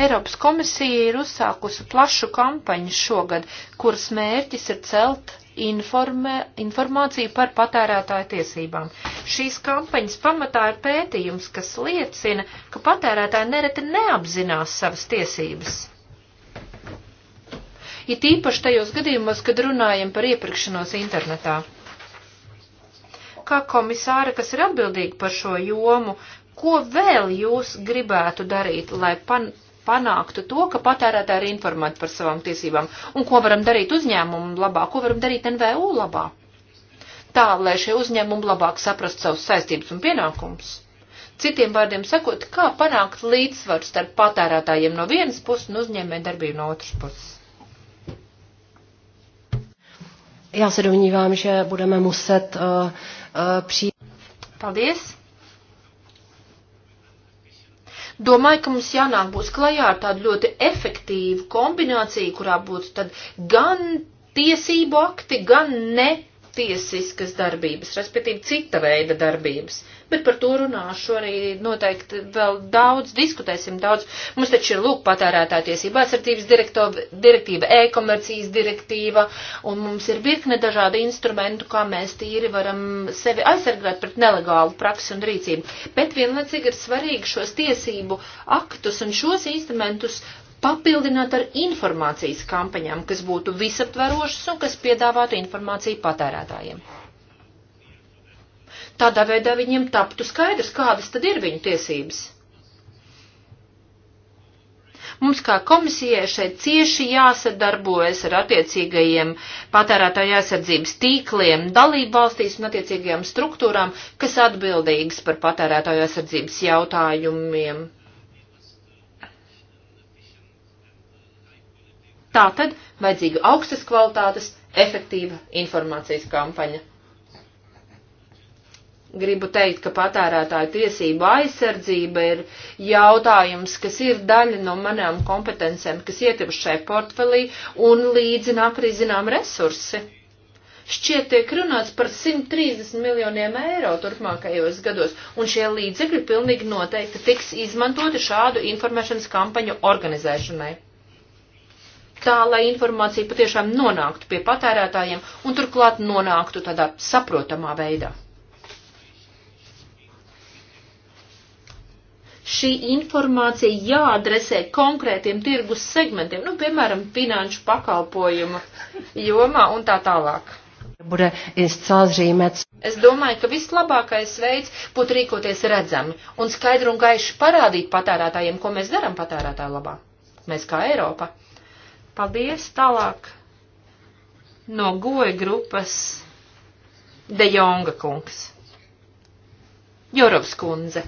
Eiropas komisija ir uzsākusi plašu kampaņu šogad, kuras mērķis ir celt informē, informāciju par patērētāju tiesībām. Šīs kampaņas pamatā ir pētījums, kas liecina, ka patērētāji nereti neapzinās savas tiesības it ja īpaši tajos gadījumos, kad runājam par iepirkšanos internetā. Kā komisāra, kas ir atbildīga par šo jomu, ko vēl jūs gribētu darīt, lai pan panāktu to, ka patērētāji ir informēti par savām tiesībām, un ko varam darīt uzņēmumu labā, ko varam darīt NVU labā, tā, lai šie uzņēmumi labāk saprast savus saistības un pienākumus. Citiem vārdiem sakot, kā panākt līdzsvaru starp patērētājiem no vienas puses un uzņēmē darbību no otras puses. Já se domnívám, že budeme muset uh, eh, uh, eh, přijít. Paldies! Domāju, ka mums jānāk būs klajā ar tādu ļoti efektīvu kombināciju, kurā būtu tad gan tiesību akti, gan ne tiesiskas darbības, respektīvi cita veida darbības. Bet par to runāšu arī noteikti vēl daudz, diskutēsim daudz. Mums taču ir lūk patērētā tiesība aizsardzības direktīva, e-komercijas direktīva, un mums ir virkne dažādi instrumentu, kā mēs tīri varam sevi aizsargāt pret nelegālu praksi un rīcību. Bet vienlaicīgi ir svarīgi šos tiesību aktus un šos instrumentus papildināt ar informācijas kampaņām, kas būtu visaptverošas un kas piedāvātu informāciju patērētājiem. Tādā veidā viņiem taptu skaidrs, kādas tad ir viņu tiesības. Mums kā komisijai šeit cieši jāsadarbojas ar attiecīgajiem patērētāju aizsardzības tīkliem, dalību valstīs un attiecīgajām struktūrām, kas atbildīgas par patērētāju aizsardzības jautājumiem Tātad vajadzīga augstas kvalitātes, efektīva informācijas kampaņa. Gribu teikt, ka patērētāju tiesība aizsardzība ir jautājums, kas ir daļa no manām kompetencēm, kas ietilpst šai portfelī un līdzi nāk arī zinām resursi. Šķiet tiek runāts par 130 miljoniem eiro turpmākajos gados, un šie līdzekļi pilnīgi noteikti tiks izmantoti šādu informēšanas kampaņu organizēšanai tā, lai informācija patiešām nonāktu pie patērētājiem un turklāt nonāktu tādā saprotamā veidā. Šī informācija jāadresē konkrētiem tirgus segmentiem, nu, piemēram, finanšu pakalpojumu jomā un tā tālāk. Es domāju, ka vislabākais veids būtu rīkoties redzami un skaidri un gaiši parādīt patērētājiem, ko mēs darām patērētāju labā. Mēs kā Eiropa Paldies tālāk no goja grupas De Jonga kungs. Jorovs kundze.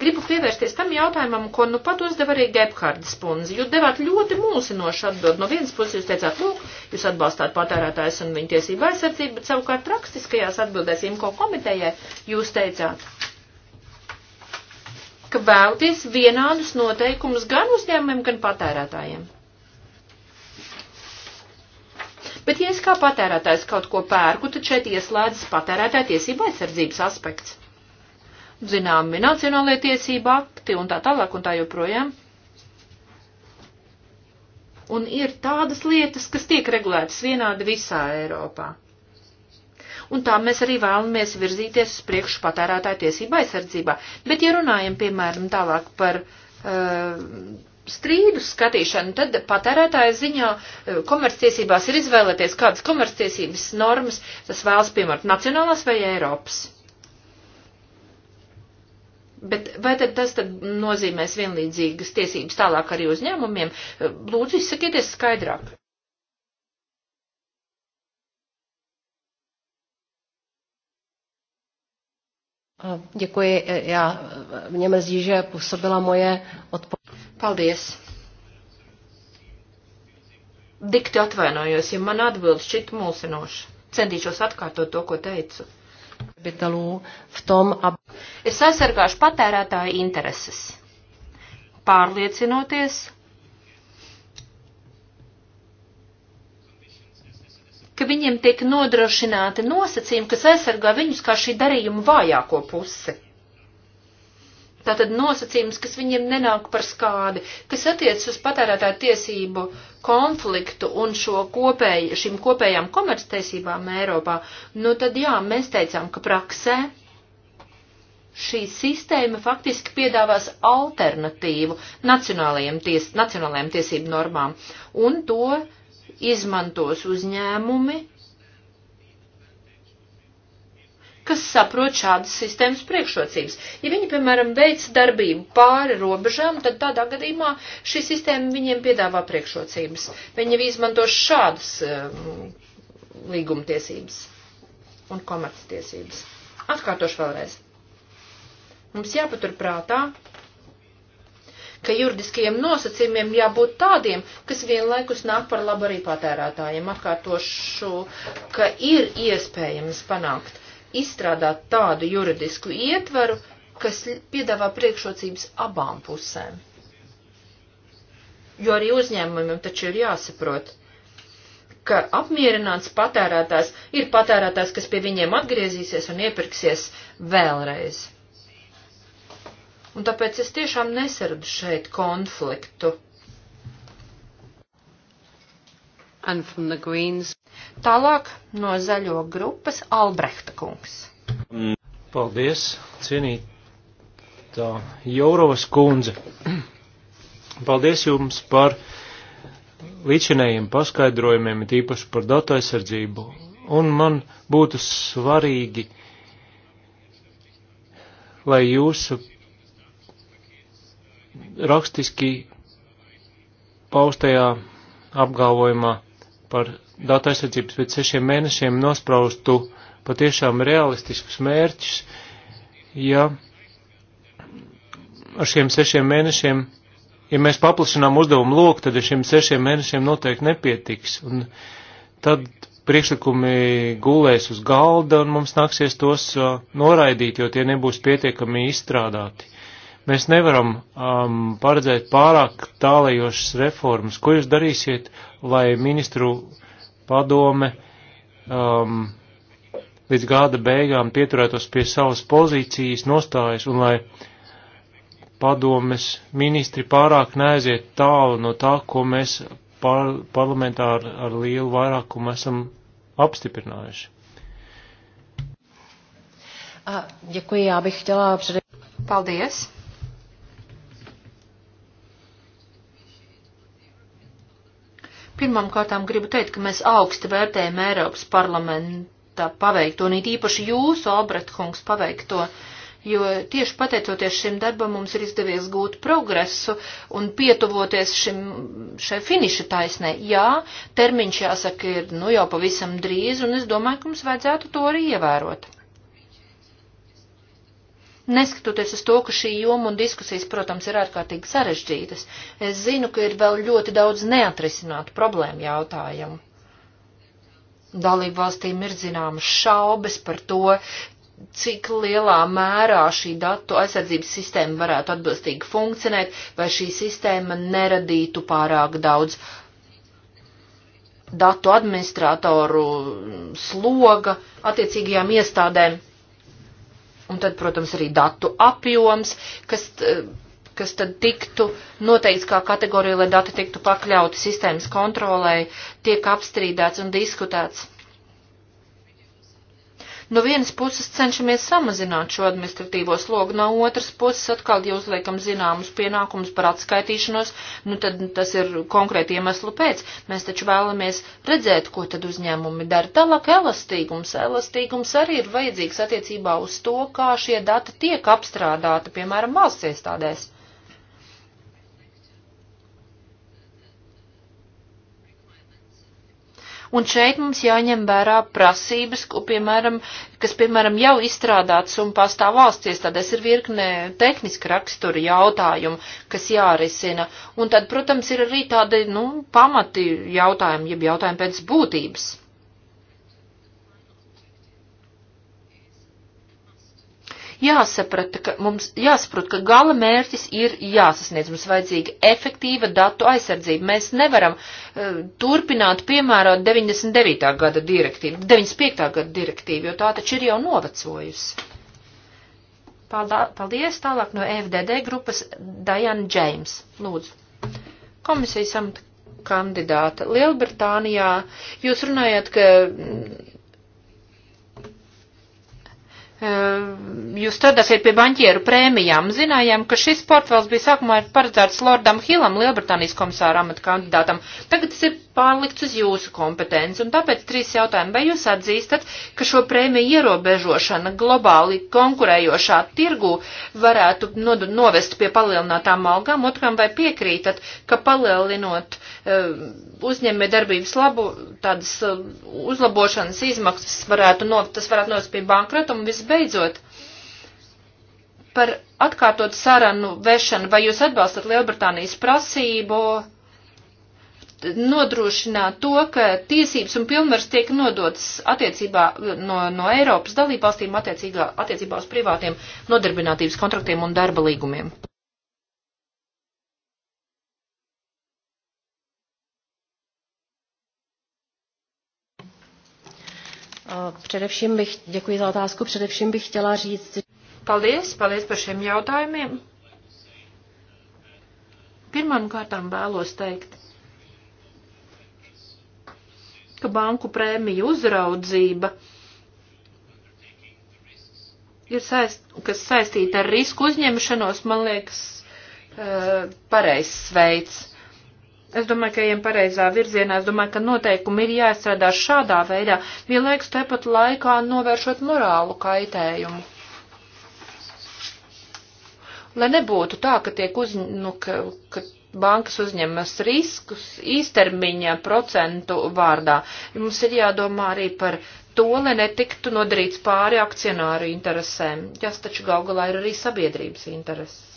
Gribu pievērsties tam jautājumam, ko nu pat uzdev arī Gebhardas kundze. Jūs devāt ļoti mūsinošu atbildi. No vienas puses jūs teicāt, lūk, jūs atbalstāt patērētājs un viņa tiesību aizsardzību, bet savukārt rakstiskajās atbildēs IMKO komitejai jūs teicāt, ka vēlties vienādus noteikumus gan uzņēmumiem, gan patērētājiem. Bet, ja es kā patērētājs kaut ko pērku, tad šeit ieslēdzas patērētāja tiesība aizsardzības aspekts. Zināmi, nacionālajie tiesība akti un tā tālāk un tā joprojām. Un ir tādas lietas, kas tiek regulētas vienādi visā Eiropā un tā mēs arī vēlamies virzīties uz priekšu patērētāju tiesību aizsardzībā. Bet, ja runājam, piemēram, tālāk par uh, strīdu skatīšanu, tad patērētāja ziņā eh, komerctiesībās ir izvēlēties, kādas komerctiesības normas tas vēlas piemērot nacionālās vai Eiropas. Bet vai tad tas tad nozīmēs vienlīdzīgas tiesības tālāk arī uzņēmumiem? Eh, lūdzu, izsakieties skaidrāk. Eh, děkuji. Já, mě mrzí, že působila moje odpověď. Paldies! Dikti atvainojos, ja man atbild šķiet mulsinoši. Centīšos atkārtot to, ko teicu. Es aizsargāšu patērētāju intereses. Pārliecinoties, ka viņiem tiek nodrošināti nosacījumi, kas aizsargā viņus kā šī darījuma vājāko pusi. Tātad nosacījums, kas viņiem nenāk par skādi, kas attiecas uz patērētāju tiesību konfliktu un šo kopēju, šīm kopējām komerctiesībām Eiropā, nu tad jā, mēs teicām, ka praksē šī sistēma faktiski piedāvās alternatīvu nacionālajiem, ties, nacionālajiem tiesību normām, un to izmantos uzņēmumi, kas saprot šādas sistēmas priekšrocības. Ja viņi, piemēram, veic darbību pāri robežām, tad tādā gadījumā šī sistēma viņiem piedāvā priekšrocības. Viņi izmanto šādas um, līgumtiesības un komerctiesības. Atkārtošu vēlreiz. Mums jāpaturprātā, ka juridiskajiem nosacījumiem jābūt tādiem, kas vienlaikus nāk par labu arī patērētājiem. Atkārtošu, ka ir iespējams panākt izstrādāt tādu juridisku ietvaru, kas piedāvā priekšrocības abām pusēm. Jo arī uzņēmumiem taču ir jāsaprot, ka apmierināts patērētājs ir patērētājs, kas pie viņiem atgriezīsies un iepirksies vēlreiz. Un tāpēc es tiešām nesardu šeit konfliktu. And from the Greens. Tālāk no zaļo grupas Albrehta kungs. Paldies, cienītā Jourovas kundze. Paldies jums par līdzinējiem paskaidrojumiem, tīpaši par datu aizsardzību. Un man būtu svarīgi, lai jūs rakstiski paustajā apgalvojumā par datu aizsardzības pēc sešiem mēnešiem nospraustu patiešām realistiskus mērķus, ja ar šiem sešiem mēnešiem, ja mēs paplašinām uzdevumu loku, tad ar šiem sešiem mēnešiem noteikti nepietiks. Un tad priekšlikumi gulēs uz galda un mums nāksies tos uh, noraidīt, jo tie nebūs pietiekami izstrādāti. Mēs nevaram um, paredzēt pārāk tālējošas reformas. Ko jūs darīsiet, lai ministru padome um, līdz gada beigām pieturētos pie savas pozīcijas, nostājas un lai padomes ministri pārāk neaiziet tālu no tā, ko mēs par, parlamentā ar, ar lielu vairākumu esam apstiprinājuši? A, děkuji, já bych chtěla především. Paldies! Pirmām kārtām gribu teikt, ka mēs augsti vērtējam Eiropas parlamenta paveikto, un it īpaši jūsu, Albrechtkungs, paveikto, jo tieši pateicoties šim darbam mums ir izdevies gūt progresu un pietuvoties šim, šai finiša taisnē. Jā, termiņš jāsaka ir, nu, jau pavisam drīz, un es domāju, ka mums vajadzētu to arī ievērot. Neskatoties uz to, ka šī joma un diskusijas, protams, ir ārkārtīgi sarežģītas, es zinu, ka ir vēl ļoti daudz neatrisinātu problēmu jautājumu. Dalību valstīm ir zināmas šaubas par to, cik lielā mērā šī datu aizsardzības sistēma varētu atbilstīgi funkcionēt, vai šī sistēma neradītu pārāk daudz datu administratoru sloga attiecīgajām iestādēm. Un tad, protams, arī datu apjoms, kas, kas tad tiktu noteikts kā kategorija, lai dati tiktu pakļauti sistēmas kontrolē, tiek apstrīdēts un diskutēts. No vienas puses cenšamies samazināt šo administratīvo slogu, no otras puses atkal, ja uzliekam zināmus pienākumus par atskaitīšanos, nu tad tas ir konkrēti iemeslu pēc. Mēs taču vēlamies redzēt, ko tad uzņēmumi dara. Tālāk elastīgums. Elastīgums arī ir vajadzīgs attiecībā uz to, kā šie dati tiek apstrādāti, piemēram, valsts iestādēs. Un šeit mums jāņem vērā prasības, ko, piemēram, kas, piemēram, jau izstrādāts un pastāv valsts iestādēs, ir virkne tehniska rakstura jautājumu, kas jārisina. Un tad, protams, ir arī tādi, nu, pamati jautājumi, jeb jautājumi pēc būtības. jāsaprata, ka mums jāsaprot, ka gala mērķis ir jāsasniedz. Mums vajadzīga efektīva datu aizsardzība. Mēs nevaram uh, turpināt piemērot 99. gada direktīvu, 95. gada direktīvu, jo tā taču ir jau novecojusi. Paldā, paldies tālāk no FDD grupas Diana James. Lūdzu. Komisijas amata kandidāta Lielbritānijā. Jūs runājat, ka. Mm, jūs strādāsiet pie banķieru prēmijām. Zinājām, ka šis portfels bija sākumā paredzēts Lordam Hillam, Lielbritānijas komisāra amata kandidātam. Tagad tas ir pārlikts uz jūsu kompetenci, un tāpēc trīs jautājumi. Vai jūs atzīstat, ka šo prēmiju ierobežošana globāli konkurējošā tirgu varētu novest pie palielinātām algām? Otram, vai piekrītat, ka palielinot e, uzņēmē darbības labu, tādas e, uzlabošanas izmaksas varētu, no, tas varētu novest pie bankrota un visbeidzot? visbeidzot, par atkārtot sarunu vešanu, vai jūs atbalstat Lielbritānijas prasību nodrošināt to, ka tiesības un pilnvars tiek nodotas attiecībā no, no Eiropas dalībvalstīm attiecībā uz privātiem nodarbinātības kontraktiem un darba līgumiem? Především bych, děkuji za otázku, především bych chtěla říct. Paldies, paldies par šiem jautājumiem. Pirmām kārtām vēlos teikt, ka banku prēmiju uzraudzība, ir saist, kas saistīta ar risku uzņemšanos, man liekas, eh, pareizs veids Es domāju, ka ejam pareizā virzienā. Es domāju, ka noteikumi ir jāizstrādā šādā veidā, vienlaikus tepat laikā novēršot morālu kaitējumu. Lai nebūtu tā, ka tiek uz, nu, ka, ka bankas uzņemas riskus īstermiņa procentu vārdā. Mums ir jādomā arī par to, lai netiktu nodarīts pāri akcionāru interesēm. Tas taču gal galā ir arī sabiedrības intereses.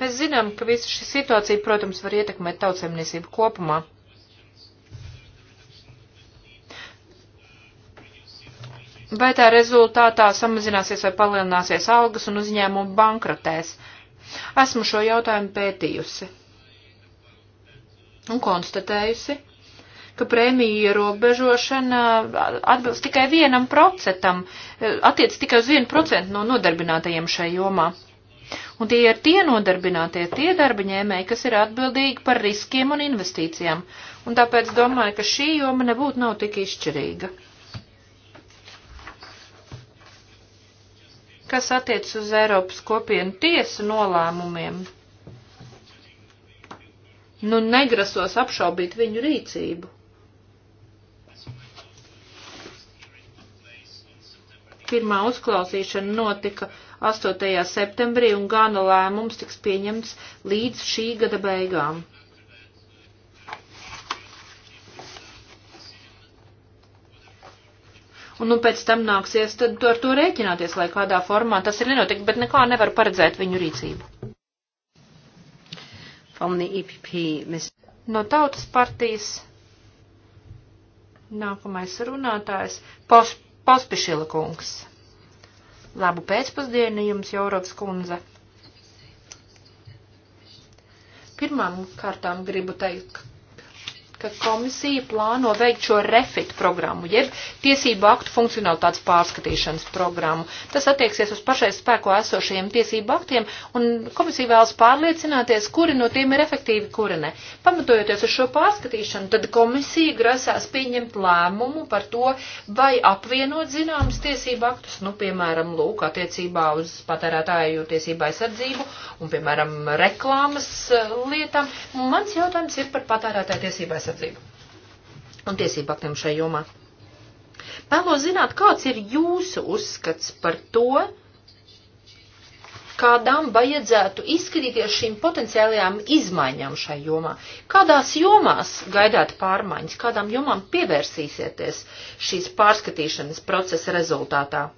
Mēs zinām, ka visa šī situācija, protams, var ietekmēt tautsēmniecību kopumā. Vai tā rezultātā samazināsies vai palielināsies algas un uzņēmumu bankrotēs? Esmu šo jautājumu pētījusi un konstatējusi, ka prēmija ierobežošana atbilst tikai vienam procentam, attiec tikai uz vienu procentu no nodarbinātajiem šai jomā. Un tie ir tie nodarbinātie, tie darba ņēmēji, kas ir atbildīgi par riskiem un investīcijām. Un tāpēc domāju, ka šī joma nebūtu nav tik izšķirīga. Kas attiec uz Eiropas kopienu tiesu nolēmumiem? Nu, negrasos apšaubīt viņu rīcību. pirmā uzklausīšana notika 8. septembrī un gana lēmums tiks pieņemts līdz šī gada beigām. Un nu, pēc tam nāksies tad ar to rēķināties, lai kādā formā tas ir nenotika, bet nekā nevar paredzēt viņu rīcību. EPP, e mis... No tautas partijas nākamais runātājs Pospišila kungs. Labu pēcpusdienu jums, Jaurops kundze. Pirmām kārtām gribu teikt, ka komisija plāno veikt šo refit programmu, jeb tiesību aktu funkcionalitātes pārskatīšanas programmu. Tas attieksies uz pašais spēko esošajiem tiesību aktiem, un komisija vēlas pārliecināties, kuri no tiem ir efektīvi, kuri ne. Pamatojoties uz šo pārskatīšanu, tad komisija grasās pieņemt lēmumu par to, vai apvienot zināmas tiesību aktus, nu, piemēram, lūk, attiecībā uz patērētāju tiesību aizsardzību un, piemēram, reklāmas eh, lietām. Mans jautājums ir par patērētāju tiesību aizsardzību aizsardzību un tiesību aktiem šai jomā. Vēlos zināt, kāds ir jūsu uzskats par to, kādām vajadzētu izskatīties šīm potenciālajām izmaiņām šai jomā. Kādās jomās gaidāt pārmaiņas, kādām jomām pievērsīsieties šīs pārskatīšanas procesa rezultātā?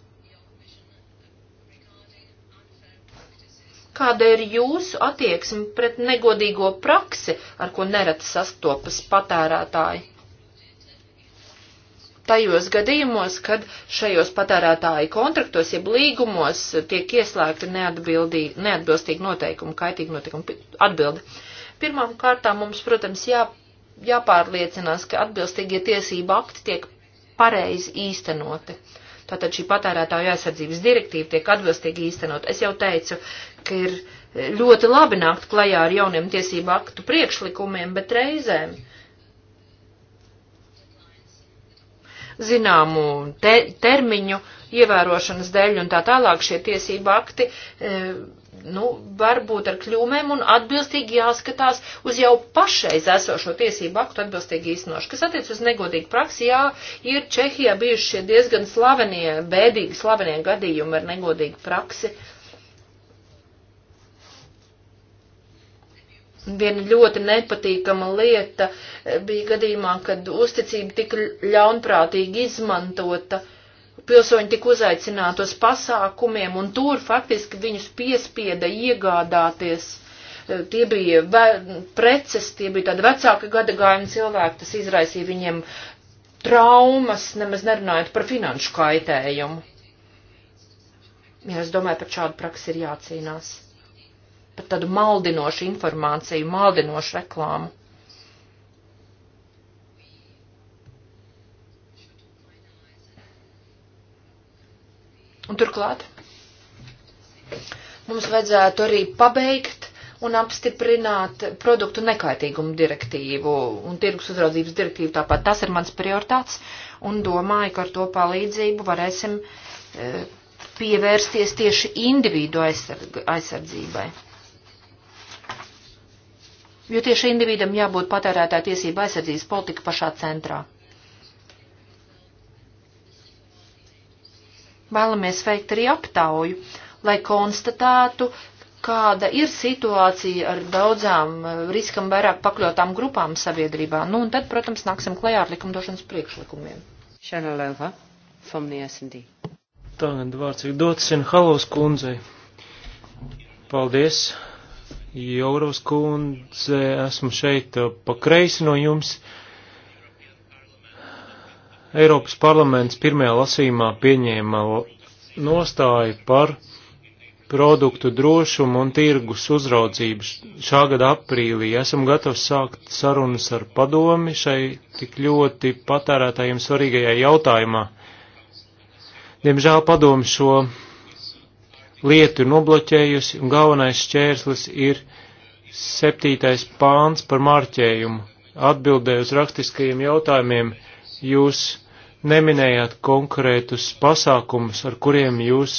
Kāda ir jūsu attieksme pret negodīgo praksi, ar ko nerad sastopas patērētāji? Tajos gadījumos, kad šajos patērētāju kontraktos, jeb līgumos tiek ieslēgti neatbilstīgi noteikumi, kaitīgi noteikumi atbildi. Pirmām kārtām mums, protams, jā, jāpārliecinās, ka atbilstīgie tiesība akti tiek pareizi īstenoti. Tātad šī patērētāju aizsardzības direktīva tiek atbilstīgi īstenot. Es jau teicu, ka ir ļoti labi nākt klajā ar jauniem tiesību aktu priekšlikumiem, bet reizēm zināmu te, termiņu ievērošanas dēļ un tā tālāk šie tiesību akti, e, nu, varbūt ar kļūmēm un atbilstīgi jāskatās uz jau pašreiz esošo tiesību aktu atbilstīgi īstenošu. Kas attiec uz negodīgu praksi, jā, ir Čehijā bijuši šie diezgan slavenie, bēdīgi slavenie gadījumi ar negodīgu praksi. E, Viena ļoti nepatīkama lieta eh, bija gadījumā, kad uzticība tika ļaunprātīgi izmantota. Pilsoņi tika uzaicināti uz pasākumiem, un tur faktiski viņus piespieda iegādāties. Eh, tie bija preces, tie bija tādi vecāki gadagājumi cilvēki, tas izraisīja viņiem traumas, nemaz nerunājot par finanšu kaitējumu. Ja es domāju, par šādu praksi ir jācīnās pat tādu maldinošu informāciju, maldinošu reklāmu. Un turklāt mums vajadzētu arī pabeigt un apstiprināt produktu nekaitīgumu direktīvu un tirgus uzraudzības direktīvu tāpat. Tas ir mans prioritāts un domāju, ka ar to palīdzību varēsim e, pievērsties tieši individu aizsardzībai jo tieši individam jābūt patērētāja tiesība aizsardzības politika pašā centrā. Vēlamies veikt arī aptauju, lai konstatētu, kāda ir situācija ar daudzām eh, riskam vairāk pakļautām grupām sabiedrībā. Nu, un tad, protams, nāksim klajā ar likumdošanas priekšlikumiem. Šanalova, Fomnija Sindī. Tagad vārds ir dots Senhalovs kundzei. Paldies! Jauros kundze, esmu šeit uh, pa kreisi no jums. Eiropas parlaments pirmajā lasījumā pieņēma nostāju par produktu drošumu un tirgus uzraudzību. Šā gada aprīlī esam gatavi sākt sarunas ar padomi šai tik ļoti patērētājiem svarīgajā jautājumā. Diemžēl padomi šo lietu ir nobloķējusi, un galvenais šķērslis ir septītais pāns par marķējumu. Atbildēju uz rakstiskajiem jautājumiem, jūs neminējāt konkrētus pasākumus, ar kuriem jūs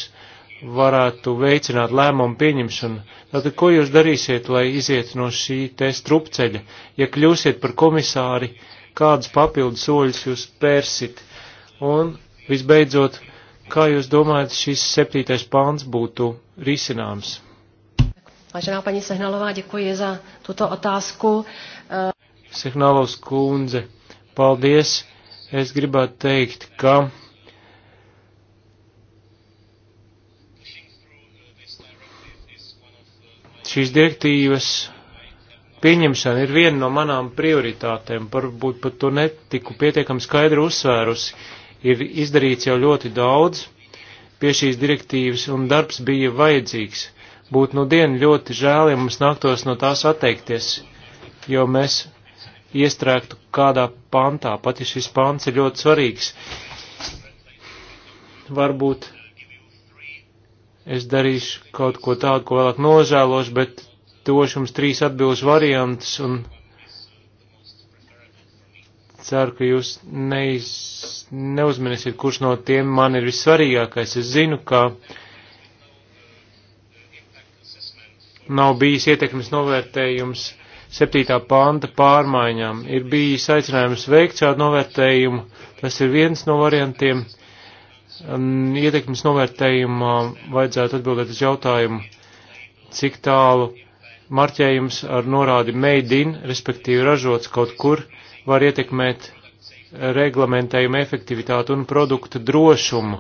varētu veicināt lēmumu pieņemšanu. Tātad, ko jūs darīsiet, lai iziet no šī te strupceļa? Ja kļūsiet par komisāri, kādus papildu soļus jūs pērsit? Un, visbeidzot, Kā jūs domājat, šis septītais pāns būtu risināms? Vážená paní Sehnalová, děkuji za tuto otázku. Sehnalovs kundze, paldies. Es gribētu teikt, ka šīs direktīvas pieņemšana ir viena no manām prioritātēm, varbūt pat to netiku pietiekami skaidri uzsvērusi ir izdarīts jau ļoti daudz pie šīs direktīvas, un darbs bija vajadzīgs. Būtu nu dienu ļoti žēl, ja mums nāktos no tās atteikties, jo mēs iestrēgtu kādā pantā, pat ja šis pants ir ļoti svarīgs. Varbūt es darīšu kaut ko tādu, ko vēlāk nožēlošu, bet došu jums trīs atbilžu variantus un ceru, ka jūs neiz, neuzmanīsiet, kurš no tiem man ir vissvarīgākais. Es zinu, ka nav bijis ietekmes novērtējums septītā panta pārmaiņām. Ir bijis aicinājums veikt šādu novērtējumu. Tas ir viens no variantiem. Ietekmes novērtējumā vajadzētu atbildēt uz jautājumu, cik tālu marķējums ar norādi made in, respektīvi ražots kaut kur, uh, var ietekmēt reglamentējumu efektivitāti un produktu drošumu.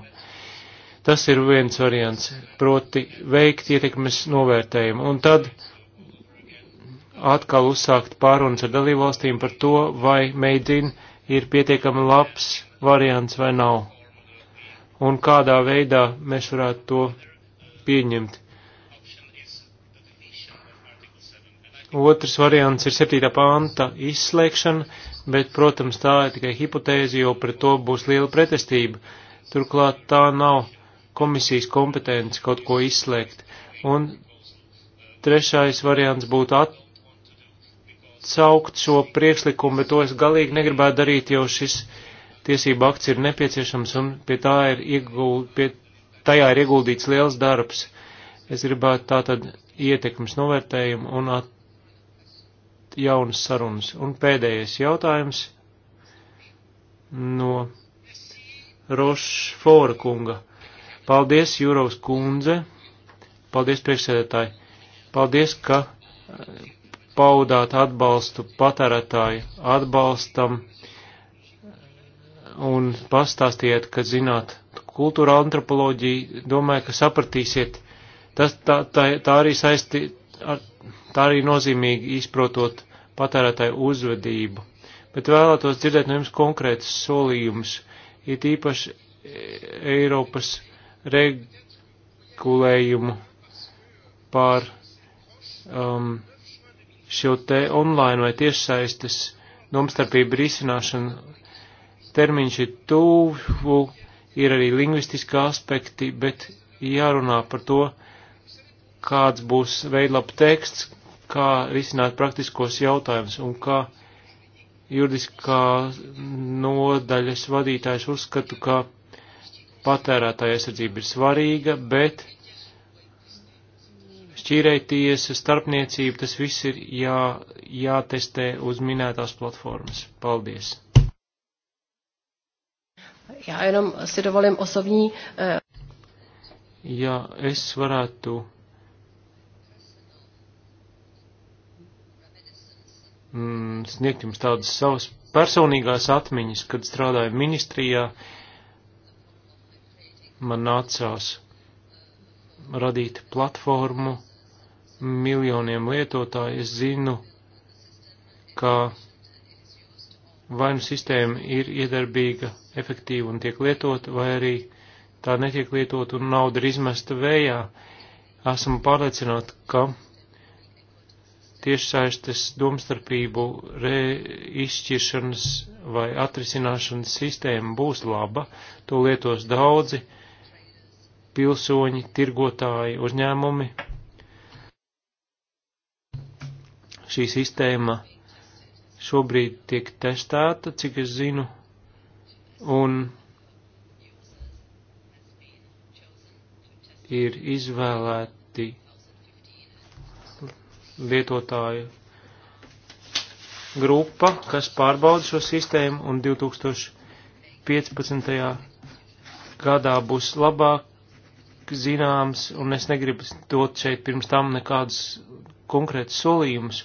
Tas ir viens variants, proti veikt ietekmes novērtējumu. Un tad atkal uzsākt pārunas ar dalībvalstīm par to, vai meidin ir pietiekami labs variants vai nav. Un kādā veidā mēs varētu to pieņemt. Otrs variants ir 7. panta izslēgšana, bet, protams, tā ir tikai hipotēze, jo pret to būs liela pretestība. Turklāt tā nav komisijas kompetence kaut ko izslēgt. Un trešais variants būtu atsaukt šo priekšlikumu, bet to es galīgi negribētu darīt, jo šis tiesība akts ir nepieciešams un pie tā ir, ieguld, pie, tajā ir ieguldīts liels darbs. Es gribētu tātad ietekmes novērtējumu un at, sākt jaunas sarunas. Un pēdējais jautājums no Rošfora kunga. Paldies, Jūrovs kundze. Paldies, priekšsēdētāji. Paldies, ka eh, paudāt atbalstu patērētāju atbalstam un pastāstiet, ka zināt kultūra antropoloģiju. Domāju, ka sapratīsiet. Tas tā, tā, tā arī saisti, ar, tā arī nozīmīgi izprotot patērētāju uzvedību, bet vēlētos dzirdēt no jums konkrētus solījumus, it īpaši e, Eiropas regulējumu pār um, šo te online vai tiešsaistes domstarpību risināšanu. Termiņš ir tuvu, ir arī lingvistiski aspekti, bet jārunā par to, kāds būs veidlapa teksts, kā risināt praktiskos jautājumus un kā juridiskā nodaļas vadītājs uzskatu, ka patērētāja aizsardzība ir svarīga, bet šķīrētiesa, starpniecība, tas viss ir jā, jātestē uz minētās platformas. Paldies! Jā, jenom si dovolím osobní. Uh... Jā, es varētu mm, sniegt jums tādas savas personīgās atmiņas, kad strādāju ministrijā, man nācās radīt platformu miljoniem lietotāju. Es zinu, ka vai nu sistēma ir iedarbīga, efektīva un tiek lietota, vai arī tā netiek lietota un nauda ir izmesta vējā. Esmu pārliecināta, ka tiešsaistes domstarpību reizšķiršanas vai atrisināšanas sistēma būs laba, to lietos daudzi pilsoņi, tirgotāji, uzņēmumi. Šī sistēma šobrīd tiek testēta, cik es zinu, un ir izvēlēti lietotāju grupa, kas pārbauda šo sistēmu, un 2015. gadā būs labāk zināms, un es negribu dot šeit pirms tam nekādus konkrētus solījumus.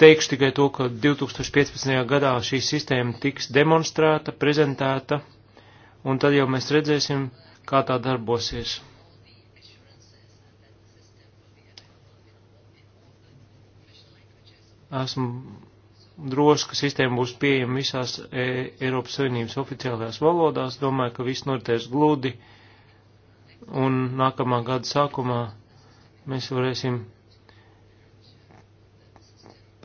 Teikšu tikai to, ka 2015. gadā šī sistēma tiks demonstrēta, prezentēta, un tad jau mēs redzēsim, kā tā darbosies. Esmu drošs, ka sistēma būs pieejama visās e Eiropas Savienības oficiālajās valodās. Domāju, ka viss noritēs gludi. Un nākamā gada sākumā mēs varēsim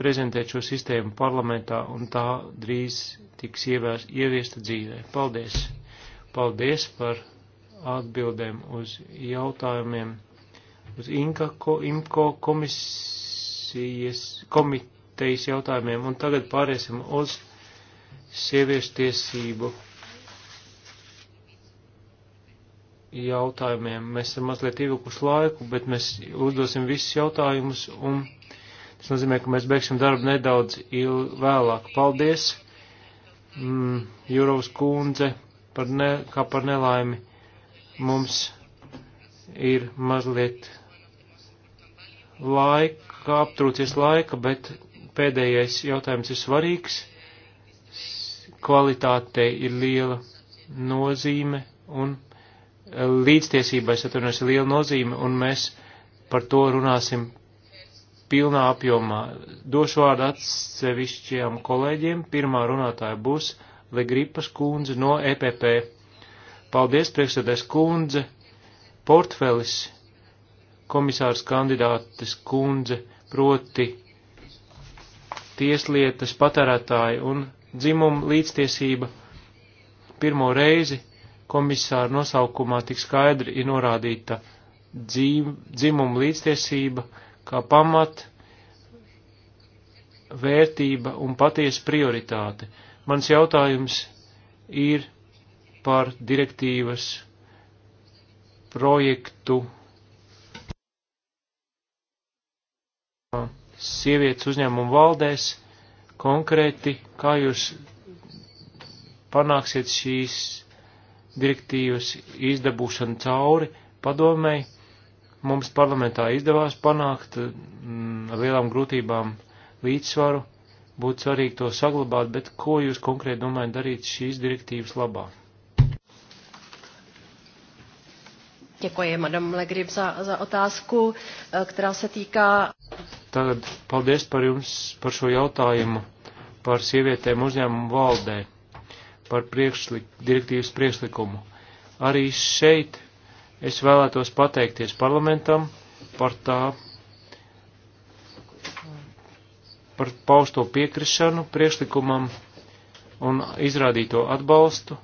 prezentēt šo sistēmu parlamentā, un tā drīz tiks ievēst, ieviesta dzīvē. Paldies! Paldies par atbildēm uz jautājumiem, uz INKO, IMKO komisijas, komit, komitejas jautājumiem, un tagad pāriesim uz sieviešu tiesību jautājumiem. Mēs esam mazliet ievilkuši laiku, bet mēs uzdosim visus jautājumus, un tas nozīmē, ka mēs beigsim darbu nedaudz vēlāk. Paldies, mm, Jūrovs kundze, par ne, kā par nelaimi mums ir mazliet laika, aptrūcies laika, bet pēdējais jautājums ir svarīgs. Kvalitātei ir liela nozīme un līdztiesībai, atvainojos, ir liela nozīme, un mēs par to runāsim pilnā apjomā. Došu vārdu atsevišķiem kolēģiem. Pirmā runātāja būs Legripas kundze no EPP. Paldies, priekšsēdēs kundze, portfelis, komisārs kandidātes kundze, proti tieslietas, patērētāji un dzimumu līdztiesība. Pirmo reizi komisāra nosaukumā tik skaidri ir norādīta dzimumu līdztiesība kā pamat, vērtība un patiesa prioritāte. Mans jautājums ir par direktīvas projektu sievietes uzņēmumu valdēs, konkrēti, kā jūs panāksiet šīs direktīvas izdabūšanu cauri padomēji. Mums parlamentā izdevās panākt mm, ar lielām grūtībām līdzsvaru, būtu svarīgi to saglabāt, bet ko jūs konkrēti domājat darīt šīs direktīvas labā? Děkuji, madam Legrib, za, za otázku, eh, která se týká. Tagad paldies par jums par šo jautājumu par sievietēm uzņēmumu valdē, par priekšlik, direktīvas priekšlikumu. Arī šeit es vēlētos pateikties parlamentam par tā, par pausto piekrišanu priekšlikumam un izrādīto atbalstu.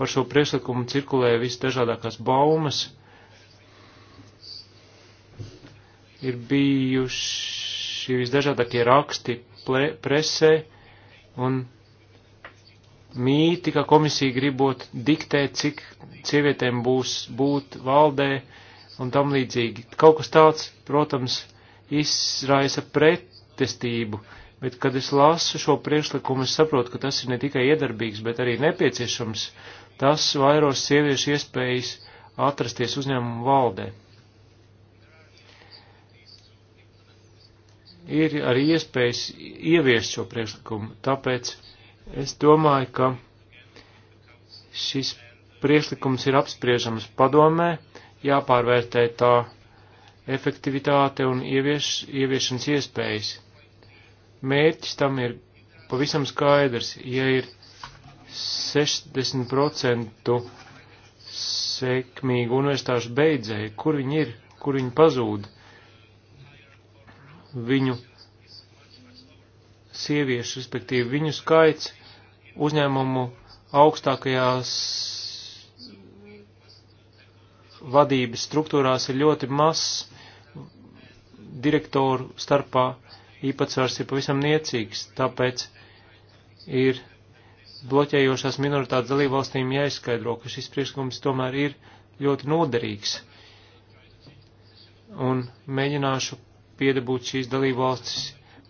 Par šo priekšlikumu cirkulē visdažādākās baumas ir bijuši visdažādākie raksti presē un mīti, ka komisija gribot diktēt, cik sievietēm būs būt valdē un tam līdzīgi. Kaut kas tāds, protams, izraisa pretestību, bet kad es lasu šo priekšlikumu, es saprotu, ka tas ir ne tikai iedarbīgs, bet arī nepieciešams. Tas vairos sieviešu iespējas atrasties uzņēmumu valdē. ir arī iespējas ieviest šo priekšlikumu. Tāpēc es domāju, ka šis priekšlikums ir apspriežams padomē, jāpārvērtē tā efektivitāte un ievieš, ieviešanas iespējas. Mērķis tam ir pavisam skaidrs, ja ir 60% sekmīgu universitāšu beidzēju, kur viņi ir, kur viņi pazūda viņu sieviešu, respektīvi viņu skaits uzņēmumu augstākajās vadības struktūrās ir ļoti mazs, direktoru starpā īpatsvars ir pavisam niecīgs, tāpēc ir bloķējošās minoritātes dalībvalstīm jāizskaidro, ka šis priekšlikums tomēr ir ļoti noderīgs. Un mēģināšu piedabūt šīs dalībvalstis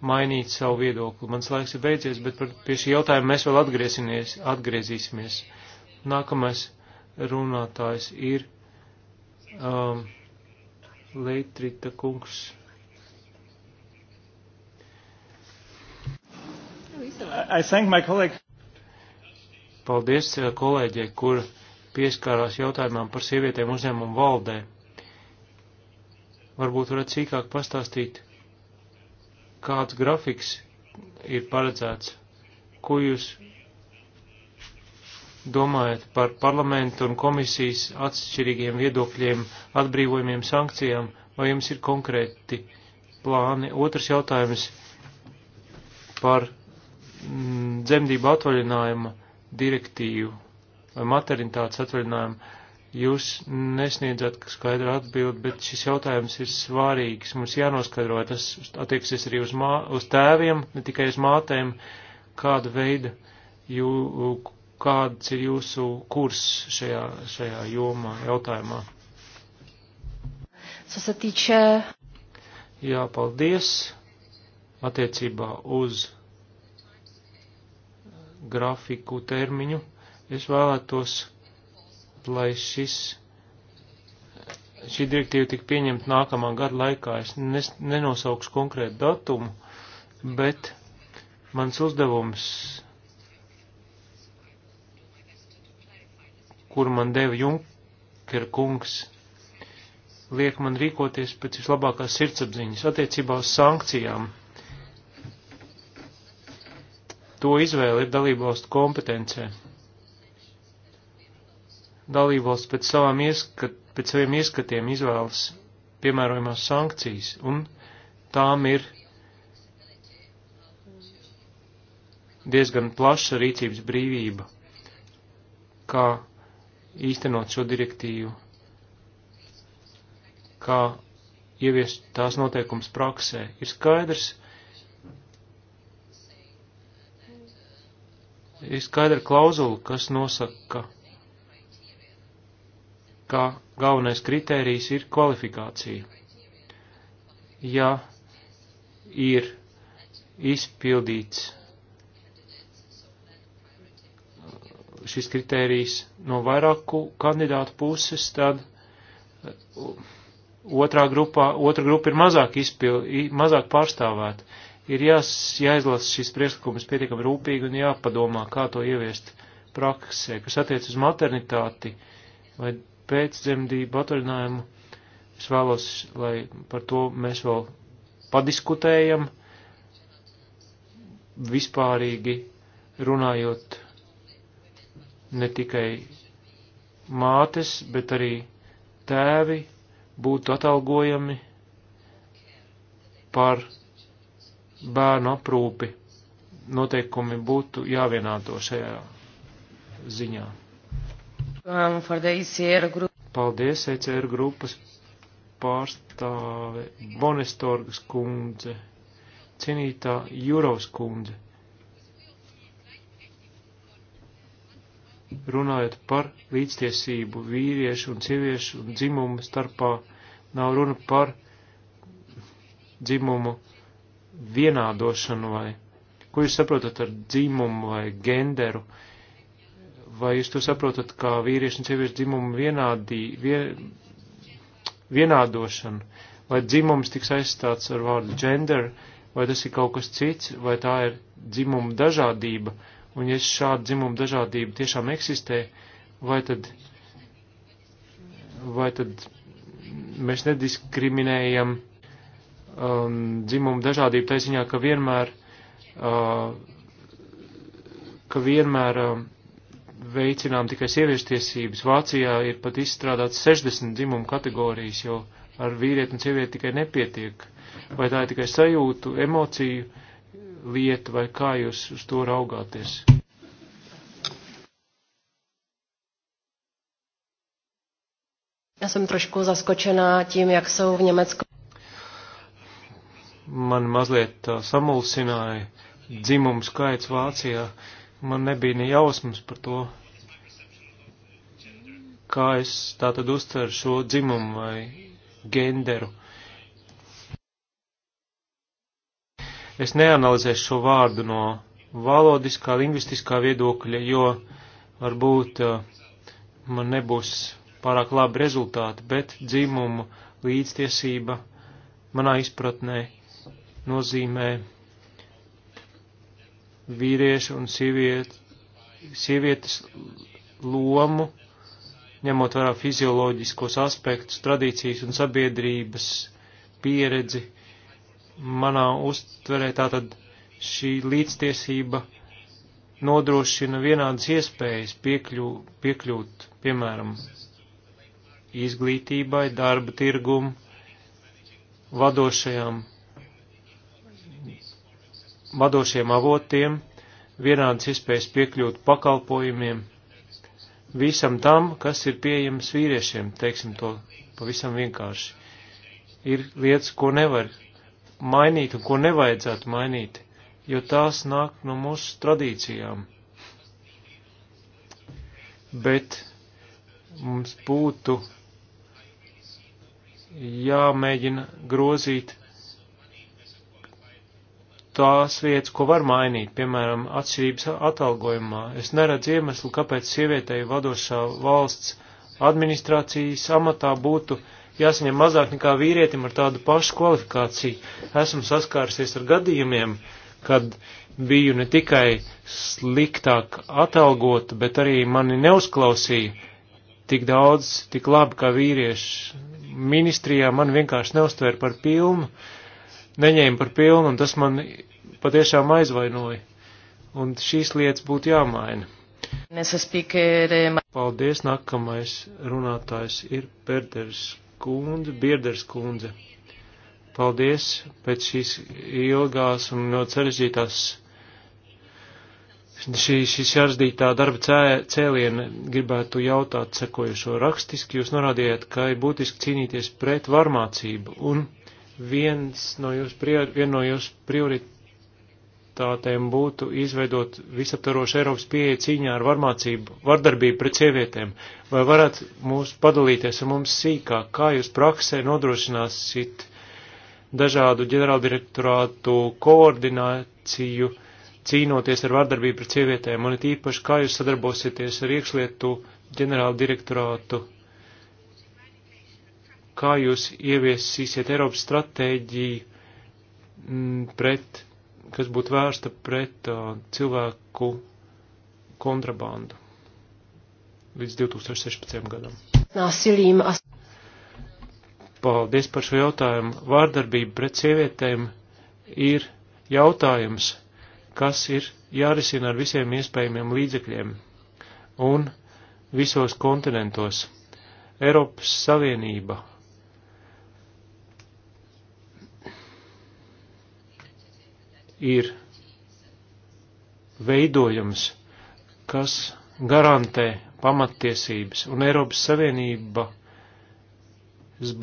mainīt savu viedokli. Mans laiks ir beidzies, bet par, pie šī jautājuma mēs vēl atgriezīsimies. Nākamais runātājs ir um, Leitrita kungs. I thank my colleague. Paldies eh, kolēģei, kur pieskārās jautājumam par sievietēm uzņēmumu valdē varbūt varat sīkāk pastāstīt, kāds grafiks ir paredzēts, ko jūs domājat par parlamentu un komisijas atšķirīgiem viedokļiem, atbrīvojumiem, sankcijām, vai jums ir konkrēti plāni? Otrs jautājums par mm, dzemdību atvaļinājuma direktīvu vai maternitātes atvaļinājumu. Jūs nesniedzat skaidru atbildi, bet šis jautājums ir svārīgs. Mums jānoskaidro, tas attieksies arī uz, mā, uz tēviem, ne tikai uz mātēm, kāda veida, jū, kāds ir jūsu kurs šajā, šajā jomā, jautājumā. Sasatiče. Jā, paldies. Attiecībā uz grafiku termiņu es vēlētos lai šis, šī direktīva tik pieņemta nākamā gada laikā. Es nes, nenosaukšu konkrētu datumu, bet mans uzdevums, kur man deva Junker kungs, liek man rīkoties pēc vislabākās sirdsapziņas attiecībā uz sankcijām. To izvēle ir dalībvalstu kompetencē dalībvalsts pēc, ieskat, pēc saviem ieskatiem izvēlas piemērojumās sankcijas, un tām ir diezgan plaša rīcības brīvība, kā īstenot šo direktīvu, kā ieviest tās noteikums praksē. Ir skaidrs, ir skaidra klauzula, kas nosaka, ka kā galvenais kritērijs ir kvalifikācija. Ja ir izpildīts šis kritērijs no vairāku kandidātu puses, tad uh, otrā grupā, otra grupa ir mazāk, izpil, mazāk pārstāvēta. Ir jās, jāizlasa šis priekšlikums pietiekami rūpīgi un jāpadomā, kā to ieviest praksē, kas attiec uz maternitāti vai pēcdzemdību atvaļinājumu. Es vēlos, lai par to mēs vēl padiskutējam, vispārīgi runājot ne tikai mātes, bet arī tēvi būtu atalgojami par bērnu aprūpi. Noteikumi būtu jāvienāto šajā ziņā. Um, e Paldies, ECR grupas pārstāve Bonestorgas kundze, cienītā Jurovs kundze. Runājot par līdztiesību vīriešu un sieviešu un dzimumu starpā, nav runa par dzimumu vienādošanu vai, ko jūs saprotat ar dzimumu vai genderu. Uh, vai jūs to saprotat kā vīriešu un sieviešu dzimumu vienādī, vien, vienādošanu, vai dzimums tiks aizstāts ar vārdu gender, vai tas ir kaut kas cits, vai tā ir dzimuma dažādība, un ja šāda dzimuma dažādība tiešām eksistē, vai tad, vai tad mēs nediskriminējam um, dzimumu dažādību taisiņā, ka vienmēr, uh, ka vienmēr um, veicinām tikai sieviešu tiesības. Vācijā ir pat izstrādāts 60 dzimumu kategorijas, jo ar vīrieti un sievieti tikai nepietiek. Vai tā ir tikai sajūtu, emociju lieta, vai kā jūs uz to raugāties? Já jsem trošku zaskočená tím, jak jsou v Německu. Man mazliet uh, samulsināja dzimumu skaits Vācijā. Uh, man nebija ne jausmas par to, kā es tātad uztveru šo dzimumu vai genderu. Es neanalizēšu šo vārdu no valodiskā, lingvistiskā viedokļa, jo varbūt uh, man nebūs pārāk labi rezultāti, bet dzimumu līdztiesība manā izpratnē nozīmē vīriešu un sieviet, sievietes lomu, ņemot vērā fizioloģiskos aspektus, tradīcijas un sabiedrības pieredzi. Manā uztverē tātad šī līdztiesība nodrošina vienādas iespējas piekļu, piekļūt, piemēram, izglītībai, darba tirgumu, vadošajām vadošiem avotiem, vienādas iespējas piekļūt pakalpojumiem, visam tam, kas ir pieejams vīriešiem, teiksim to pavisam vienkārši. Ir lietas, ko nevar mainīt un ko nevajadzētu mainīt, jo tās nāk no mūsu tradīcijām. Bet mums būtu jāmēģina grozīt tās vietas, ko var mainīt, piemēram, atšķirības atalgojumā. Es neredzu iemeslu, kāpēc sievietei vadošā valsts administrācijas amatā būtu jāsaņem mazāk nekā vīrietim ar tādu pašu kvalifikāciju. Esmu saskārusies ar gadījumiem, kad biju ne tikai sliktāk atalgota, bet arī mani neuzklausīja tik daudz, tik labi kā vīrieši. Ministrijā man vienkārši neuztver par pilnu neņēma par pilnu, un tas man patiešām aizvainoja. Un šīs lietas būtu jāmaina. Eh, Paldies, nākamais runātājs ir Berders kundze, Bierders kundze. Paldies pēc šīs ilgās un ļoti sarežģītās šī, šis jārazdītā darba cē, cēliena gribētu jautāt sekojušo rakstiski. Jūs norādījāt, ka ir būtiski cīnīties pret varmācību un viens no jūsu, prior, vien no jūsu prioritātēm būtu izveidot visaptarošu Eiropas pieeja cīņā ar varmācību, vardarbību pret sievietēm. Vai varat mūs padalīties ar mums sīkāk, kā jūs praksē nodrošināsit dažādu ģenerāldirektorātu koordināciju cīnoties ar vardarbību pret sievietēm, un it īpaši kā jūs sadarbosieties ar iekšlietu ģenerāldirektorātu kā jūs ieviesīsiet Eiropas stratēģiju mm, pret, kas būtu vērsta pret uh, cilvēku kontrabandu līdz 2016. gadam. Nāsilīm. Paldies par šo jautājumu. Vārdarbība pret sievietēm ir jautājums, kas ir jārisina ar visiem iespējamiem līdzekļiem un visos kontinentos. Eiropas Savienība ir veidojums, kas garantē pamattiesības, un Eiropas Savienība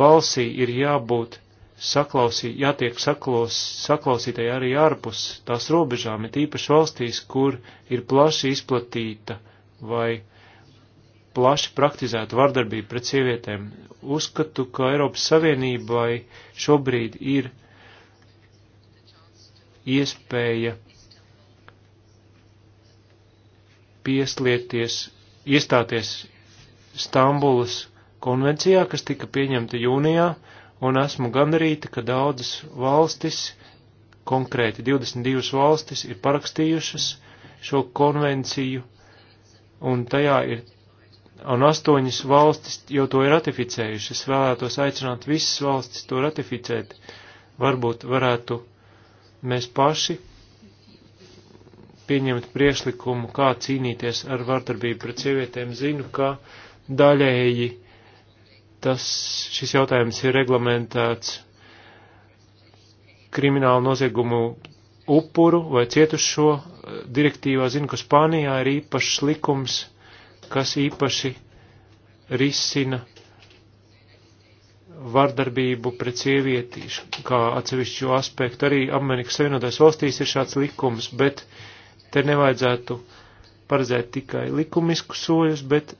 balsī ir jābūt saklausī, jātiek saklaus, saklausītai arī ārpus tās robežām, ir īpaši valstīs, kur ir plaši izplatīta vai plaši praktizēta vardarbība pret sievietēm. Uzskatu, ka Eiropas Savienībai šobrīd ir iespēja pieslieties, iestāties Stambulas konvencijā, kas tika pieņemta jūnijā, un esmu gandarīta, ka daudzas valstis, konkrēti 22 valstis, ir parakstījušas šo konvenciju, un tajā ir, un astoņas valstis jau to ir ratificējušas. Es vēlētos aicināt visas valstis to ratificēt. Varbūt varētu mēs paši pieņemt priešlikumu, kā cīnīties ar vardarbību pret sievietēm. Zinu, ka daļēji tas, šis jautājums ir reglamentēts kriminālu noziegumu upuru vai cietušo eh, direktīvā. Zinu, ka Spānijā ir īpašs likums, kas īpaši risina vardarbību pret sievietīšu, kā atsevišķu aspektu. Arī Amerikas Savienotās valstīs ir šāds likums, bet te nevajadzētu paredzēt tikai likumisku soļus, bet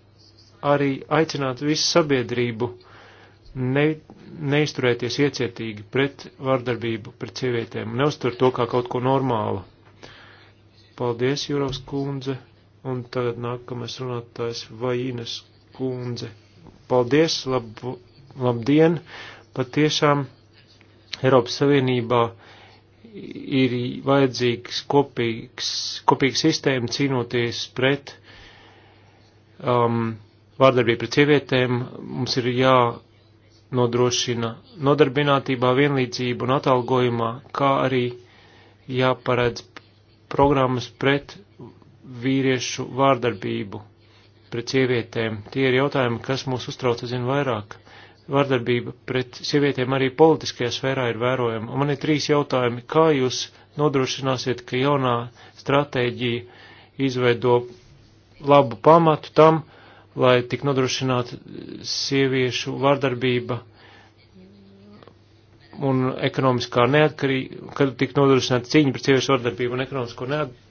arī aicināt visu sabiedrību ne, neizturēties iecietīgi pret vardarbību pret sievietēm, neuztur to kā kaut ko normālu. Paldies, Jūrovs kundze, un tagad nākamais runātājs Vajinas kundze. Paldies, labu labdien, pat tiešām Eiropas Savienībā ir vajadzīgs kopīgs, kopīgs sistēma cīnoties pret um, vārdarbību pret sievietēm. Mums ir jānodrošina nodarbinātībā, vienlīdzība un atalgojumā, kā arī jāparedz programmas pret vīriešu vārdarbību pret sievietēm. Tie ir jautājumi, kas mūs uztrauc, zinu, vairāk vardarbība pret sievietēm arī politiskajā sfērā ir vērojama. Un man ir trīs jautājumi. Kā jūs nodrošināsiet, ka jaunā stratēģija izveido labu pamatu tam, lai tik nodrošinātu sieviešu vardarbība un ekonomiskā neatkarība, kad tik nodrošināta cīņa pret sieviešu vardarbību un ekonomisko neatkarību,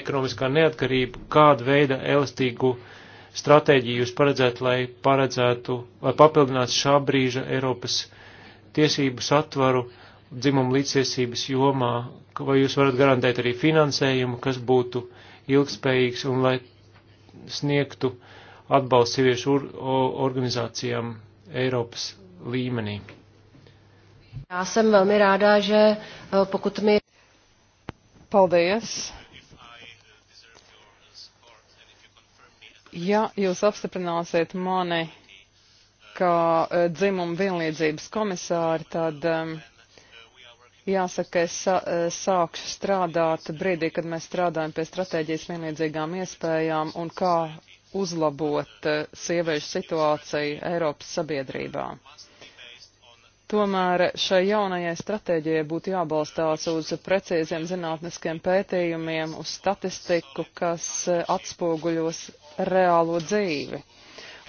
ekonomiskā neatkarība, kāda veida elastīgu uh, stratēģiju jūs paredzētu, lai paredzētu, lai papildinātu šā brīža Eiropas tiesību satvaru dzimumu līdztiesības jomā, vai jūs varat garantēt arī finansējumu, kas būtu ilgspējīgs un lai sniegtu atbalstu sieviešu organizācijām Eiropas līmenī. Já jsem velmi ráda, že eh, pokud mi... Paldies! ja jūs apstiprināsiet mani kā e, dzimuma vienlīdzības komisāri, tad um, jāsaka, es sa, e, sākšu strādāt brīdī, kad mēs strādājam pie stratēģijas vienlīdzīgām iespējām un kā uzlabot sieviešu situāciju Eiropas sabiedrībā. Tomēr šai jaunajai stratēģijai būtu jābalstās uz precīziem zinātniskiem pētījumiem, uz statistiku, kas atspoguļos reālo dzīvi.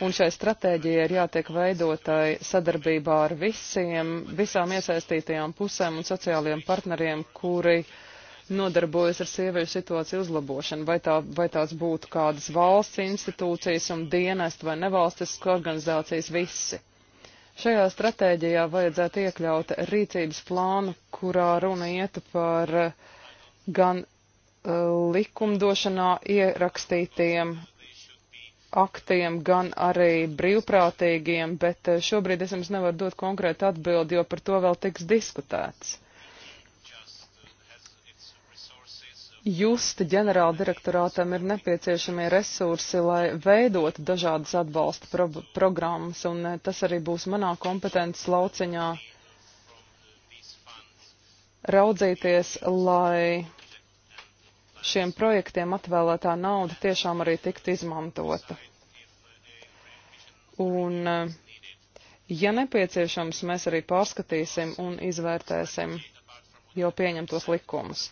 Un šai stratēģijai ir jātiek veidotai sadarbībā ar visiem, visām iesaistītajām pusēm un sociālajiem partneriem, kuri nodarbojas ar sieviešu situāciju uzlabošanu, vai, tā, vai tās būtu kādas valsts institūcijas un dienestu vai nevalstiskas organizācijas visi. Šajā stratēģijā vajadzētu iekļaut rīcības plānu, kurā runa ietu par gan eh, likumdošanā ierakstītiem aktiem, gan arī brīvprātīgiem, bet eh, šobrīd es jums nevaru dot konkrētu atbildi, jo par to vēl tiks diskutēts. Justa ģenerāla direktorātam ir nepieciešamie resursi, lai veidotu dažādas atbalsta pro programmas, un eh, tas arī būs manā kompetences lauciņā raudzīties, lai šiem projektiem atvēlētā nauda tiešām arī tiktu izmantota. Un, eh, ja nepieciešams, mēs arī pārskatīsim un izvērtēsim jau pieņemtos likumus.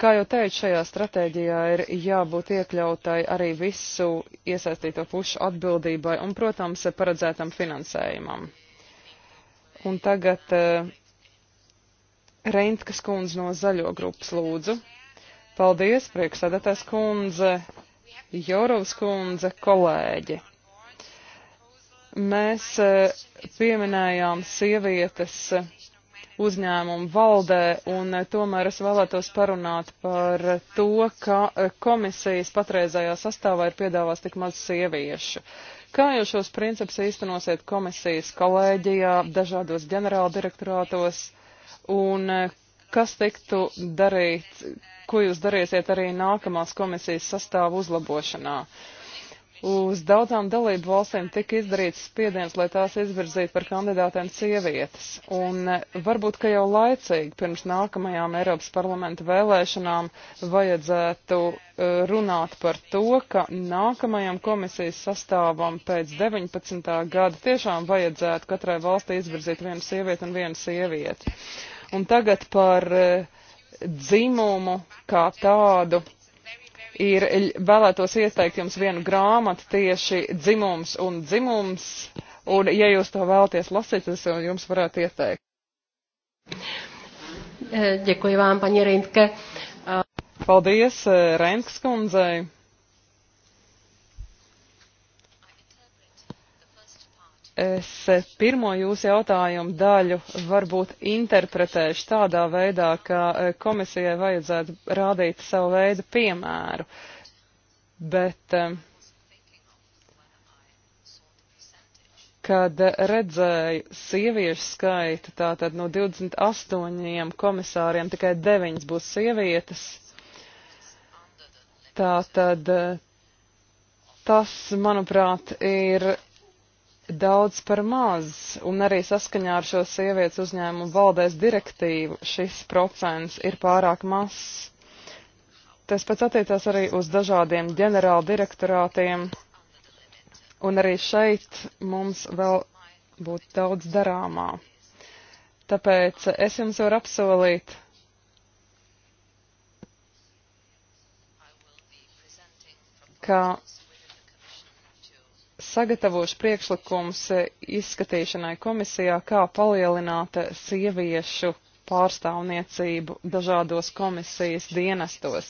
Kā jau teicu, šajā stratēģijā ir jābūt iekļautai arī visu iesaistīto pušu atbildībai un, protams, paredzētam finansējumam. Un tagad eh, Reintkas kundze no zaļo grupas lūdzu. Paldies, priekšsēdētājs kundze, Jorovs kundze, kolēģi. Mēs e, pieminējām sievietes uzņēmumu valdē, un e, tomēr es vēlētos parunāt par to, ka e, komisijas patreizējā sastāvā ir piedāvās tik maz sieviešu. Kā jūs šos principus īstenosiet komisijas kolēģijā, dažādos ģenerāldirektorātos, un kas tiktu darīts, ko jūs darīsiet arī nākamās komisijas sastāvu uzlabošanā. Uz daudzām dalību valstīm tika izdarīts spiediens, lai tās izvirzītu par kandidātēm sievietes. Un eh, varbūt, ka jau laicīgi pirms nākamajām Eiropas parlamenta vēlēšanām vajadzētu eh, runāt par to, ka nākamajam komisijas sastāvam pēc 19. gada tiešām vajadzētu katrai valstī izvirzīt vienu sievieti un vienu sievieti. Un tagad par uh, dzimumu kā tādu. Ir vēlētos ieteikt jums vienu grāmatu tieši dzimums un dzimums, un ja jūs to vēlaties lasīt, es jums varētu ieteikt. Ďakujem eh, vám, pani Rintke. Eh, Paldies eh, Rentskundzei. Es pirmo jūsu jautājumu daļu varbūt interpretēšu tādā veidā, ka e, komisijai vajadzētu rādīt savu veidu piemēru, bet e, kad redzēju sieviešu skaitu, tātad no 28 komisāriem tikai 9 būs sievietes, tātad e, tas, manuprāt, ir daudz par maz, un arī saskaņā ar šo sievietes uzņēmumu valdēs direktīvu šis procents ir pārāk mazs. Tas pats attiecās arī uz dažādiem ģenerāla direktorātiem, un arī šeit mums vēl būtu daudz darāmā. Tāpēc es jums varu apsolīt, ka sagatavošu priekšlikums eh, izskatīšanai komisijā, kā palielināt eh, sieviešu pārstāvniecību dažādos komisijas dienestos.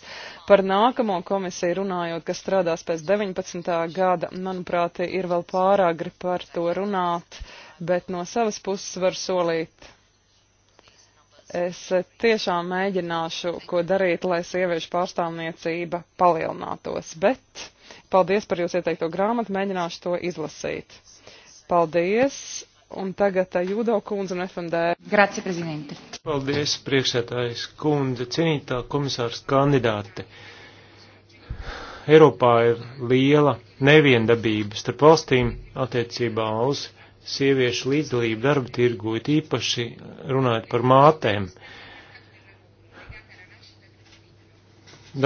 Par nākamo komisiju runājot, kas strādās pēc 19. gada, manuprāt, ir vēl pāragri par to runāt, bet no savas puses var solīt. Es eh, tiešām mēģināšu, ko darīt, lai sieviešu pārstāvniecība palielinātos, bet Paldies par jūsu ieteikto grāmatu, mēģināšu to izlasīt. Paldies! Un tagad eh, Jūdo kundze un FMD. Grazie, prezidente. Paldies, priekšsētājs kundze, cienītā komisārs kandidāte. Eiropā ir liela neviendabība starp valstīm attiecībā uz sieviešu līdzdalību darba tirgu, it īpaši runājot par mātēm.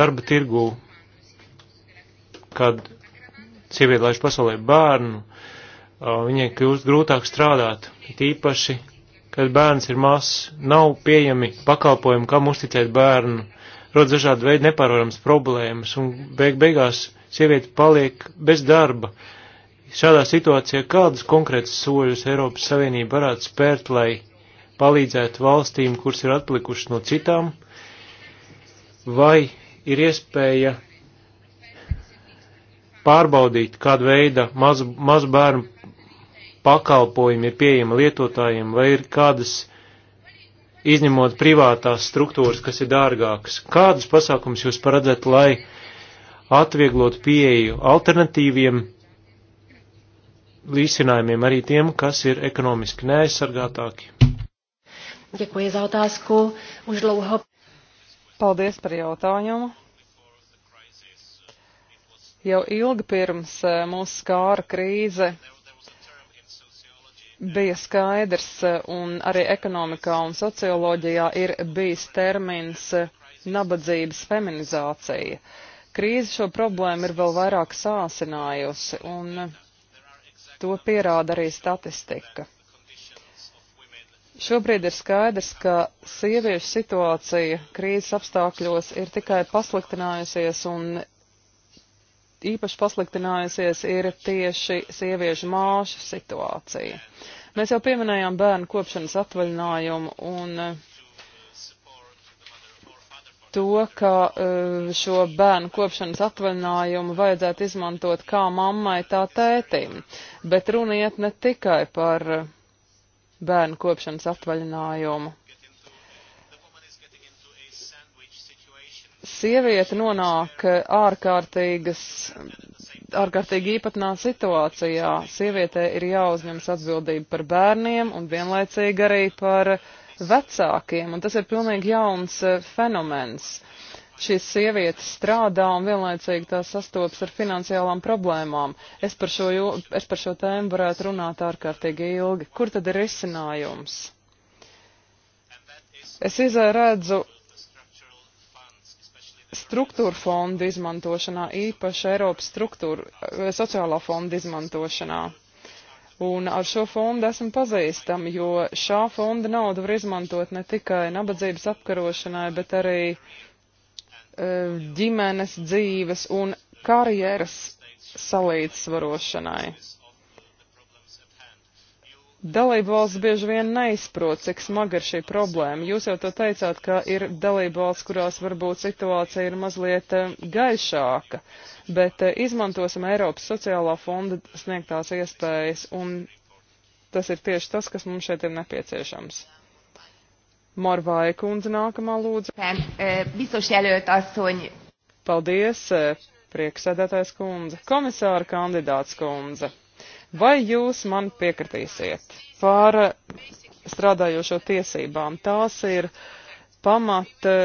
Darba tirgu kad sievieti laiž pasaulē bērnu, viņai kļūst grūtāk strādāt, tīpaši, kad bērns ir mazs, nav pieejami pakalpojumi, kam uzticēt bērnu, rod dažādi veidi nepārvarams problēmas, un beig beigās sievieti paliek bez darba. Šādā situācijā kādas konkrētas soļus Eiropas Savienība varētu spērt, lai palīdzētu valstīm, kuras ir atlikušas no citām, vai ir iespēja pārbaudīt, kāda veida maz, mazbērnu pakalpojumi ir pieejami lietotājiem, vai ir kādas, izņemot privātās struktūras, kas ir dārgākas. Kādus pasākumus jūs paredzat, lai atvieglot pieeju alternatīviem risinājumiem arī tiem, kas ir ekonomiski neaizsargātāki? Ďakujem za otázku. Už dlouho. Paldies par jautājumu jau ilgi pirms e, mūsu skāra krīze bija skaidrs, e, un arī ekonomikā un socioloģijā ir bijis termins e, nabadzības feminizācija. Krīze šo problēmu ir vēl vairāk sāsinājusi, un to pierāda arī statistika. Šobrīd ir skaidrs, ka sieviešu situācija krīzes apstākļos ir tikai pasliktinājusies un īpaši pasliktinājusies, ir tieši sieviešu māšu situācija. Mēs jau pieminējām bērnu kopšanas atvaļinājumu un eh, to, ka eh, šo bērnu kopšanas atvaļinājumu vajadzētu izmantot kā mammai, tā tētim. Bet runa iet ne tikai par eh, bērnu kopšanas atvaļinājumu. sieviete nonāk eh, ārkārtīgas, ārkārtīgi īpatnā situācijā. Sievietē ir jāuzņemas atbildība par bērniem un vienlaicīgi arī par vecākiem, un tas ir pilnīgi jauns eh, fenomens. Šīs sievietes strādā un vienlaicīgi tās sastopas ar finansiālām problēmām. Es par šo, jo, es par šo tēmu varētu runāt ārkārtīgi ilgi. Kur tad ir risinājums? Es izredzu struktūra fonda izmantošanā, īpaši Eiropas struktūra, eh, sociālā fonda izmantošanā. Un ar šo fondu esmu pazīstama, jo šā fonda naudu var izmantot ne tikai nabadzības apkarošanai, bet arī e, ģimenes dzīves un karjeras salīdzvarošanai. Dalībvalsts bieži vien neizprot, cik smaga ir šī problēma. Jūs jau to teicāt, ka ir dalībvalsts, kurās varbūt situācija ir mazliet eh, gaišāka, bet eh, izmantosim Eiropas sociālā fonda sniegtās iespējas, un tas ir tieši tas, kas mums šeit ir nepieciešams. Marvāja kundze nākamā lūdzu. Eh, biztos jelölt asszony. Paldies, prieksēdētājs kundze. Komisāra kandidāts kundze. Vai jūs man piekritīsiet par strādājošo tiesībām? Tās ir pamat eh,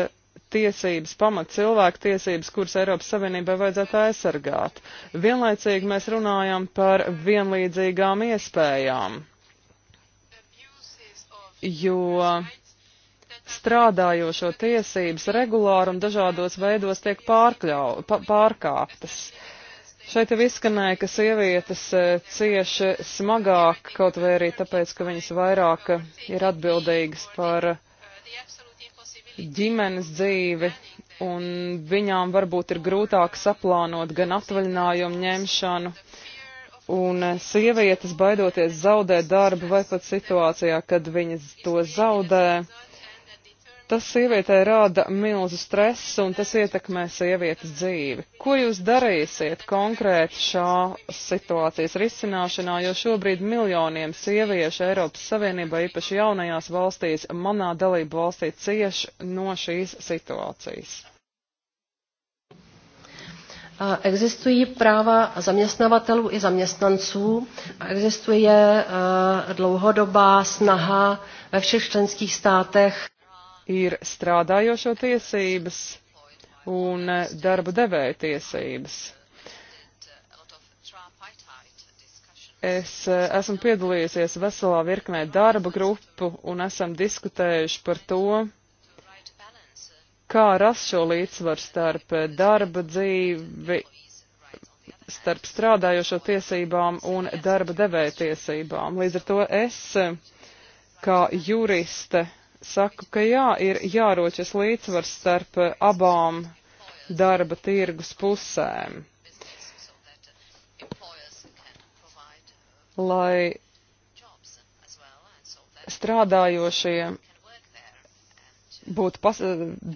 tiesības, pamat cilvēku tiesības, kuras Eiropas Savienībai vajadzētu aizsargāt. Vienlaicīgi mēs runājam par vienlīdzīgām iespējām, jo strādājošo tiesības regulāri un dažādos veidos tiek pārkļau, pa, pārkāptas. Uh, Šeit jau izskanēja, ka sievietes e, cieši smagāk, kaut vai arī tāpēc, ka viņas vairāk ir atbildīgas par ģimenes dzīvi, un viņām varbūt ir grūtāk saplānot gan atvaļinājumu ņemšanu, un sievietes baidoties zaudēt darbu vai pat situācijā, kad viņas to zaudē. Uh, Tas sievietē rada milzu stresu un tas ietekmē sievietes dzīvi. Ko jūs darīsiet konkrēti šā situācijas risināšanā, jo šobrīd miljoniem sieviešu Eiropas Savienībā, īpaši jaunajās valstīs, manā dalību valstī cieši no šīs situācijas? Existují práva zaměstnavatelů i zaměstnanců a existuje dlouhodobá snaha ve všech členských státech ir strādājošo tiesības un darba devēja tiesības. Es eh, esmu piedalījusies veselā virknē darba grupu un esam diskutējuši par to, kā rast šo līdzsvaru starp darba dzīvi, starp strādājošo tiesībām un darba devēja tiesībām. Līdz ar to es, eh, kā juriste, saku, ka jā, ir jāroķas līdzsvars starp eh, abām darba tirgus pusēm, lai strādājošie būtu pas,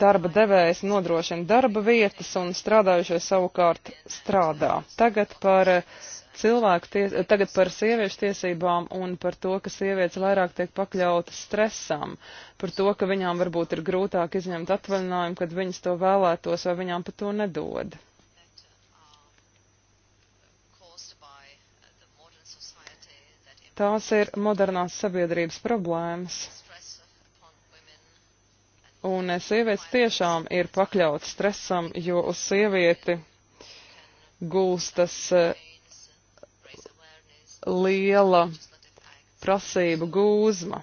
darba devējs nodrošina darba vietas un strādājušie savukārt strādā. Tagad par cilvēku ties, tagad par sieviešu tiesībām un par to, ka sievietes vairāk tiek pakļautas stresam, par to, ka viņām varbūt ir grūtāk izņemt atvaļinājumu, kad viņas to vēlētos vai viņām pat to nedod. Tās ir modernās sabiedrības problēmas. Un sievietes tiešām ir pakļautas stresam, jo uz sievieti gulstas liela prasību gūzma.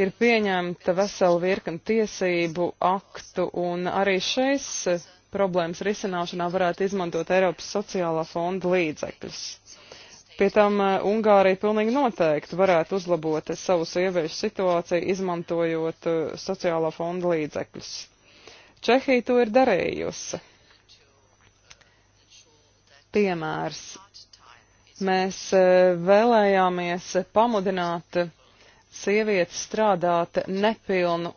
Ir pieņemta vesela virkna tiesību aktu, un arī šais problēmas risināšanā varētu izmantot Eiropas sociālā fonda līdzekļus. Pie tam eh, Ungārija pilnīgi noteikti varētu uzlabot savu sieviešu situāciju, izmantojot eh, sociālā fonda līdzekļus. Čehija to ir darījusi. Piemērs Mēs e, vēlējāmies pamudināt sievietes strādāt nepilnu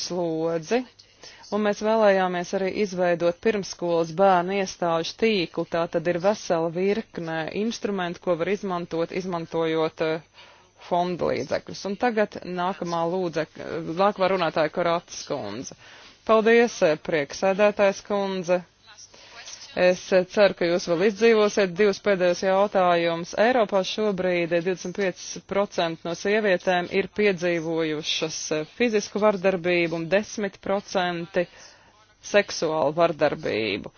slodzi, un mēs vēlējāmies arī izveidot pirmskolas bērnu iestāžu tīklu. Tā tad ir vesela virkne instrumentu, ko var izmantot, izmantojot e, fonda līdzekļus. Un tagad nākamā lūdzekļa, e, nākamā runātāja Korātas kundze. Paldies, prieksēdētājs kundze, Es ceru, ka jūs vēl izdzīvosiet. Divas pēdējos jautājumus. Eiropā šobrīd 25% no sievietēm ir piedzīvojušas fizisku vardarbību un 10% seksuālu vardarbību.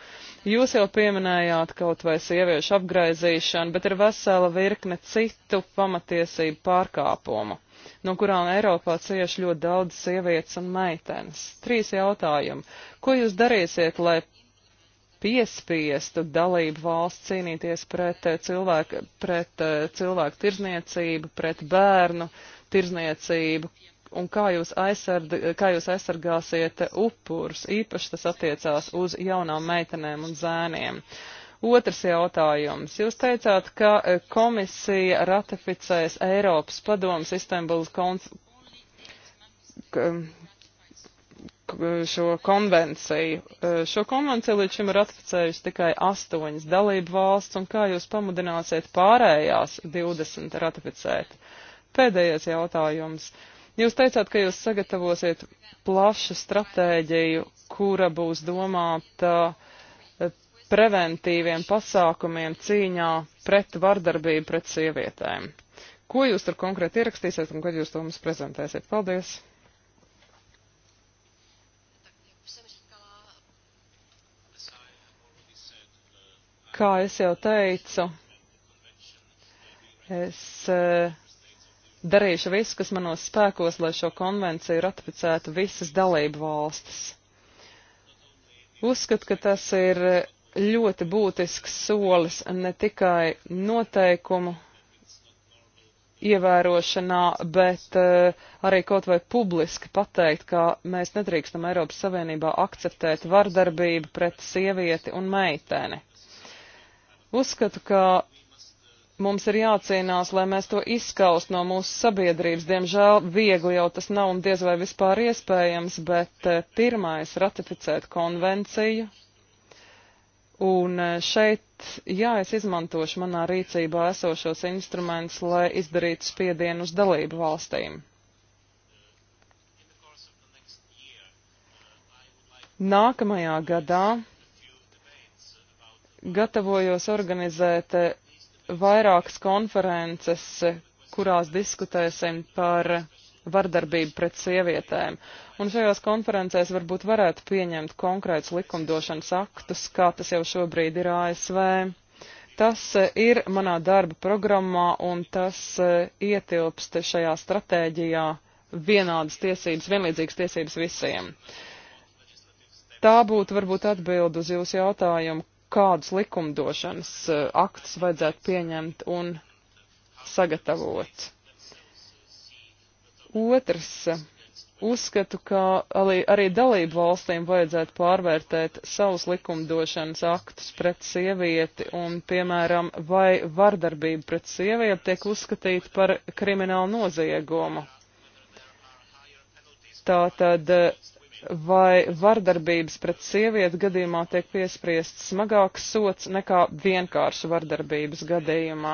Jūs jau pieminējāt kaut vai sieviešu apgraizīšanu, bet ir vesela virkne citu pamatiesību pārkāpumu, no kurām Eiropā cieši ļoti daudz sievietes un meitenes. Trīs jautājumi. Ko jūs darīsiet, lai piespiestu dalību valsts cīnīties pret eh, cilvēku, pret eh, cilvēku tirzniecību, pret bērnu tirzniecību, un kā jūs, aizsarg, kā jūs aizsargāsiet upurus, īpaši tas attiecās uz jaunām meitenēm un zēniem. Otrs jautājums. Jūs teicāt, ka eh, komisija ratificēs Eiropas padomas Istanbuls konf šo konvenciju. Eh, šo konvenciju līdz šim ir ratificējusi tikai astoņas dalību valsts, un kā jūs pamudināsiet pārējās 20 ratificēt? Pēdējais jautājums. Jūs teicāt, ka jūs sagatavosiet plašu stratēģiju, kura būs domāta eh, preventīviem pasākumiem cīņā pret vardarbību pret sievietēm. Ko jūs tur konkrēti ierakstīsiet un kad jūs to mums prezentēsiet? Paldies! Kā es jau teicu, es e, darīšu visu, kas manos spēkos, lai šo konvenciju ratificētu visas dalību valstis. Uzskatu, ka tas ir ļoti būtisks solis ne tikai noteikumu ievērošanā, bet uh, arī kaut vai publiski pateikt, ka mēs nedrīkstam Eiropas Savienībā akceptēt vardarbību pret sievieti un meiteni. Uzskatu, ka mums ir jācīnās, lai mēs to izskaust no mūsu sabiedrības. Diemžēl viegli jau tas nav un diez vai vispār iespējams, bet eh, pirmais ratificēt konvenciju. Un eh, šeit, jā, es izmantošu manā rīcībā esošos instrumentus, lai izdarītu spiedienu uz dalību valstīm. Nākamajā gadā gatavojos organizēt eh, vairākas konferences, kurās diskutēsim par vardarbību pret sievietēm. Un šajās konferencēs varbūt varētu pieņemt konkrēts likumdošanas aktus, kā tas jau šobrīd ir ASV. Tas eh, ir manā darba programmā un tas eh, ietilpst šajā stratēģijā vienādas tiesības, vienlīdzīgas tiesības visiem. Tā būtu varbūt atbild uz jūsu jautājumu, kādus likumdošanas eh, aktus vajadzētu pieņemt un sagatavot. Otrs. Eh, uzskatu, ka arī, arī dalību valstīm vajadzētu pārvērtēt savus likumdošanas aktus pret sievieti un, piemēram, vai vardarbība pret sievieti tiek uzskatīta par kriminālu noziegumu. Tātad eh, vai vardarbības pret sievieti gadījumā tiek piespriests smagāks sots nekā vienkārši vardarbības gadījumā.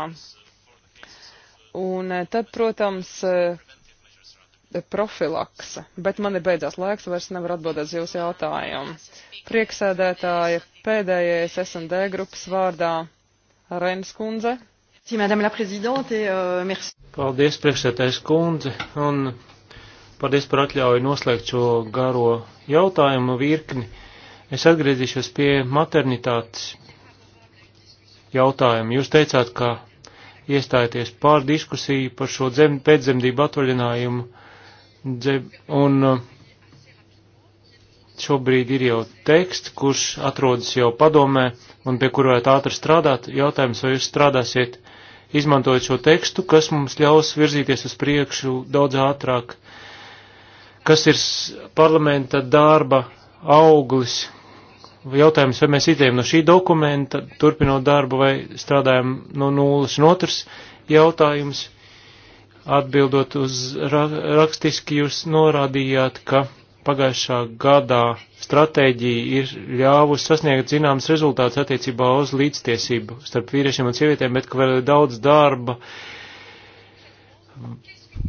Un eh, tad, protams, eh, profilakse, bet man ir beidzās laiks, vairs nevar atbildēt uz jūsu jautājumu. Prieksēdētāja pēdējais SND grupas vārdā Reins Kundze. Euh, Paldies, priekšsētājs Kundze, un Paldies par atļauju noslēgt šo garo jautājumu virkni. Es atgriezīšos pie maternitātes jautājuma. Jūs teicāt, ka iestājieties pār diskusiju par šo dzem, pēcdzemdību atvaļinājumu, dzem, un uh, šobrīd ir jau teksts, kurš atrodas jau padomē un pie kura varētu ātri strādāt. Jautājums, vai jūs strādāsiet, izmantojot šo tekstu, kas mums ļaus virzīties uz priekšu daudz ātrāk kas ir parlamenta darba auglis. Jautājums, vai mēs itējam no šī dokumenta, turpinot darbu, vai strādājam no nulles. Un otrs jautājums, atbildot uz ra rakstiski, jūs norādījāt, ka pagājušā gadā stratēģija ir ļāvusi sasniegt zināmas rezultātus attiecībā uz līdztiesību starp vīriešiem un sievietēm, bet ka vēl ir daudz darba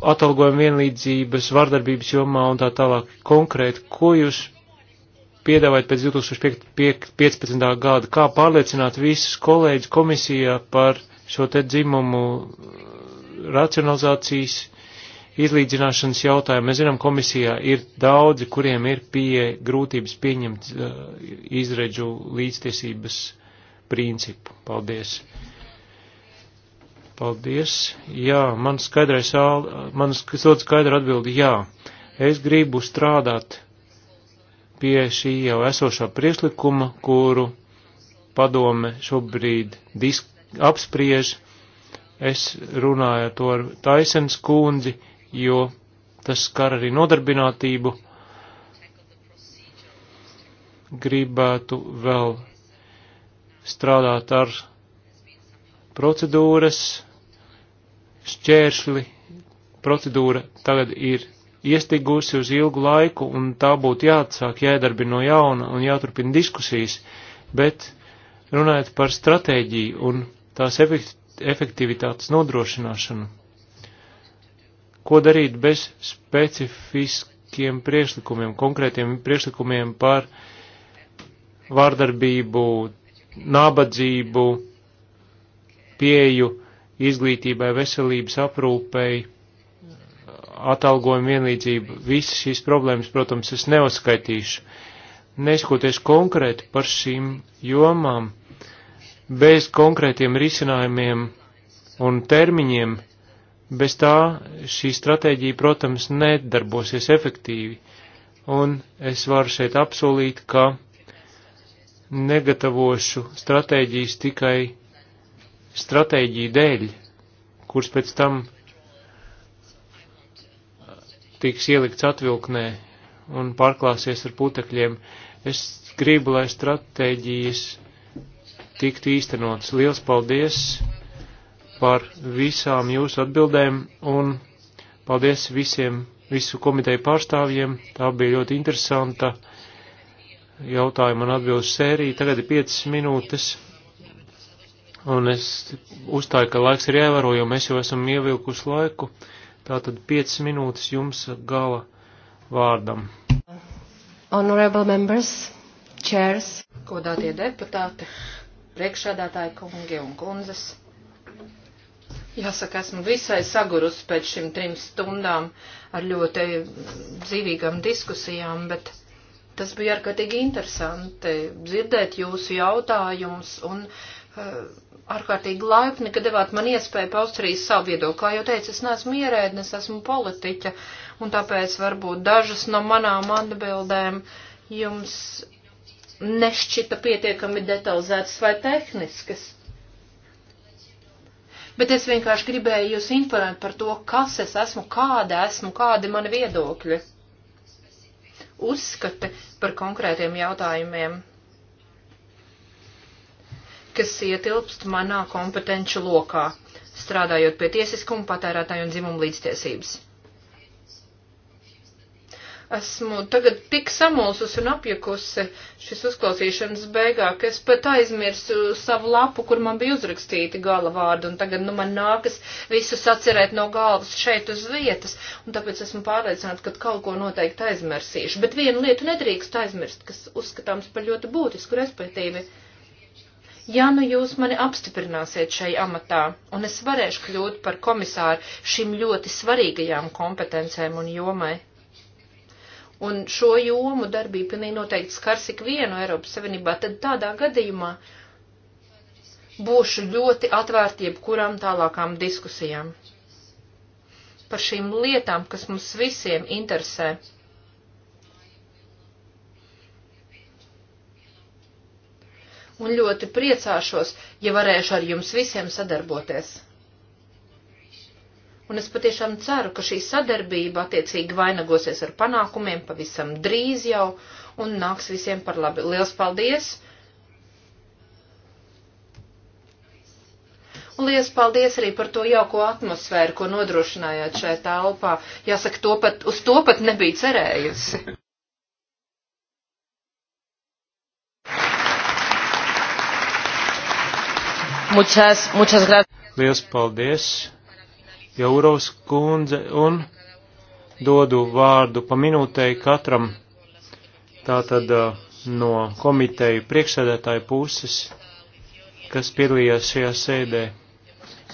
atalgojuma vienlīdzības, vardarbības jomā un tā tālāk. Konkrēti, ko jūs piedāvājat pēc 2015. gada? Kā pārliecināt visus kolēģus komisijā par šo te dzimumu uh, racionalizācijas izlīdzināšanas jautājumu? Mēs zinām, komisijā ir daudzi, kuriem ir pie grūtības pieņemt uh, izredzu līdztiesības principu. Paldies! Paldies. Jā, man skaidrais, man ļoti skaidra atbildi jā. Es gribu strādāt pie šī jau esošā priekšlikuma, kuru padome šobrīd disk, apspriež. Es runāju to ar Taisens kundzi, jo tas skar arī nodarbinātību. Gribētu vēl strādāt ar procedūras šķēršļi procedūra tagad ir iestigusi uz ilgu laiku, un tā būtu jāatsāk jādarbina no jauna un jāturpina diskusijas, bet runājot par stratēģiju un tās efektivitātes nodrošināšanu. Ko darīt bez specifiskiem priekšlikumiem, konkrētiem priekšlikumiem par vārdarbību, nabadzību, pieju, izglītībai, veselības aprūpei, atalgojumu vienlīdzību. Visas šīs problēmas, protams, es neuzskaitīšu. Neskoties konkrēti par šīm jomām, bez konkrētiem risinājumiem un termiņiem, bez tā šī stratēģija, protams, nedarbosies efektīvi. Un es varu šeit apsolīt, ka negatavošu stratēģijas tikai stratēģiju dēļ, kuras pēc tam tiks ielikts atvilknē un pārklāsies ar putekļiem. Es gribu, lai stratēģijas tiktu īstenotas. Liels paldies par visām jūsu atbildēm un paldies visiem, visu komiteju pārstāvjiem. Tā bija ļoti interesanta jautājuma un atbildes sērija. Tagad ir 5 minūtes. Un es uzstāju, ka laiks ir jāievēro, jo mēs jau esam ievilkus laiku. Tātad 5 minūtes jums gala vārdam. Honorable members, chairs. Godātie deputāti, priekšādātāji kungi un kundzes. Jāsaka, esmu visai sagurus pēc šim trim stundām ar ļoti dzīvīgām diskusijām, bet tas bija ārkārtīgi interesanti dzirdēt jūsu jautājumus un uh, ārkārtīgi laipni, ka devāt man iespēju paust arī savu viedokli. Kā jau teicu, es neesmu ierēdnis, esmu politiķa, un tāpēc varbūt dažas no manām atbildēm jums nešķita pietiekami detalizētas vai tehniskas. Bet es vienkārši gribēju jūs informēt par to, kas es esmu, kāda esmu, kādi mani viedokļi, uzskati par konkrētiem jautājumiem kas ietilpst manā kompetenču lokā, strādājot pie tiesiskuma, patērētāju un dzimumu līdztiesības. Esmu tagad tik samulsusi un apjukusi šis uzklausīšanas beigā, ka es pat aizmirsu savu lapu, kur man bija uzrakstīti gala vārdi, un tagad nu man nākas visu sacerēt no galvas šeit uz vietas, un tāpēc esmu pārliecināta, ka kaut ko noteikti aizmirsīšu. Bet vienu lietu nedrīkst aizmirst, kas uzskatāms par ļoti būtisku, respektīvi. Uh, ja nu jūs mani apstiprināsiet šai amatā, un es varēšu kļūt par komisāru šim ļoti svarīgajām kompetencēm un jomai. Un šo jomu darbība pilnīgi noteikti skars ikvienu Eiropas Savienībā, tad tādā gadījumā būšu ļoti atvērti jebkurām tālākām diskusijām par šīm lietām, kas mums visiem interesē un ļoti priecāšos, ja varēšu ar jums visiem sadarboties. Un es patiešām ceru, ka šī sadarbība attiecīgi vainagosies ar panākumiem pavisam drīz jau un nāks visiem par labi. Liels paldies! Un liels paldies arī par to jauko atmosfēru, ko nodrošinājāt šajā telpā. Jāsaka, to pat, uz to pat nebija cerējusi. Muchas, muchas gracias. Liels paldies, Jaurovs kundze, un dodu vārdu pa minūtei katram. Tātad uh, no komiteju priekšsēdētāju puses, kas piedalījās šajā sēdē.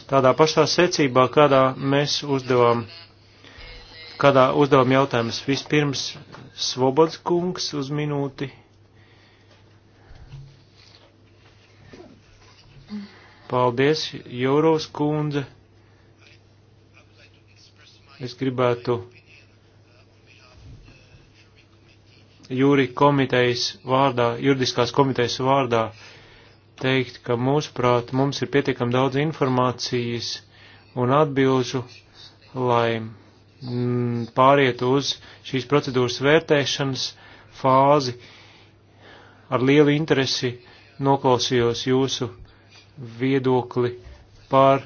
Tādā pašā secībā, kādā mēs uzdevām, kādā uzdevām jautājumus. Vispirms Svobods kungs uz minūti. Paldies, Jūros kundze. Es gribētu jūri komitejas vārdā, juridiskās komitejas vārdā teikt, ka mūsuprāt mums ir pietiekam daudz informācijas un atbilžu, lai m, mm, pāriet uz šīs procedūras vērtēšanas fāzi. Ar lielu interesi noklausījos jūsu viedokli par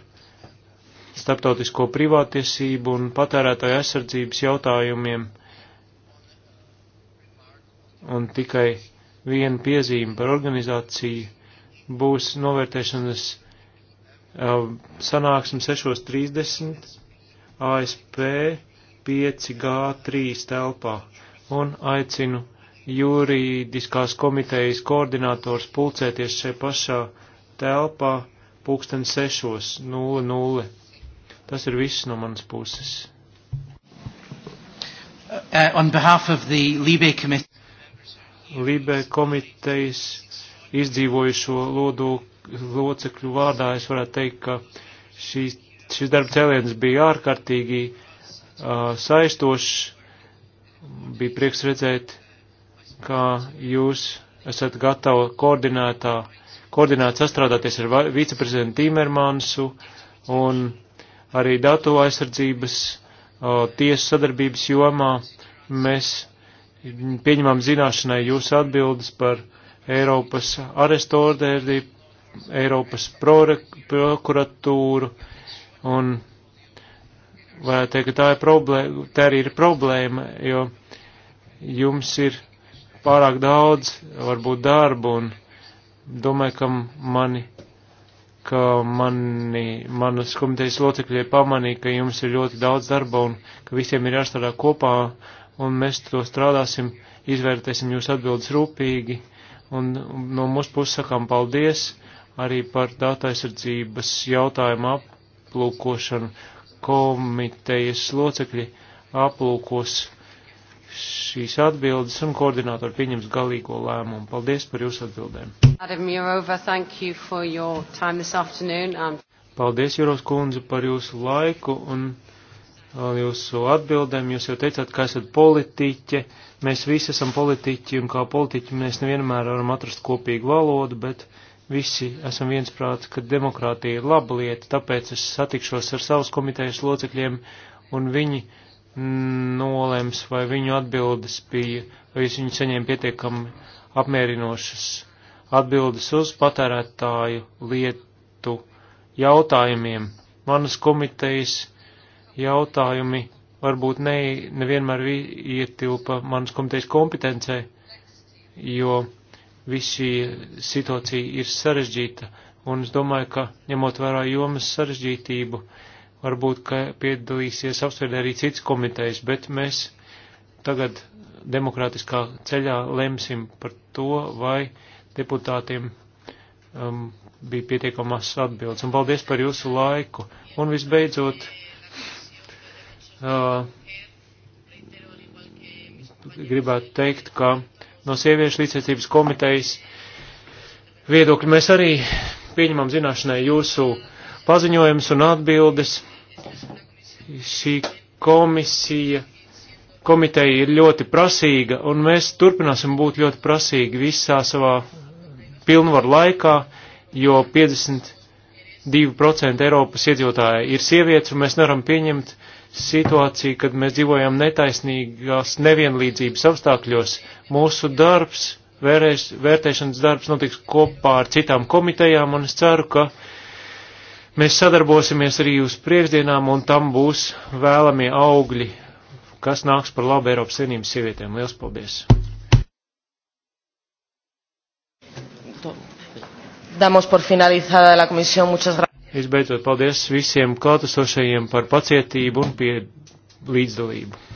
starptautisko privātiesību un patērētāju aizsardzības jautājumiem. Un tikai viena piezīme par organizāciju būs novērtēšanas uh, sanāksme 6.30 ASP 5G3 telpā un aicinu juridiskās komitejas koordinators pulcēties šai pašā telpā pulksten 6.00. Tas ir viss no manas puses. Uh, uh, on behalf of the Libe Committee. Libe komitejas izdzīvojušo lodo, locekļu vārdā es varētu teikt, ka šīs, šis darba cēliens bija ārkārtīgi uh, saistošs. Bija prieks redzēt, ka jūs esat gatava koordinētā uh, koordinēt sastrādāties ar viceprezidentu Timermansu un arī datu aizsardzības tiesu sadarbības jomā. Mēs pieņemam zināšanai jūsu atbildes par Eiropas arestu orderi, Eiropas prokuratūru un varētu teikt, ka tā ir problēma, tā arī ir problēma, jo jums ir pārāk daudz, varbūt darbu un domāju, ka mani, ka mani, manas komitejas locekļi pamanīja, ka jums ir ļoti daudz darba un ka visiem ir jāstrādā kopā un mēs to strādāsim, izvērtēsim jūs atbildes rūpīgi un no mūsu puses sakām paldies arī par datu aizsardzības jautājumu aplūkošanu komitejas locekļi aplūkos šīs atbildes un koordinātori pieņems galīgo lēmumu. Paldies par jūsu atbildēm. Mirova, you Paldies, Jūros kundze, par jūsu laiku un uh, jūsu atbildēm. Jūs jau teicāt, ka esat politiķe. Mēs visi esam politiķi un kā politiķi mēs nevienmēr varam atrast kopīgu valodu, bet visi esam viensprāts, ka demokrātija ir laba lieta, tāpēc es satikšos ar savus komitejas locekļiem un viņi nolems, vai viņu atbildes bija, vai es viņu saņēmu pietiekami apmierinošas atbildes uz patērētāju lietu jautājumiem. Manas komitejas jautājumi varbūt ne, nevienmēr ietilpa manas komitejas kompetencē, jo visi situācija ir sarežģīta, un es domāju, ka ņemot vērā jomas sarežģītību, uh, varbūt, ka piedalīsies apsvērdē arī cits komitejas, bet mēs tagad demokrātiskā ceļā lemsim par to, vai deputātiem um, bija pietiekamās atbildes. Un paldies par jūsu laiku. Un visbeidzot, uh, gribētu teikt, ka no sieviešu līdzsvērtības komitejas viedokļa mēs arī pieņemam zināšanai jūsu paziņojumus un atbildes šī komisija, komiteja ir ļoti prasīga, un mēs turpināsim būt ļoti prasīgi visā savā pilnvaru laikā, jo 52% Eiropas iedzīvotāji ir sievietes, un mēs nevaram pieņemt situāciju, kad mēs dzīvojam netaisnīgās nevienlīdzības apstākļos. Mūsu darbs, vērēs, vērtēšanas darbs notiks kopā ar citām komitejām, un es ceru, ka Mēs sadarbosimies arī uz priekšdienām, un tam būs vēlamie augļi, kas nāks par labu Eiropas Savienības sievietēm. Lielas paldies! Damos por finalizada la comisión. Muchas gracias. Es beidzot paldies visiem klātesošajiem par pacietību un pie līdzdalību.